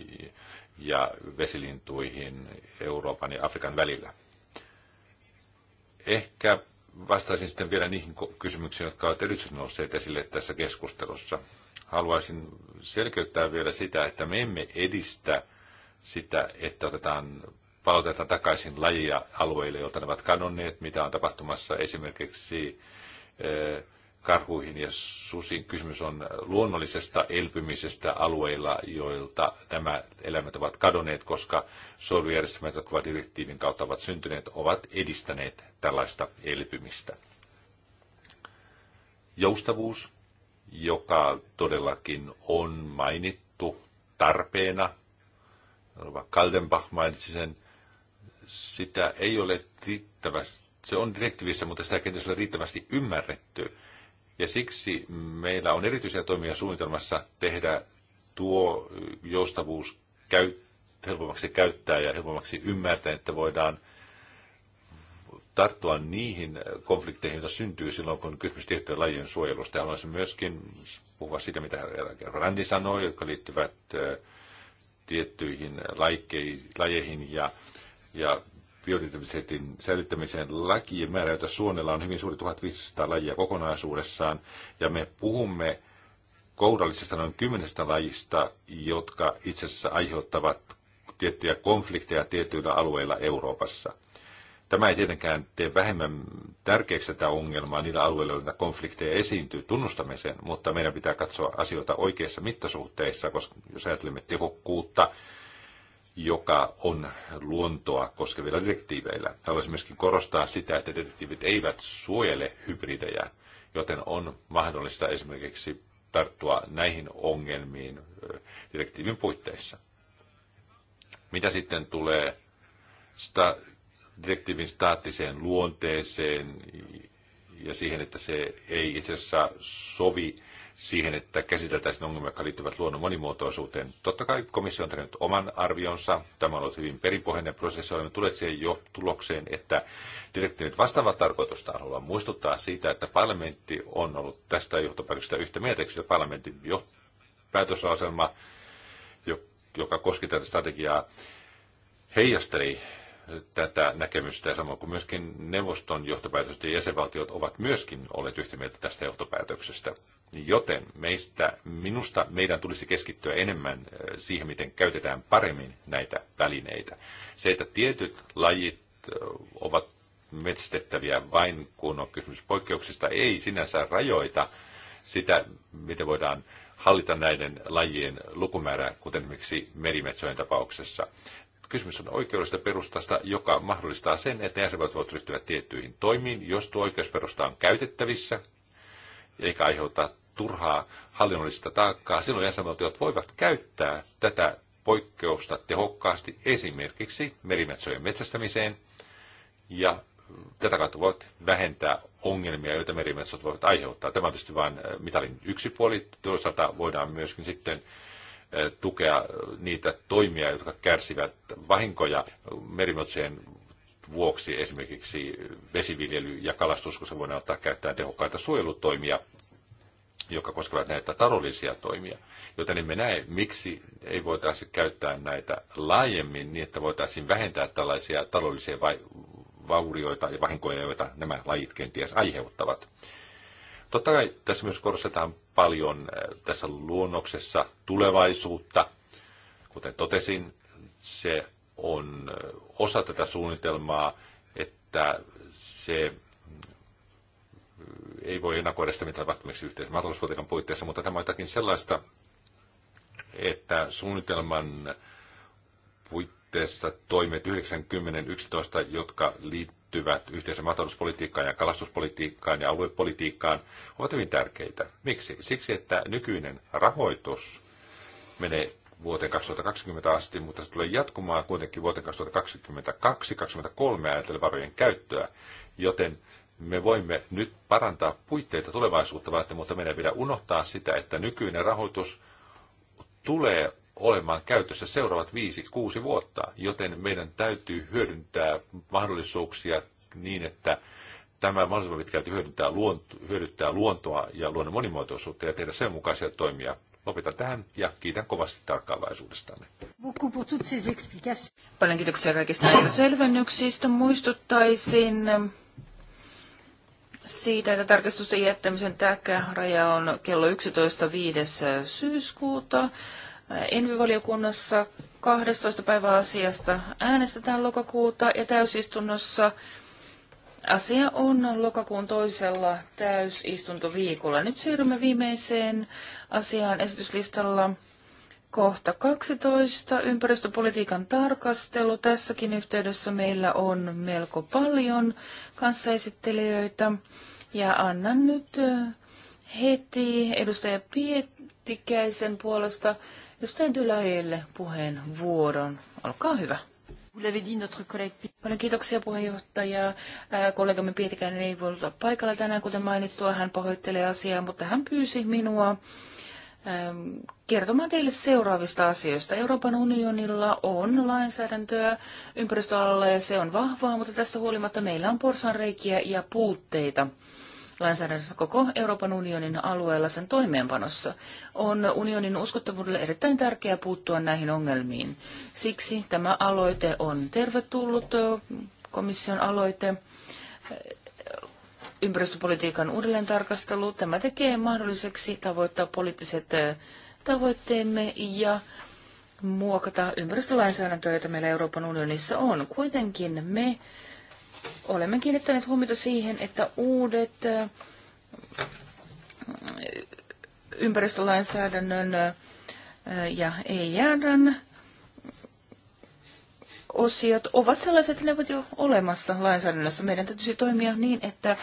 ja vesilintuihin Euroopan ja Afrikan välillä. Ehkä vastaisin sitten vielä niihin kysymyksiin, jotka ovat erityisesti nousseet esille tässä keskustelussa. Haluaisin selkeyttää vielä sitä, että me emme edistä sitä, että otetaan palautetaan takaisin lajia alueille, joilta ne ovat kadonneet, mitä on tapahtumassa esimerkiksi eh, karhuihin ja susiin. Kysymys on luonnollisesta elpymisestä alueilla, joilta nämä eläimet ovat kadonneet, koska suojelujärjestelmät, jotka ovat direktiivin kautta ovat syntyneet, ovat edistäneet tällaista elpymistä. Joustavuus, joka todellakin on mainittu tarpeena, Kaldenbach mainitsi sen, sitä ei ole riittävästi se on direktiivissä, mutta sitä ei kenties ole riittävästi ymmärretty. Ja siksi meillä on erityisiä toimia suunnitelmassa tehdä tuo joustavuus käy, helpommaksi käyttää ja helpommaksi ymmärtää, että voidaan tarttua niihin konflikteihin, joita syntyy silloin, kun kysymys tiettyjen lajien suojelusta. Ja haluaisin myöskin puhua siitä, mitä Randi sanoi, jotka liittyvät tiettyihin lajeihin ja, ja biodiversiteetin säilyttämiseen lakien määrä, jota suonella on hyvin suuri 1500 lajia kokonaisuudessaan, ja me puhumme kourallisesta noin kymmenestä lajista, jotka itse asiassa aiheuttavat tiettyjä konflikteja tietyillä alueilla Euroopassa. Tämä ei tietenkään tee vähemmän tärkeäksi tätä ongelmaa niillä alueilla, joilla konflikteja esiintyy, tunnustamiseen, mutta meidän pitää katsoa asioita oikeissa mittasuhteissa, koska jos ajattelemme tehokkuutta, joka on luontoa koskevilla direktiiveillä. Haluaisin myöskin korostaa sitä, että direktiivit eivät suojele hybridejä, joten on mahdollista esimerkiksi tarttua näihin ongelmiin direktiivin puitteissa. Mitä sitten tulee sta- direktiivin staattiseen luonteeseen ja siihen, että se ei itse asiassa sovi siihen, että käsiteltäisiin ongelmia, jotka liittyvät luonnon monimuotoisuuteen. Totta kai komissio on tehnyt oman arvionsa. Tämä on ollut hyvin perinpohjainen prosessi. Olemme tulleet siihen jo tulokseen, että direktiivit vastaavat tarkoitusta. Haluan muistuttaa siitä, että parlamentti on ollut tästä johtopäätöksestä yhtä mieltä, että parlamentin jo päätösasema, joka koski tätä strategiaa, heijasteli tätä näkemystä, samoin kuin myöskin neuvoston johtopäätökset ja jäsenvaltiot ovat myöskin olleet yhtä mieltä tästä johtopäätöksestä. Joten meistä, minusta meidän tulisi keskittyä enemmän äh, siihen, miten käytetään paremmin näitä välineitä. Se, että tietyt lajit äh, ovat metsästettäviä vain kun on kysymys poikkeuksista, ei sinänsä rajoita sitä, miten voidaan hallita näiden lajien lukumäärää, kuten esimerkiksi merimetsojen tapauksessa kysymys on oikeudellisesta perustasta, joka mahdollistaa sen, että jäsenvaltiot voivat ryhtyä tiettyihin toimiin, jos tuo oikeusperusta on käytettävissä, eikä aiheuta turhaa hallinnollista taakkaa. Silloin jäsenvaltiot voivat käyttää tätä poikkeusta tehokkaasti esimerkiksi merimetsojen metsästämiseen ja tätä kautta voivat vähentää ongelmia, joita merimetsot voivat aiheuttaa. Tämä on tietysti vain mitalin yksi puoli. Toisaalta voidaan myöskin sitten Eh, tukea niitä toimia, jotka kärsivät vahinkoja merimetsojen vuoksi esimerkiksi vesiviljely ja kalastus, koska voidaan ottaa käyttää tehokkaita suojelutoimia, jotka koskevat näitä taloudellisia toimia. Joten emme näe, miksi ei voitaisiin käyttää näitä laajemmin niin, että voitaisiin vähentää tällaisia taloudellisia vai- vaurioita ja vahinkoja, joita nämä lajit kenties aiheuttavat. Totta kai tässä myös korostetaan paljon äh, tässä luonnoksessa tulevaisuutta. Kuten totesin, se on äh, osa tätä suunnitelmaa, että se mm, ei voi ennakoida sitä, mitä tapahtumiksi yhteisen maatalouspolitiikan puitteissa, mutta tämä on jotakin sellaista, että suunnitelman puitteissa toimet 90-11, jotka liittyvät liittyvät yhteisen maatalouspolitiikkaan ja kalastuspolitiikkaan ja aluepolitiikkaan ovat hyvin tärkeitä. Miksi? Siksi, että nykyinen rahoitus menee vuoteen 2020 asti, mutta se tulee jatkumaan kuitenkin vuoteen 2022-2023 ajatellen varojen käyttöä, joten me voimme nyt parantaa puitteita tulevaisuutta varten, mutta meidän ei pidä unohtaa sitä, että nykyinen rahoitus tulee olemaan käytössä seuraavat viisi, kuusi vuotta, joten meidän täytyy hyödyntää mahdollisuuksia niin, että tämä mahdollisimman pitkälti hyödyntää, luonto, hyödyttää luontoa ja luonnon monimuotoisuutta ja tehdä sen mukaisia toimia. Lopetan tähän ja kiitän kovasti tarkkaavaisuudestanne. Paljon kiitoksia kaikista näistä selvennyksistä. Muistuttaisin siitä, että tarkistusten jättämisen täkäraja on kello 11.5. syyskuuta. Envivaliokunnassa 12. päivä asiasta äänestetään lokakuuta ja täysistunnossa asia on lokakuun toisella täysistuntoviikolla. Nyt siirrymme viimeiseen asiaan esityslistalla. Kohta 12. Ympäristöpolitiikan tarkastelu. Tässäkin yhteydessä meillä on melko paljon kanssaesittelijöitä. Ja annan nyt heti edustaja Pietikäisen puolesta edustaja Dylaille puheen vuoron. Olkaa hyvä. Paljon kiitoksia puheenjohtaja. Kollegamme Pietikäinen ei voi olla paikalla tänään, kuten mainittua. Hän pahoittelee asiaa, mutta hän pyysi minua kertomaan teille seuraavista asioista. Euroopan unionilla on lainsäädäntöä ympäristöalalla ja se on vahvaa, mutta tästä huolimatta meillä on porsanreikiä ja puutteita lainsäädännössä koko Euroopan unionin alueella sen toimeenpanossa. On unionin uskottavuudelle erittäin tärkeää puuttua näihin ongelmiin. Siksi tämä aloite on tervetullut, komission aloite ympäristöpolitiikan uudelleentarkastelu. Tämä tekee mahdolliseksi tavoittaa poliittiset tavoitteemme ja muokata ympäristölainsäädäntöä, jota meillä Euroopan unionissa on. Kuitenkin me olemme kiinnittäneet huomiota siihen, että uudet ympäristölainsäädännön ja EIRn osiot ovat sellaiset, että ne ovat jo olemassa lainsäädännössä. Meidän täytyisi toimia niin, että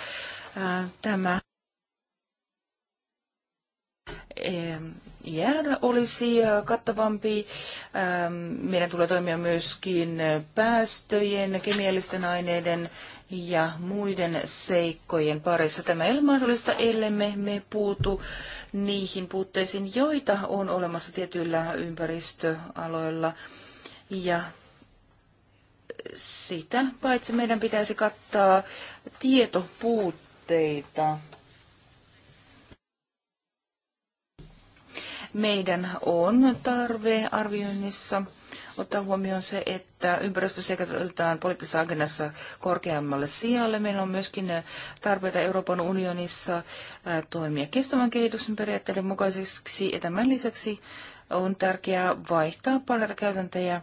tämä iän olisi äh, kattavampi. Ähm, meidän tulee toimia myöskin päästöjen, kemiallisten aineiden ja muiden seikkojen parissa. Tämä ei ole mahdollista, ellemme me puutu niihin puutteisiin, joita on olemassa tietyillä ympäristöaloilla. Ja sitä paitsi meidän pitäisi kattaa tietopuutteita meidän on tarve arvioinnissa ottaa huomioon se, että ympäristösekä otetaan poliittisessa agendassa korkeammalle sijalle. Meillä on myöskin äh, tarpeita Euroopan unionissa äh, toimia kestävän kehityksen periaatteiden mukaisiksi. Ja tämän lisäksi on tärkeää vaihtaa parhaita käytäntöjä,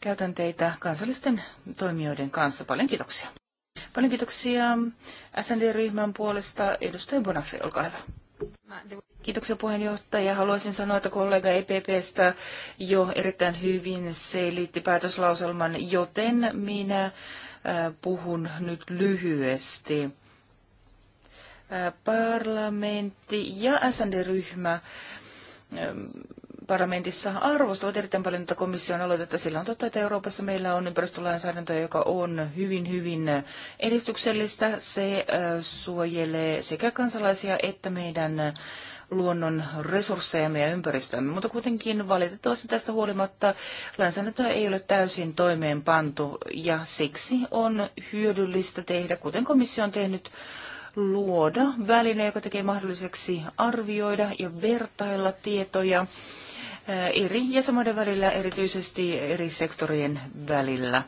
käytänteitä kansallisten toimijoiden kanssa. Paljon kiitoksia. Paljon kiitoksia SND-ryhmän puolesta. Edustaja Bonafé, olkaa hyvä. Kiitoksia puheenjohtaja. Haluaisin sanoa, että kollega EPPstä jo erittäin hyvin selitti päätöslauselman, joten minä äh, puhun nyt lyhyesti. Äh, parlamentti ja SND-ryhmä ähm, parlamentissa arvostavat erittäin paljon tätä komission aloitetta. Sillä on totta, että Euroopassa meillä on ympäristölainsäädäntö, joka on hyvin, hyvin edistyksellistä. Se suojelee sekä kansalaisia että meidän luonnon ja ympäristöämme, mutta kuitenkin valitettavasti tästä huolimatta lainsäädäntöä ei ole täysin toimeenpantu ja siksi on hyödyllistä tehdä, kuten komissio on tehnyt, luoda väline, joka tekee mahdolliseksi arvioida ja vertailla tietoja eri jäsenmaiden välillä, erityisesti eri sektorien välillä.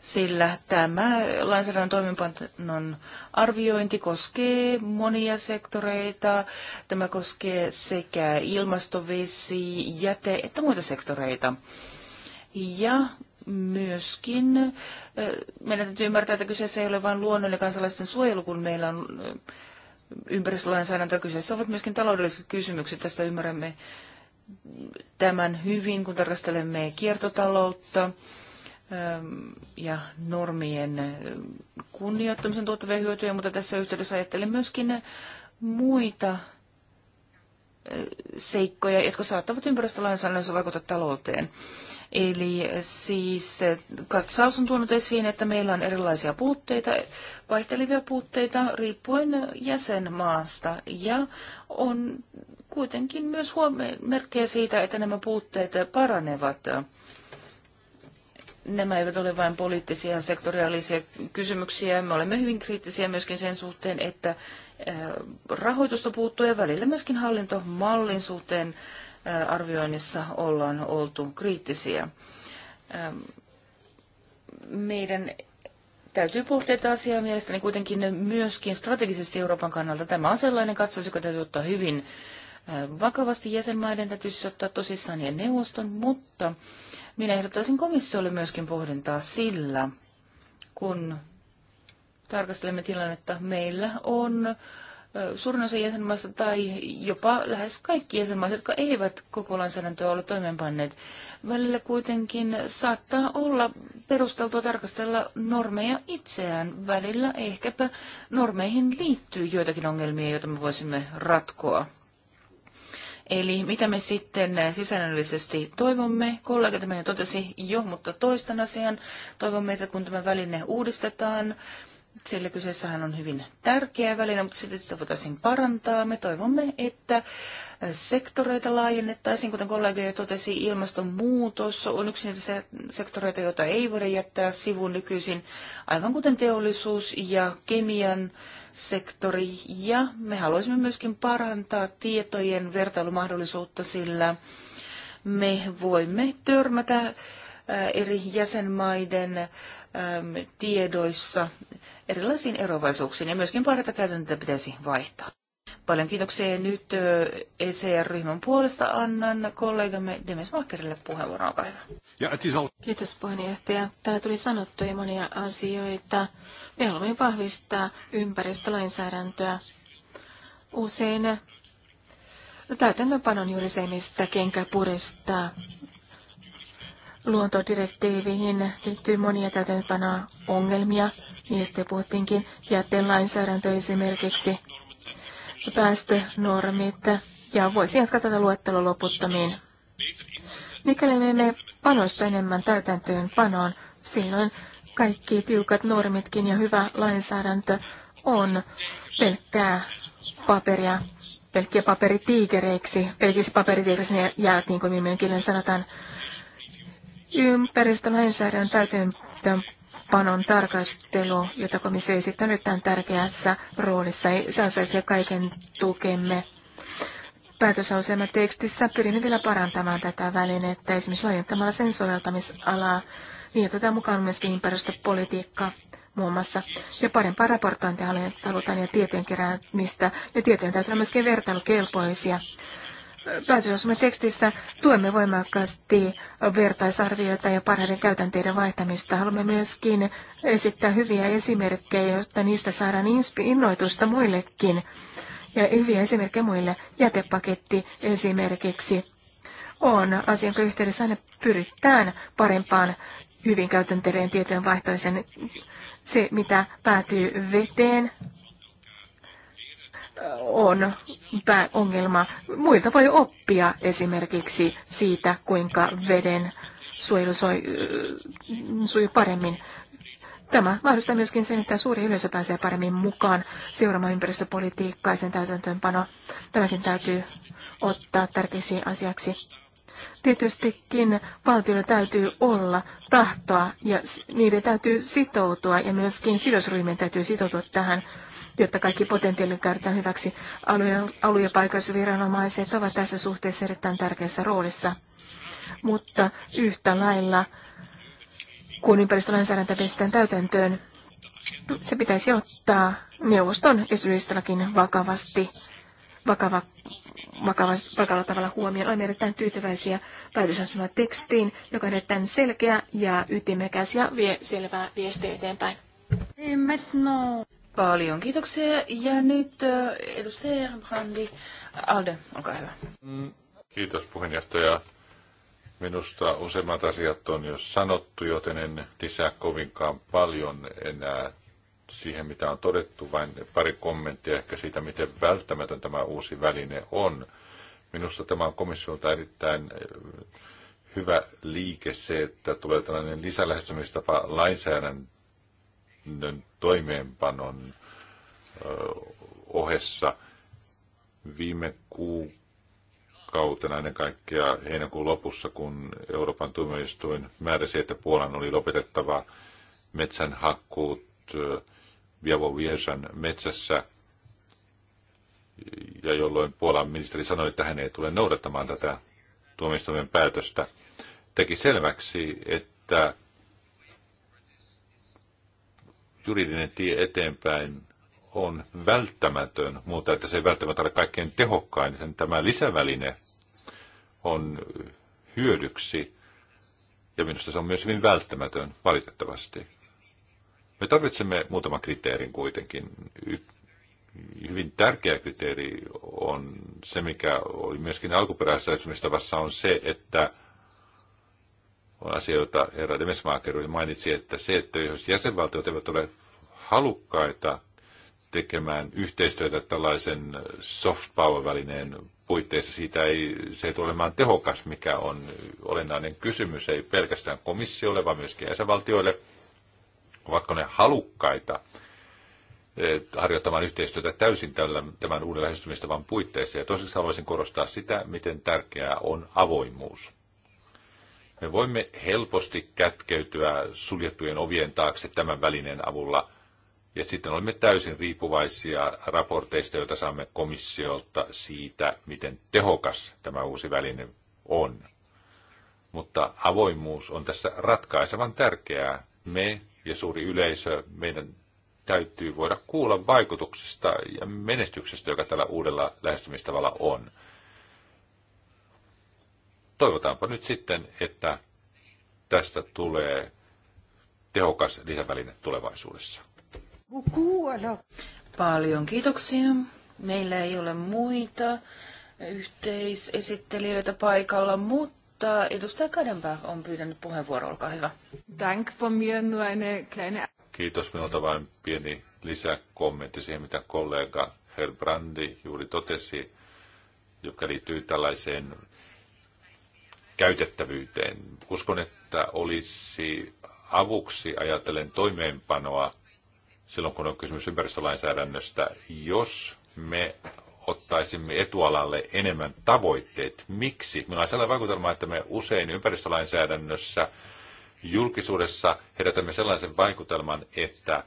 Sillä tämä lainsäädännön toimenpanon arviointi koskee monia sektoreita. Tämä koskee sekä ilmastovesi, jäte että muita sektoreita. Ja myöskin meidän täytyy ymmärtää, että kyseessä ei ole vain luonnon ja kansalaisten suojelu, kun meillä on ympäristölainsäädäntö kyseessä, ovat myöskin taloudelliset kysymykset. Tästä ymmärrämme tämän hyvin, kun tarkastelemme kiertotaloutta ähm, ja normien äh, kunnioittamisen tuottavia hyötyjä, mutta tässä yhteydessä ajattelen myöskin muita äh, seikkoja, jotka saattavat ympäristölainsäädännössä vaikuttaa talouteen. Eli siis äh, katsaus on tuonut esiin, että meillä on erilaisia puutteita, vaihtelevia puutteita riippuen jäsenmaasta. Ja on kuitenkin myös huome- merkkejä siitä, että nämä puutteet paranevat. Nämä eivät ole vain poliittisia sektoriaalisia kysymyksiä. Me olemme hyvin kriittisiä myöskin sen suhteen, että rahoitusta puuttuu ja välillä myöskin hallintomallin suhteen arvioinnissa ollaan oltu kriittisiä. Meidän täytyy pohtia tätä asiaa mielestäni kuitenkin myöskin strategisesti Euroopan kannalta. Tämä on sellainen katsaus, joka täytyy ottaa hyvin vakavasti. Jäsenmaiden täytyisi ottaa tosissaan ja neuvoston, mutta minä ehdottaisin komissiolle myöskin pohdintaa sillä, kun tarkastelemme tilannetta, meillä on suurin osa jäsenmaista tai jopa lähes kaikki jäsenmaat, jotka eivät koko lainsäädäntöä ole toimeenpanneet. Välillä kuitenkin saattaa olla perusteltua tarkastella normeja itseään. Välillä ehkäpä normeihin liittyy joitakin ongelmia, joita me voisimme ratkoa. Eli mitä me sitten sisällöllisesti toivomme, kollega tämä jo totesi jo, mutta toistan asian, toivomme, että kun tämä väline uudistetaan, sillä kyseessähän on hyvin tärkeä väline, mutta sitä, sitä voitaisiin parantaa. Me toivomme, että sektoreita laajennettaisiin, kuten kollega jo totesi, ilmastonmuutos on yksi niitä sektoreita, joita ei voida jättää sivuun nykyisin, aivan kuten teollisuus ja kemian sektori ja me haluaisimme myöskin parantaa tietojen vertailumahdollisuutta, sillä me voimme törmätä eri jäsenmaiden tiedoissa erilaisiin erovaisuuksiin ja myöskin parata käytäntöä pitäisi vaihtaa. Paljon kiitoksia. Nyt ECR-ryhmän puolesta annan kollegamme Demes Makkerille puheenvuoron. Siis Kiitos puheenjohtaja. Täällä tuli sanottuja monia asioita. Me haluamme vahvistaa ympäristölainsäädäntöä. Usein täytäntöpano on juuri se, mistä kenkä puristaa. Luontodirektiiviin liittyy monia täytäntöpanoa ongelmia. Niistä puhuttiinkin jätteen lainsäädäntö esimerkiksi päästönormit ja voisin jatkaa tätä luettelua loputtomiin. Mikäli me emme panosta enemmän täytäntöön panoon, silloin kaikki tiukat normitkin ja hyvä lainsäädäntö on pelkkää paperia, pelkkiä paperitiikereiksi, pelkiksi paperitiikereiksi ne jäät, niin kuin minun sanotaan. Ympäristölainsäädännön täytäntöön panon tarkastelu, jota komissio on esittänyt tämän tärkeässä roolissa, se ansaitsee kaiken tukemme. Päätösasema tekstissä pyrimme vielä parantamaan tätä välinettä, esimerkiksi laajentamalla sen soveltamisalaa, niin otetaan mukaan myöskin ympäristöpolitiikka muun muassa, ja parempaa raportointia halutaan ja tietojen keräämistä, ja tietojen täytyy olla myöskin vertailukelpoisia päätösosumme tekstissä tuemme voimakkaasti vertaisarvioita ja parhaiden käytänteiden vaihtamista. Haluamme myöskin esittää hyviä esimerkkejä, joista niistä saadaan innoitusta muillekin ja hyviä esimerkkejä muille. Jätepaketti esimerkiksi on asian yhteydessä aina pyritään parempaan hyvin käytänteiden tietojen vaihtoisen se, mitä päätyy veteen, on pääongelma. Muilta voi oppia esimerkiksi siitä, kuinka veden suojelu soi, sujuu paremmin. Tämä mahdollistaa myöskin sen, että suuri yleisö pääsee paremmin mukaan seuraamaan ympäristöpolitiikkaa ja sen täytäntöönpano. Tämäkin täytyy ottaa tärkeäksi asiaksi. Tietystikin valtiolla täytyy olla tahtoa ja niiden täytyy sitoutua ja myöskin sidosryhmien täytyy sitoutua tähän jotta kaikki potentiaalinen käytetään hyväksi. Alue- ja paikallisviranomaiset ovat tässä suhteessa erittäin tärkeässä roolissa. Mutta yhtä lailla, kun ympäristölainsäädäntö pistetään täytäntöön, se pitäisi ottaa neuvoston esityslistallakin vakavasti, vakava, vakava, vakavalla tavalla huomioon. Olemme erittäin tyytyväisiä päätösasemaan tekstiin, joka on erittäin selkeä ja ytimekäs ja vie selvää viestiä eteenpäin. No. Paljon kiitoksia. Ja nyt äh, edustaja Brandi. Alde, olkaa hyvä. Kiitos puheenjohtaja. Minusta useimmat asiat on jo sanottu, joten en lisää kovinkaan paljon enää siihen, mitä on todettu, vain pari kommenttia ehkä siitä, miten välttämätön tämä uusi väline on. Minusta tämä on komissiolta erittäin äh, hyvä liike se, että tulee tällainen lisälähestymistapa lainsäädäntöön mietinnön toimeenpanon ohessa viime kuukautena, ennen kaikkea heinäkuun lopussa, kun Euroopan tuomioistuin määräsi, että Puolan oli lopetettava metsänhakkuut Viesan metsässä, ja jolloin Puolan ministeri sanoi, että hän ei tule noudattamaan tätä tuomioistuimen päätöstä, teki selväksi, että juridinen tie eteenpäin on välttämätön, mutta että se ei välttämättä ole kaikkein tehokkain, niin sen tämä lisäväline on hyödyksi ja minusta se on myös hyvin välttämätön, valitettavasti. Me tarvitsemme muutaman kriteerin kuitenkin. Hyvin tärkeä kriteeri on se, mikä oli myöskin alkuperäisessä esimerkiksi on se, että on asia, jota herra Demesmaakeru mainitsi, että se, että jos jäsenvaltiot eivät ole halukkaita tekemään yhteistyötä tällaisen soft power-välineen puitteissa, siitä ei, se ei tule olemaan tehokas, mikä on olennainen kysymys, ei pelkästään komissiolle, vaan myöskin jäsenvaltioille. Ovatko ne halukkaita eh, harjoittamaan yhteistyötä täysin tällä, tämän uuden lähestymistavan puitteissa. Ja toiseksi haluaisin korostaa sitä, miten tärkeää on avoimuus. Me voimme helposti kätkeytyä suljettujen ovien taakse tämän välineen avulla, ja sitten olemme täysin riippuvaisia raporteista, joita saamme komissiolta siitä, miten tehokas tämä uusi väline on. Mutta avoimuus on tässä ratkaisevan tärkeää. Me ja suuri yleisö, meidän täytyy voida kuulla vaikutuksista ja menestyksestä, joka tällä uudella lähestymistavalla on toivotaanpa nyt sitten, että tästä tulee tehokas lisäväline tulevaisuudessa. Paljon kiitoksia. Meillä ei ole muita yhteisesittelijöitä paikalla, mutta edustaja Kadenpää on pyytänyt puheenvuoro, olkaa hyvä. eine kleine... Kiitos minulta vain pieni lisäkommentti siihen, mitä kollega Herr Brandi juuri totesi, joka liittyy tällaiseen käytettävyyteen. Uskon, että olisi avuksi ajatellen toimeenpanoa silloin, kun on kysymys ympäristölainsäädännöstä, jos me ottaisimme etualalle enemmän tavoitteet. Miksi? Meillä on sellainen vaikutelma, että me usein ympäristölainsäädännössä julkisuudessa herätämme sellaisen vaikutelman, että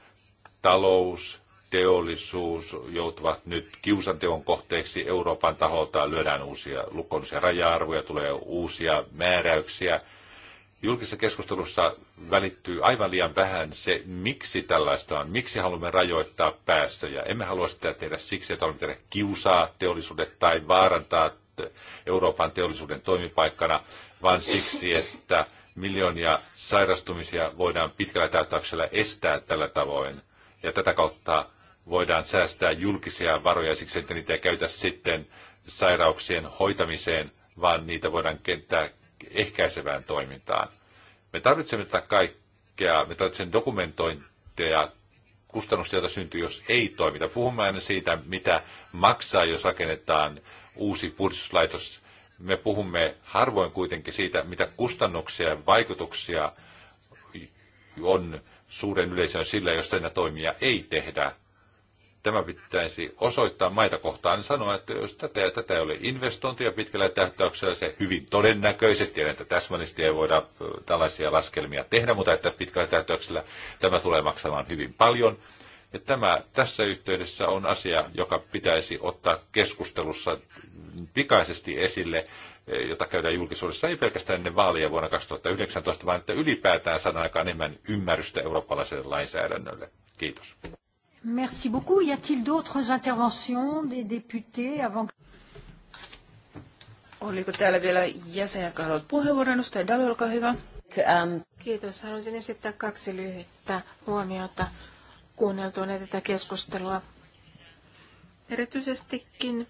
talous, teollisuus joutuvat nyt kiusanteon kohteeksi Euroopan taholta, lyödään uusia lukollisia raja-arvoja, tulee uusia määräyksiä. Julkisessa keskustelussa välittyy aivan liian vähän se, miksi tällaista on, miksi haluamme rajoittaa päästöjä. Emme halua sitä tehdä siksi, että haluamme tehdä kiusaa teollisuudet tai vaarantaa Euroopan teollisuuden toimipaikkana, vaan siksi, että miljoonia sairastumisia voidaan pitkällä täytäyksellä estää tällä tavoin ja tätä kautta voidaan säästää julkisia varoja siksi, että niitä ei käytä sitten sairauksien hoitamiseen, vaan niitä voidaan kenttää ehkäisevään toimintaan. Me tarvitsemme tätä kaikkea, me tarvitsemme dokumentointeja, kustannuksia, joita syntyy, jos ei toimita. Puhumme aina siitä, mitä maksaa, jos rakennetaan uusi puhdistuslaitos. Me puhumme harvoin kuitenkin siitä, mitä kustannuksia ja vaikutuksia on suuren yleisön sillä, jos näitä toimia ei tehdä tämä pitäisi osoittaa maita kohtaan niin sanoa, että jos tätä ja tätä ei ole investointia pitkällä tähtäyksellä, se hyvin todennäköisesti, tiedän, että täsmällisesti ei voida tällaisia laskelmia tehdä, mutta että pitkällä tähtäyksellä tämä tulee maksamaan hyvin paljon. Ja tämä tässä yhteydessä on asia, joka pitäisi ottaa keskustelussa pikaisesti esille, e, jota käydään julkisuudessa ei pelkästään ennen vaalia vuonna 2019, vaan että ylipäätään saadaan aikaan enemmän ymmärrystä eurooppalaiselle lainsäädännölle. Kiitos. Merci beaucoup. Y a-t-il d'autres interventions des députés avant... Oliko täällä vielä jäseniä, jotka haluavat puheenvuoron? Edustaja Dali, olkaa hyvä. Ähm, kiitos. Haluaisin esittää kaksi lyhyttä huomiota kuunneltua tätä keskustelua. Erityisestikin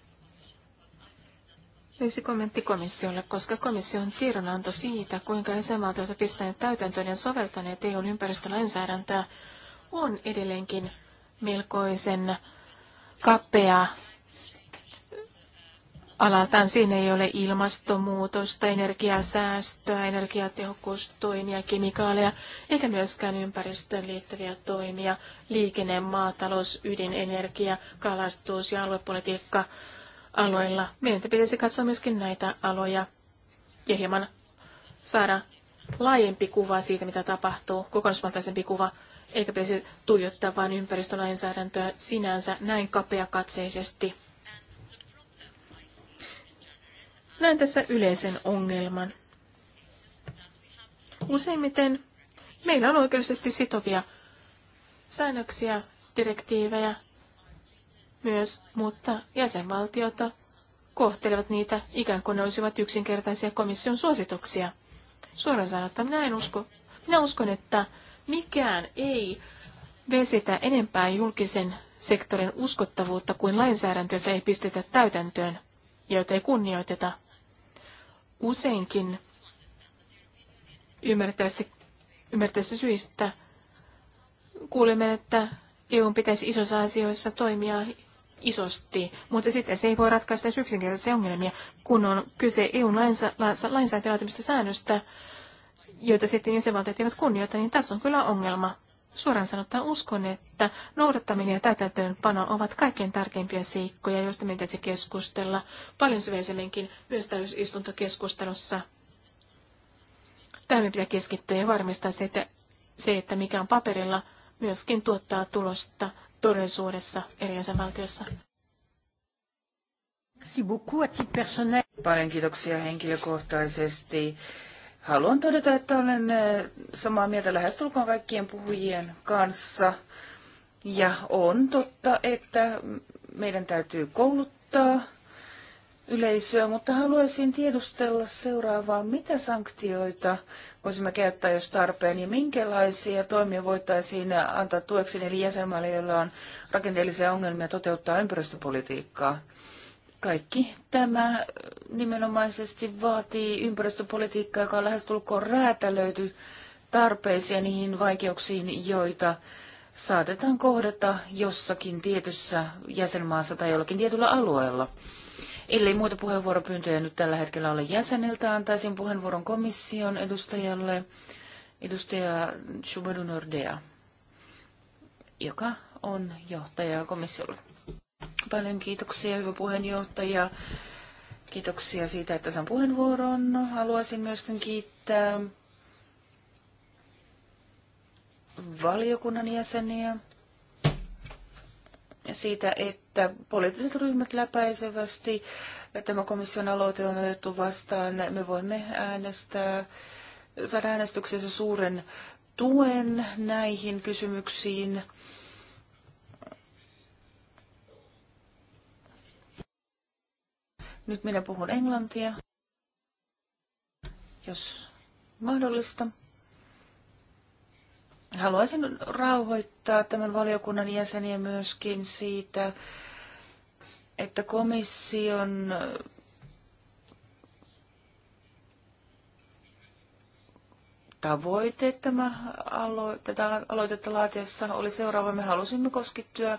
yksi kommentti komissiolle, koska komission tiedonanto siitä, kuinka jäsenvaltiot ovat pistäneet täytäntöön ja soveltaneet EUn ympäristölainsäädäntöä, on edelleenkin melkoisen kapea alaltaan. Siinä ei ole ilmastonmuutosta, energiasäästöä, energiatehokkuustoimia, kemikaaleja, eikä myöskään ympäristöön liittyviä toimia, liikenne, maatalous, ydinenergia, kalastus ja aluepolitiikka aloilla. Meidän pitäisi katsoa myöskin näitä aloja ja hieman saada laajempi kuva siitä, mitä tapahtuu, kokonaisvaltaisempi kuva eikä pitäisi tuijottaa vain ympäristölainsäädäntöä sinänsä näin kapeakatseisesti. Näen tässä yleisen ongelman. Useimmiten meillä on oikeudellisesti sitovia säännöksiä, direktiivejä myös, mutta jäsenvaltiota kohtelevat niitä ikään kuin ne olisivat yksinkertaisia komission suosituksia. Suoraan sanottuna minä en usko. Minä uskon, että Mikään ei vesitä enempää julkisen sektorin uskottavuutta kuin lainsäädäntö, jota ei pistetä täytäntöön ja jota ei kunnioiteta. Useinkin ymmärrettävästi, ymmärrettävästi syistä kuulemme, että EUn pitäisi isossa asioissa toimia isosti, mutta sitten se ei voi ratkaista yksinkertaisia ongelmia, kun on kyse EUn lainsäädäntöä säännöstä, joita sitten jäsenvaltiot eivät kunnioita, niin tässä on kyllä ongelma. Suoraan sanottuna uskon, että noudattaminen ja täytäntöönpano ovat kaikkein tärkeimpiä seikkoja, joista meidän pitäisi keskustella paljon syvällisemminkin myös täysistuntokeskustelussa. Tähän pitää keskittyä ja varmistaa se, että se, että mikä on paperilla, myöskin tuottaa tulosta todellisuudessa eri jäsenvaltiossa. Paljon kiitoksia henkilökohtaisesti. Haluan todeta, että olen samaa mieltä lähestulkoon kaikkien puhujien kanssa. Ja on totta, että meidän täytyy kouluttaa yleisöä, mutta haluaisin tiedustella seuraavaa, mitä sanktioita voisimme käyttää, jos tarpeen, ja minkälaisia toimia voitaisiin antaa tueksi niille jäsenmaille, joilla on rakenteellisia ongelmia toteuttaa ympäristöpolitiikkaa. Kaikki tämä äh, nimenomaisesti vaatii ympäristöpolitiikkaa, joka on lähestulkoon räätälöity tarpeisiin ja niihin vaikeuksiin, joita saatetaan kohdata jossakin tietyssä jäsenmaassa tai jollakin tietyllä alueella. Ellei muita puheenvuoropyyntöjä nyt tällä hetkellä ole jäseniltä, antaisin puheenvuoron komission edustajalle, edustaja Shubadu Nordea, joka on johtaja komissiolle. Paljon kiitoksia, hyvä puheenjohtaja. Kiitoksia siitä, että saan puheenvuoron. Haluaisin myöskin kiittää valiokunnan jäseniä siitä, että poliittiset ryhmät läpäisevästi tämä komission aloite on otettu vastaan. Me voimme äänestää, saada äänestyksessä suuren tuen näihin kysymyksiin. Nyt minä puhun englantia, jos mahdollista. Haluaisin rauhoittaa tämän valiokunnan jäseniä myöskin siitä, että komission tavoite tämä alo- tätä aloitetta laatiessa oli seuraava. Me halusimme koskittyä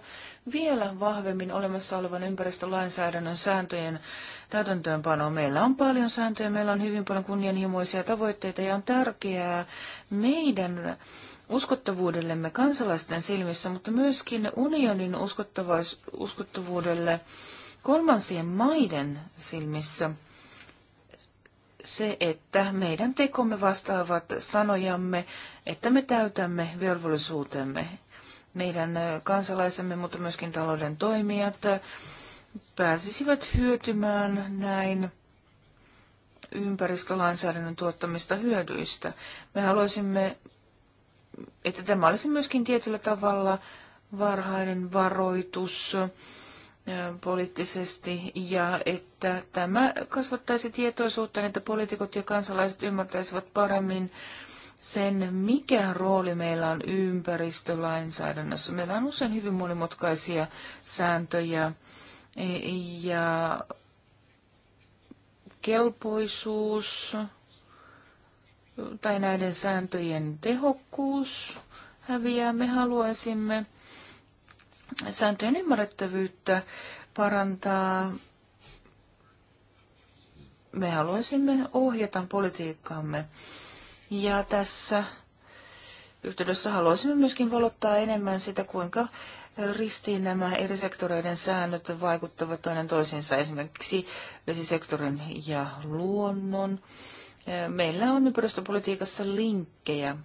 vielä vahvemmin olemassa olevan ympäristölainsäädännön sääntöjen täytäntöönpano. Meillä on paljon sääntöjä, meillä on hyvin paljon kunnianhimoisia tavoitteita ja on tärkeää meidän uskottavuudellemme kansalaisten silmissä, mutta myöskin unionin uskottavuudelle kolmansien maiden silmissä se, että meidän tekomme vastaavat sanojamme, että me täytämme velvollisuutemme. Meidän kansalaisemme, mutta myöskin talouden toimijat, pääsisivät hyötymään näin ympäristölainsäädännön tuottamista hyödyistä. Me haluaisimme, että tämä olisi myöskin tietyllä tavalla varhainen varoitus poliittisesti ja että tämä kasvattaisi tietoisuutta, että poliitikot ja kansalaiset ymmärtäisivät paremmin sen, mikä rooli meillä on ympäristölainsäädännössä. Meillä on usein hyvin monimutkaisia sääntöjä ja kelpoisuus tai näiden sääntöjen tehokkuus häviää. Me haluaisimme sääntöjen ymmärrettävyyttä parantaa. Me haluaisimme ohjata politiikkaamme. Ja tässä yhteydessä haluaisimme myöskin valottaa enemmän sitä, kuinka ristiin nämä eri sektoreiden säännöt vaikuttavat toinen toisiinsa, esimerkiksi vesisektorin ja luonnon. Meillä on ympäristöpolitiikassa linkkejä,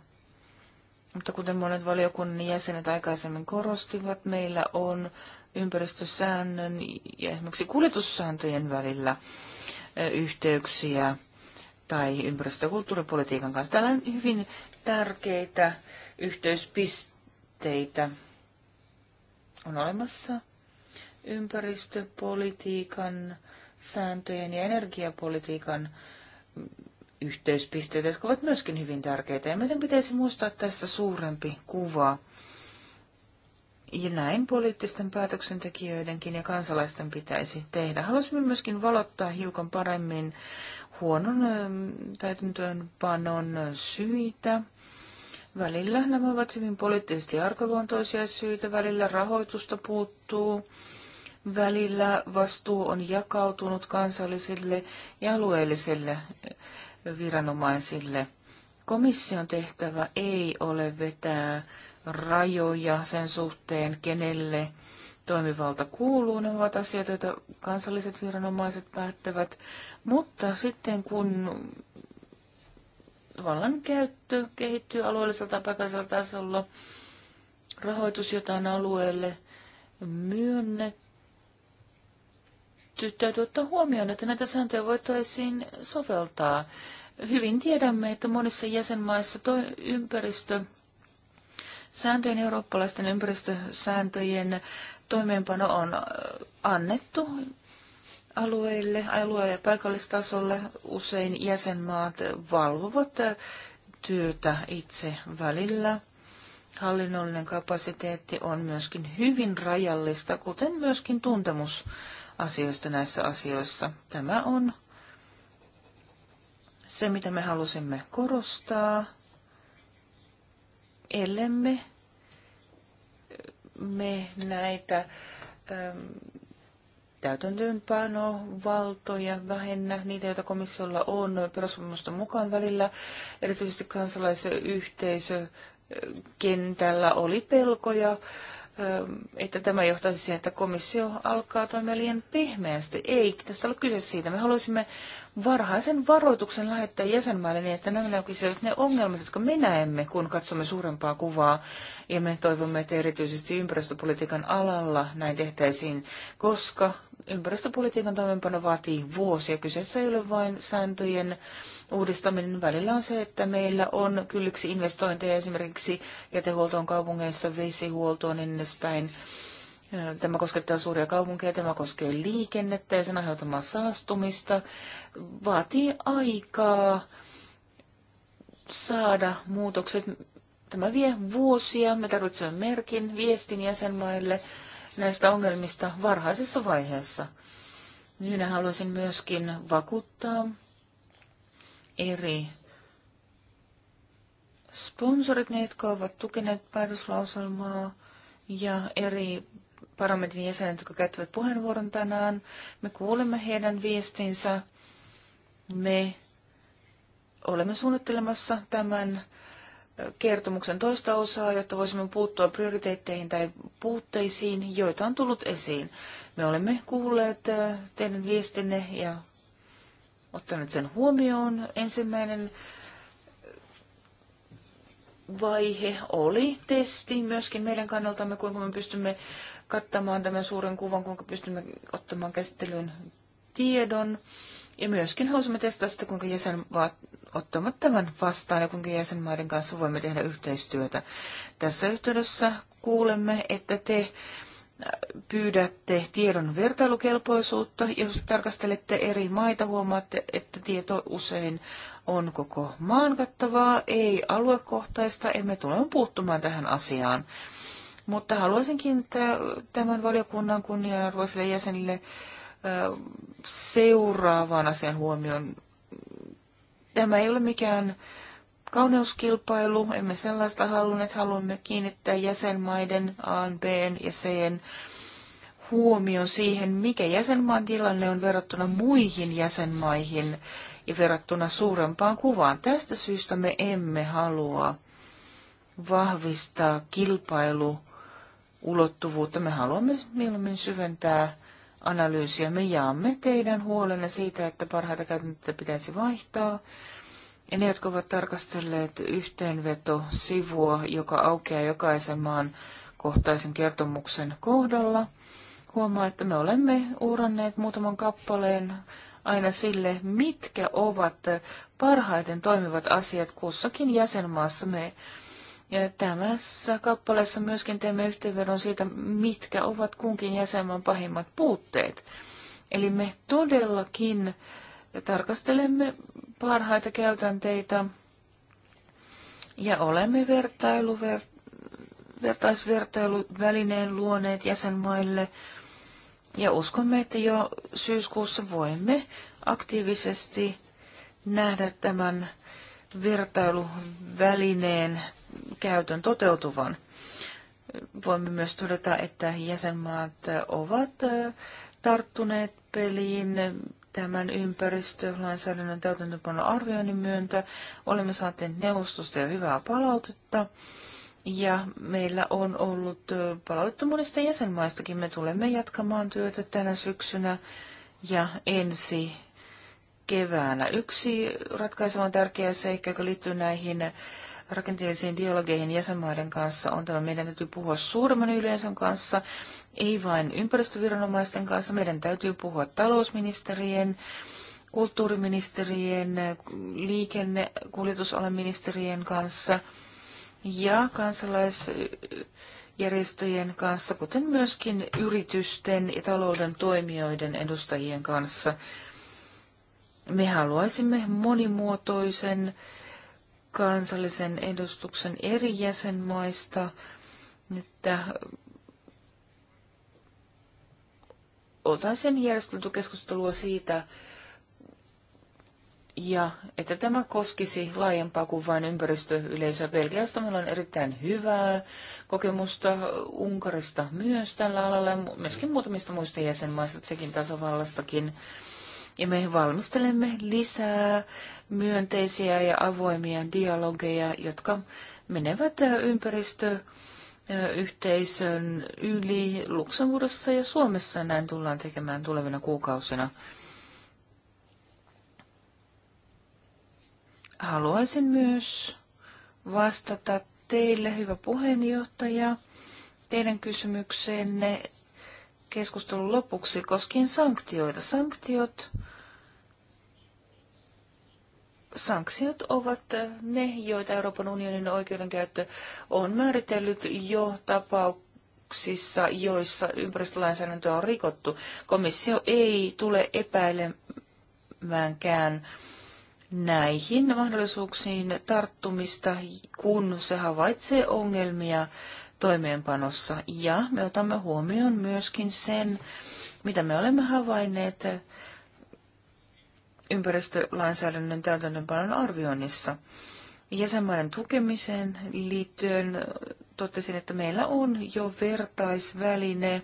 mutta kuten monet valiokunnan jäsenet aikaisemmin korostivat, meillä on ympäristösäännön ja esimerkiksi kuljetussääntöjen välillä yhteyksiä tai ympäristö- ja kulttuuripolitiikan kanssa. Täällä on hyvin tärkeitä yhteyspisteitä on olemassa ympäristöpolitiikan sääntöjen ja energiapolitiikan yhteispisteet, jotka ovat myöskin hyvin tärkeitä. Ja meidän pitäisi muistaa tässä suurempi kuva. Ja näin poliittisten päätöksentekijöidenkin ja kansalaisten pitäisi tehdä. Haluaisimme myöskin valottaa hiukan paremmin huonon täytäntöönpanon syitä Välillä nämä ovat hyvin poliittisesti arkaluontoisia syitä, välillä rahoitusta puuttuu, välillä vastuu on jakautunut kansallisille ja alueellisille viranomaisille. Komission tehtävä ei ole vetää rajoja sen suhteen, kenelle toimivalta kuuluu. Ne ovat asioita, joita kansalliset viranomaiset päättävät. Mutta sitten kun vallan käyttö kehittyy alueellisella tai paikallisella tasolla. Rahoitus, jota on alueelle myönnetty, täytyy ottaa huomioon, että näitä sääntöjä voitaisiin soveltaa. Hyvin tiedämme, että monissa jäsenmaissa tuo ympäristö, sääntöjen eurooppalaisten ympäristösääntöjen toimeenpano on annettu alueille, alue- ja paikallistasolle usein jäsenmaat valvovat työtä itse välillä. Hallinnollinen kapasiteetti on myöskin hyvin rajallista, kuten myöskin tuntemus asioista näissä asioissa. Tämä on se, mitä me halusimme korostaa, ellemme me näitä ähm, täytäntöönpanovaltoja vähennä, niitä joita komissiolla on perussopimusten mukaan välillä, erityisesti kansalaisyhteisökentällä kentällä oli pelkoja, että tämä johtaisi siihen, että komissio alkaa toimia liian pehmeästi. Ei, tässä ole kyse siitä. Me haluaisimme varhaisen varoituksen lähettää jäsenmaille niin, että nämä näkisivät ne ongelmat, jotka me näemme, kun katsomme suurempaa kuvaa. Ja me toivomme, että erityisesti ympäristöpolitiikan alalla näin tehtäisiin, koska ympäristöpolitiikan toimeenpano vaatii vuosia. Kyseessä ei ole vain sääntöjen uudistaminen. Välillä on se, että meillä on kylliksi investointeja esimerkiksi jätehuoltoon kaupungeissa, vesihuoltoon niin edespäin. Tämä koskettaa suuria kaupunkeja, tämä koskee liikennettä ja sen aiheuttamaa saastumista. Vaatii aikaa saada muutokset. Tämä vie vuosia. Me tarvitsemme merkin, viestin jäsenmaille näistä ongelmista varhaisessa vaiheessa. Minä haluaisin myöskin vakuuttaa eri sponsorit, ne jotka ovat tukeneet päätöslauselmaa, ja eri parlamentin jäsenet, jotka käyttävät puheenvuoron tänään. Me kuulemme heidän viestinsä. Me olemme suunnittelemassa tämän kertomuksen toista osaa, jotta voisimme puuttua prioriteetteihin tai puutteisiin, joita on tullut esiin. Me olemme kuulleet äh, teidän viestinne ja ottaneet sen huomioon. Ensimmäinen äh, vaihe oli testi myöskin meidän kannaltamme, kuinka me pystymme kattamaan tämän suuren kuvan, kuinka pystymme ottamaan käsittelyyn tiedon. Ja myöskin halusimme testata sitä, kuinka jäsenmaat ottavat tämän vastaan ja kuinka jäsenmaiden kanssa voimme tehdä yhteistyötä. Tässä yhteydessä kuulemme, että te äh, pyydätte tiedon vertailukelpoisuutta. Jos tarkastelette eri maita, huomaatte, että tieto usein on koko maan kattavaa, ei aluekohtaista, emme tule puuttumaan tähän asiaan. Mutta haluaisin kiinnittää tämän valiokunnan kunnianarvoisille jäsenille seuraavaan asian huomioon. Tämä ei ole mikään kauneuskilpailu, emme sellaista halunneet, haluamme kiinnittää jäsenmaiden A, B ja C huomion siihen, mikä jäsenmaan tilanne on verrattuna muihin jäsenmaihin ja verrattuna suurempaan kuvaan. Tästä syystä me emme halua vahvistaa kilpailuulottuvuutta. Me haluamme mieluummin syventää analyysiä. Me jaamme teidän huolenne siitä, että parhaita käytäntöjä pitäisi vaihtaa. Ja ne, jotka ovat tarkastelleet yhteenveto-sivua, joka aukeaa jokaisen maan kohtaisen kertomuksen kohdalla, huomaa, että me olemme uuranneet muutaman kappaleen aina sille, mitkä ovat parhaiten toimivat asiat kussakin jäsenmaassa. Me ja tässä kappaleessa myöskin teemme yhteenvedon siitä, mitkä ovat kunkin jäsenmaan pahimmat puutteet. Eli me todellakin tarkastelemme parhaita käytänteitä ja olemme ver, vertaisvertailuvälineen luoneet jäsenmaille. Ja uskomme, että jo syyskuussa voimme aktiivisesti nähdä tämän vertailuvälineen käytön toteutuvan. Voimme myös todeta, että jäsenmaat ovat tarttuneet peliin tämän ympäristölainsäädännön täytäntöpanon arvioinnin myöntä. Olemme saaneet neuvostosta ja hyvää palautetta. Ja meillä on ollut palautetta monista jäsenmaistakin. Me tulemme jatkamaan työtä tänä syksynä ja ensi keväänä. Yksi ratkaisevan tärkeä seikka, joka liittyy näihin rakenteellisiin dialogeihin jäsenmaiden kanssa on tämä. Meidän täytyy puhua suuremman yleisön kanssa, ei vain ympäristöviranomaisten kanssa. Meidän täytyy puhua talousministerien, kulttuuriministerien, liikenne- kuljetusalan ministerien kanssa ja kansalaisjärjestöjen kanssa, kuten myöskin yritysten ja talouden toimijoiden edustajien kanssa. Me haluaisimme monimuotoisen kansallisen edustuksen eri jäsenmaista, että sen järjestelty keskustelua siitä, ja että tämä koskisi laajempaa kuin vain ympäristöyleisöä. Belgiasta meillä on erittäin hyvää kokemusta, Unkarista myös tällä alalla ja myöskin muutamista muista jäsenmaista, sekin tasavallastakin. Ja me valmistelemme lisää myönteisiä ja avoimia dialogeja, jotka menevät äh, ympäristö äh, yhteisön yli Luxemburgissa ja Suomessa näin tullaan tekemään tulevina kuukausina. Haluaisin myös vastata teille, hyvä puheenjohtaja, teidän kysymykseenne keskustelun lopuksi koskien sanktioita. Sanktiot sanktiot ovat ne, joita Euroopan unionin oikeudenkäyttö on määritellyt jo tapauksissa, joissa ympäristölainsäädäntöä on rikottu. Komissio ei tule epäilemäänkään näihin mahdollisuuksiin tarttumista, kun se havaitsee ongelmia toimeenpanossa. Ja me otamme huomioon myöskin sen, mitä me olemme havainneet ympäristölainsäädännön täytäntöönpanon arvioinnissa. Jäsenmaiden tukemiseen liittyen totesin, että meillä on jo vertaisväline,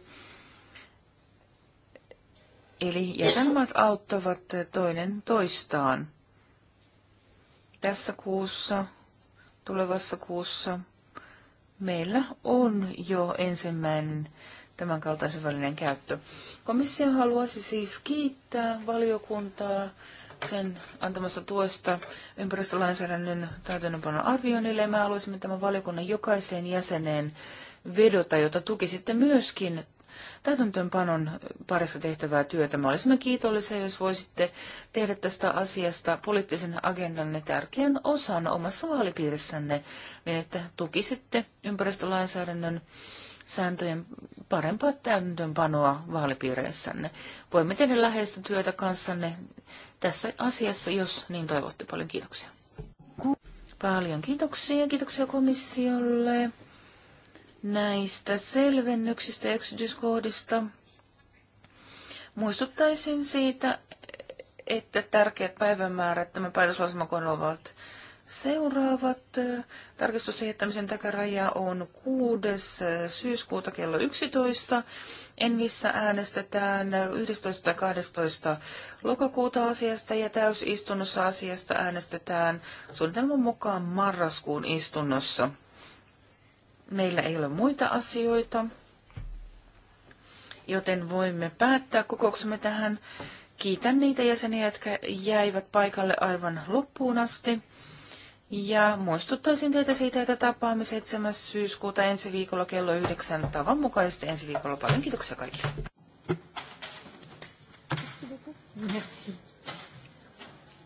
eli jäsenmaat auttavat toinen toistaan. Tässä kuussa, tulevassa kuussa, meillä on jo ensimmäinen tämän kaltaisen välineen käyttö. Komissio haluaisi siis kiittää valiokuntaa sen antamassa tuosta ympäristölainsäädännön täytäntöönpanon arvioinnille. Me haluaisimme tämän valiokunnan jokaiseen jäseneen vedota, jota tuki sitten myöskin täytäntöönpanon parissa tehtävää työtä. Me olisimme kiitollisia, jos voisitte tehdä tästä asiasta poliittisen agendanne tärkeän osan omassa vaalipiirissänne, niin että tukisitte ympäristölainsäädännön sääntöjen parempaa täytäntöönpanoa vaalipiireissänne. Voimme tehdä läheistä työtä kanssanne tässä asiassa, jos niin toivotte. Paljon kiitoksia. Paljon kiitoksia. Kiitoksia komissiolle näistä selvennyksistä ja yksityiskohdista. Muistuttaisin siitä, että tärkeät päivämäärät tämän päätöslausuman kohdalla ovat seuraavat. Tarkistusten takaraja on 6. syyskuuta kello 11. Envissä äänestetään 11. ja 12. lokakuuta asiasta ja täysistunnossa asiasta äänestetään suunnitelman mukaan marraskuun istunnossa. Meillä ei ole muita asioita, joten voimme päättää kokouksemme tähän. Kiitän niitä jäseniä, jotka jäivät paikalle aivan loppuun asti. Ja muistuttaisin teitä siitä, että tapaamme 7. syyskuuta ensi viikolla kello 9 tavan mukaisesti ensi viikolla. Paljon kiitoksia kaikille. Merci.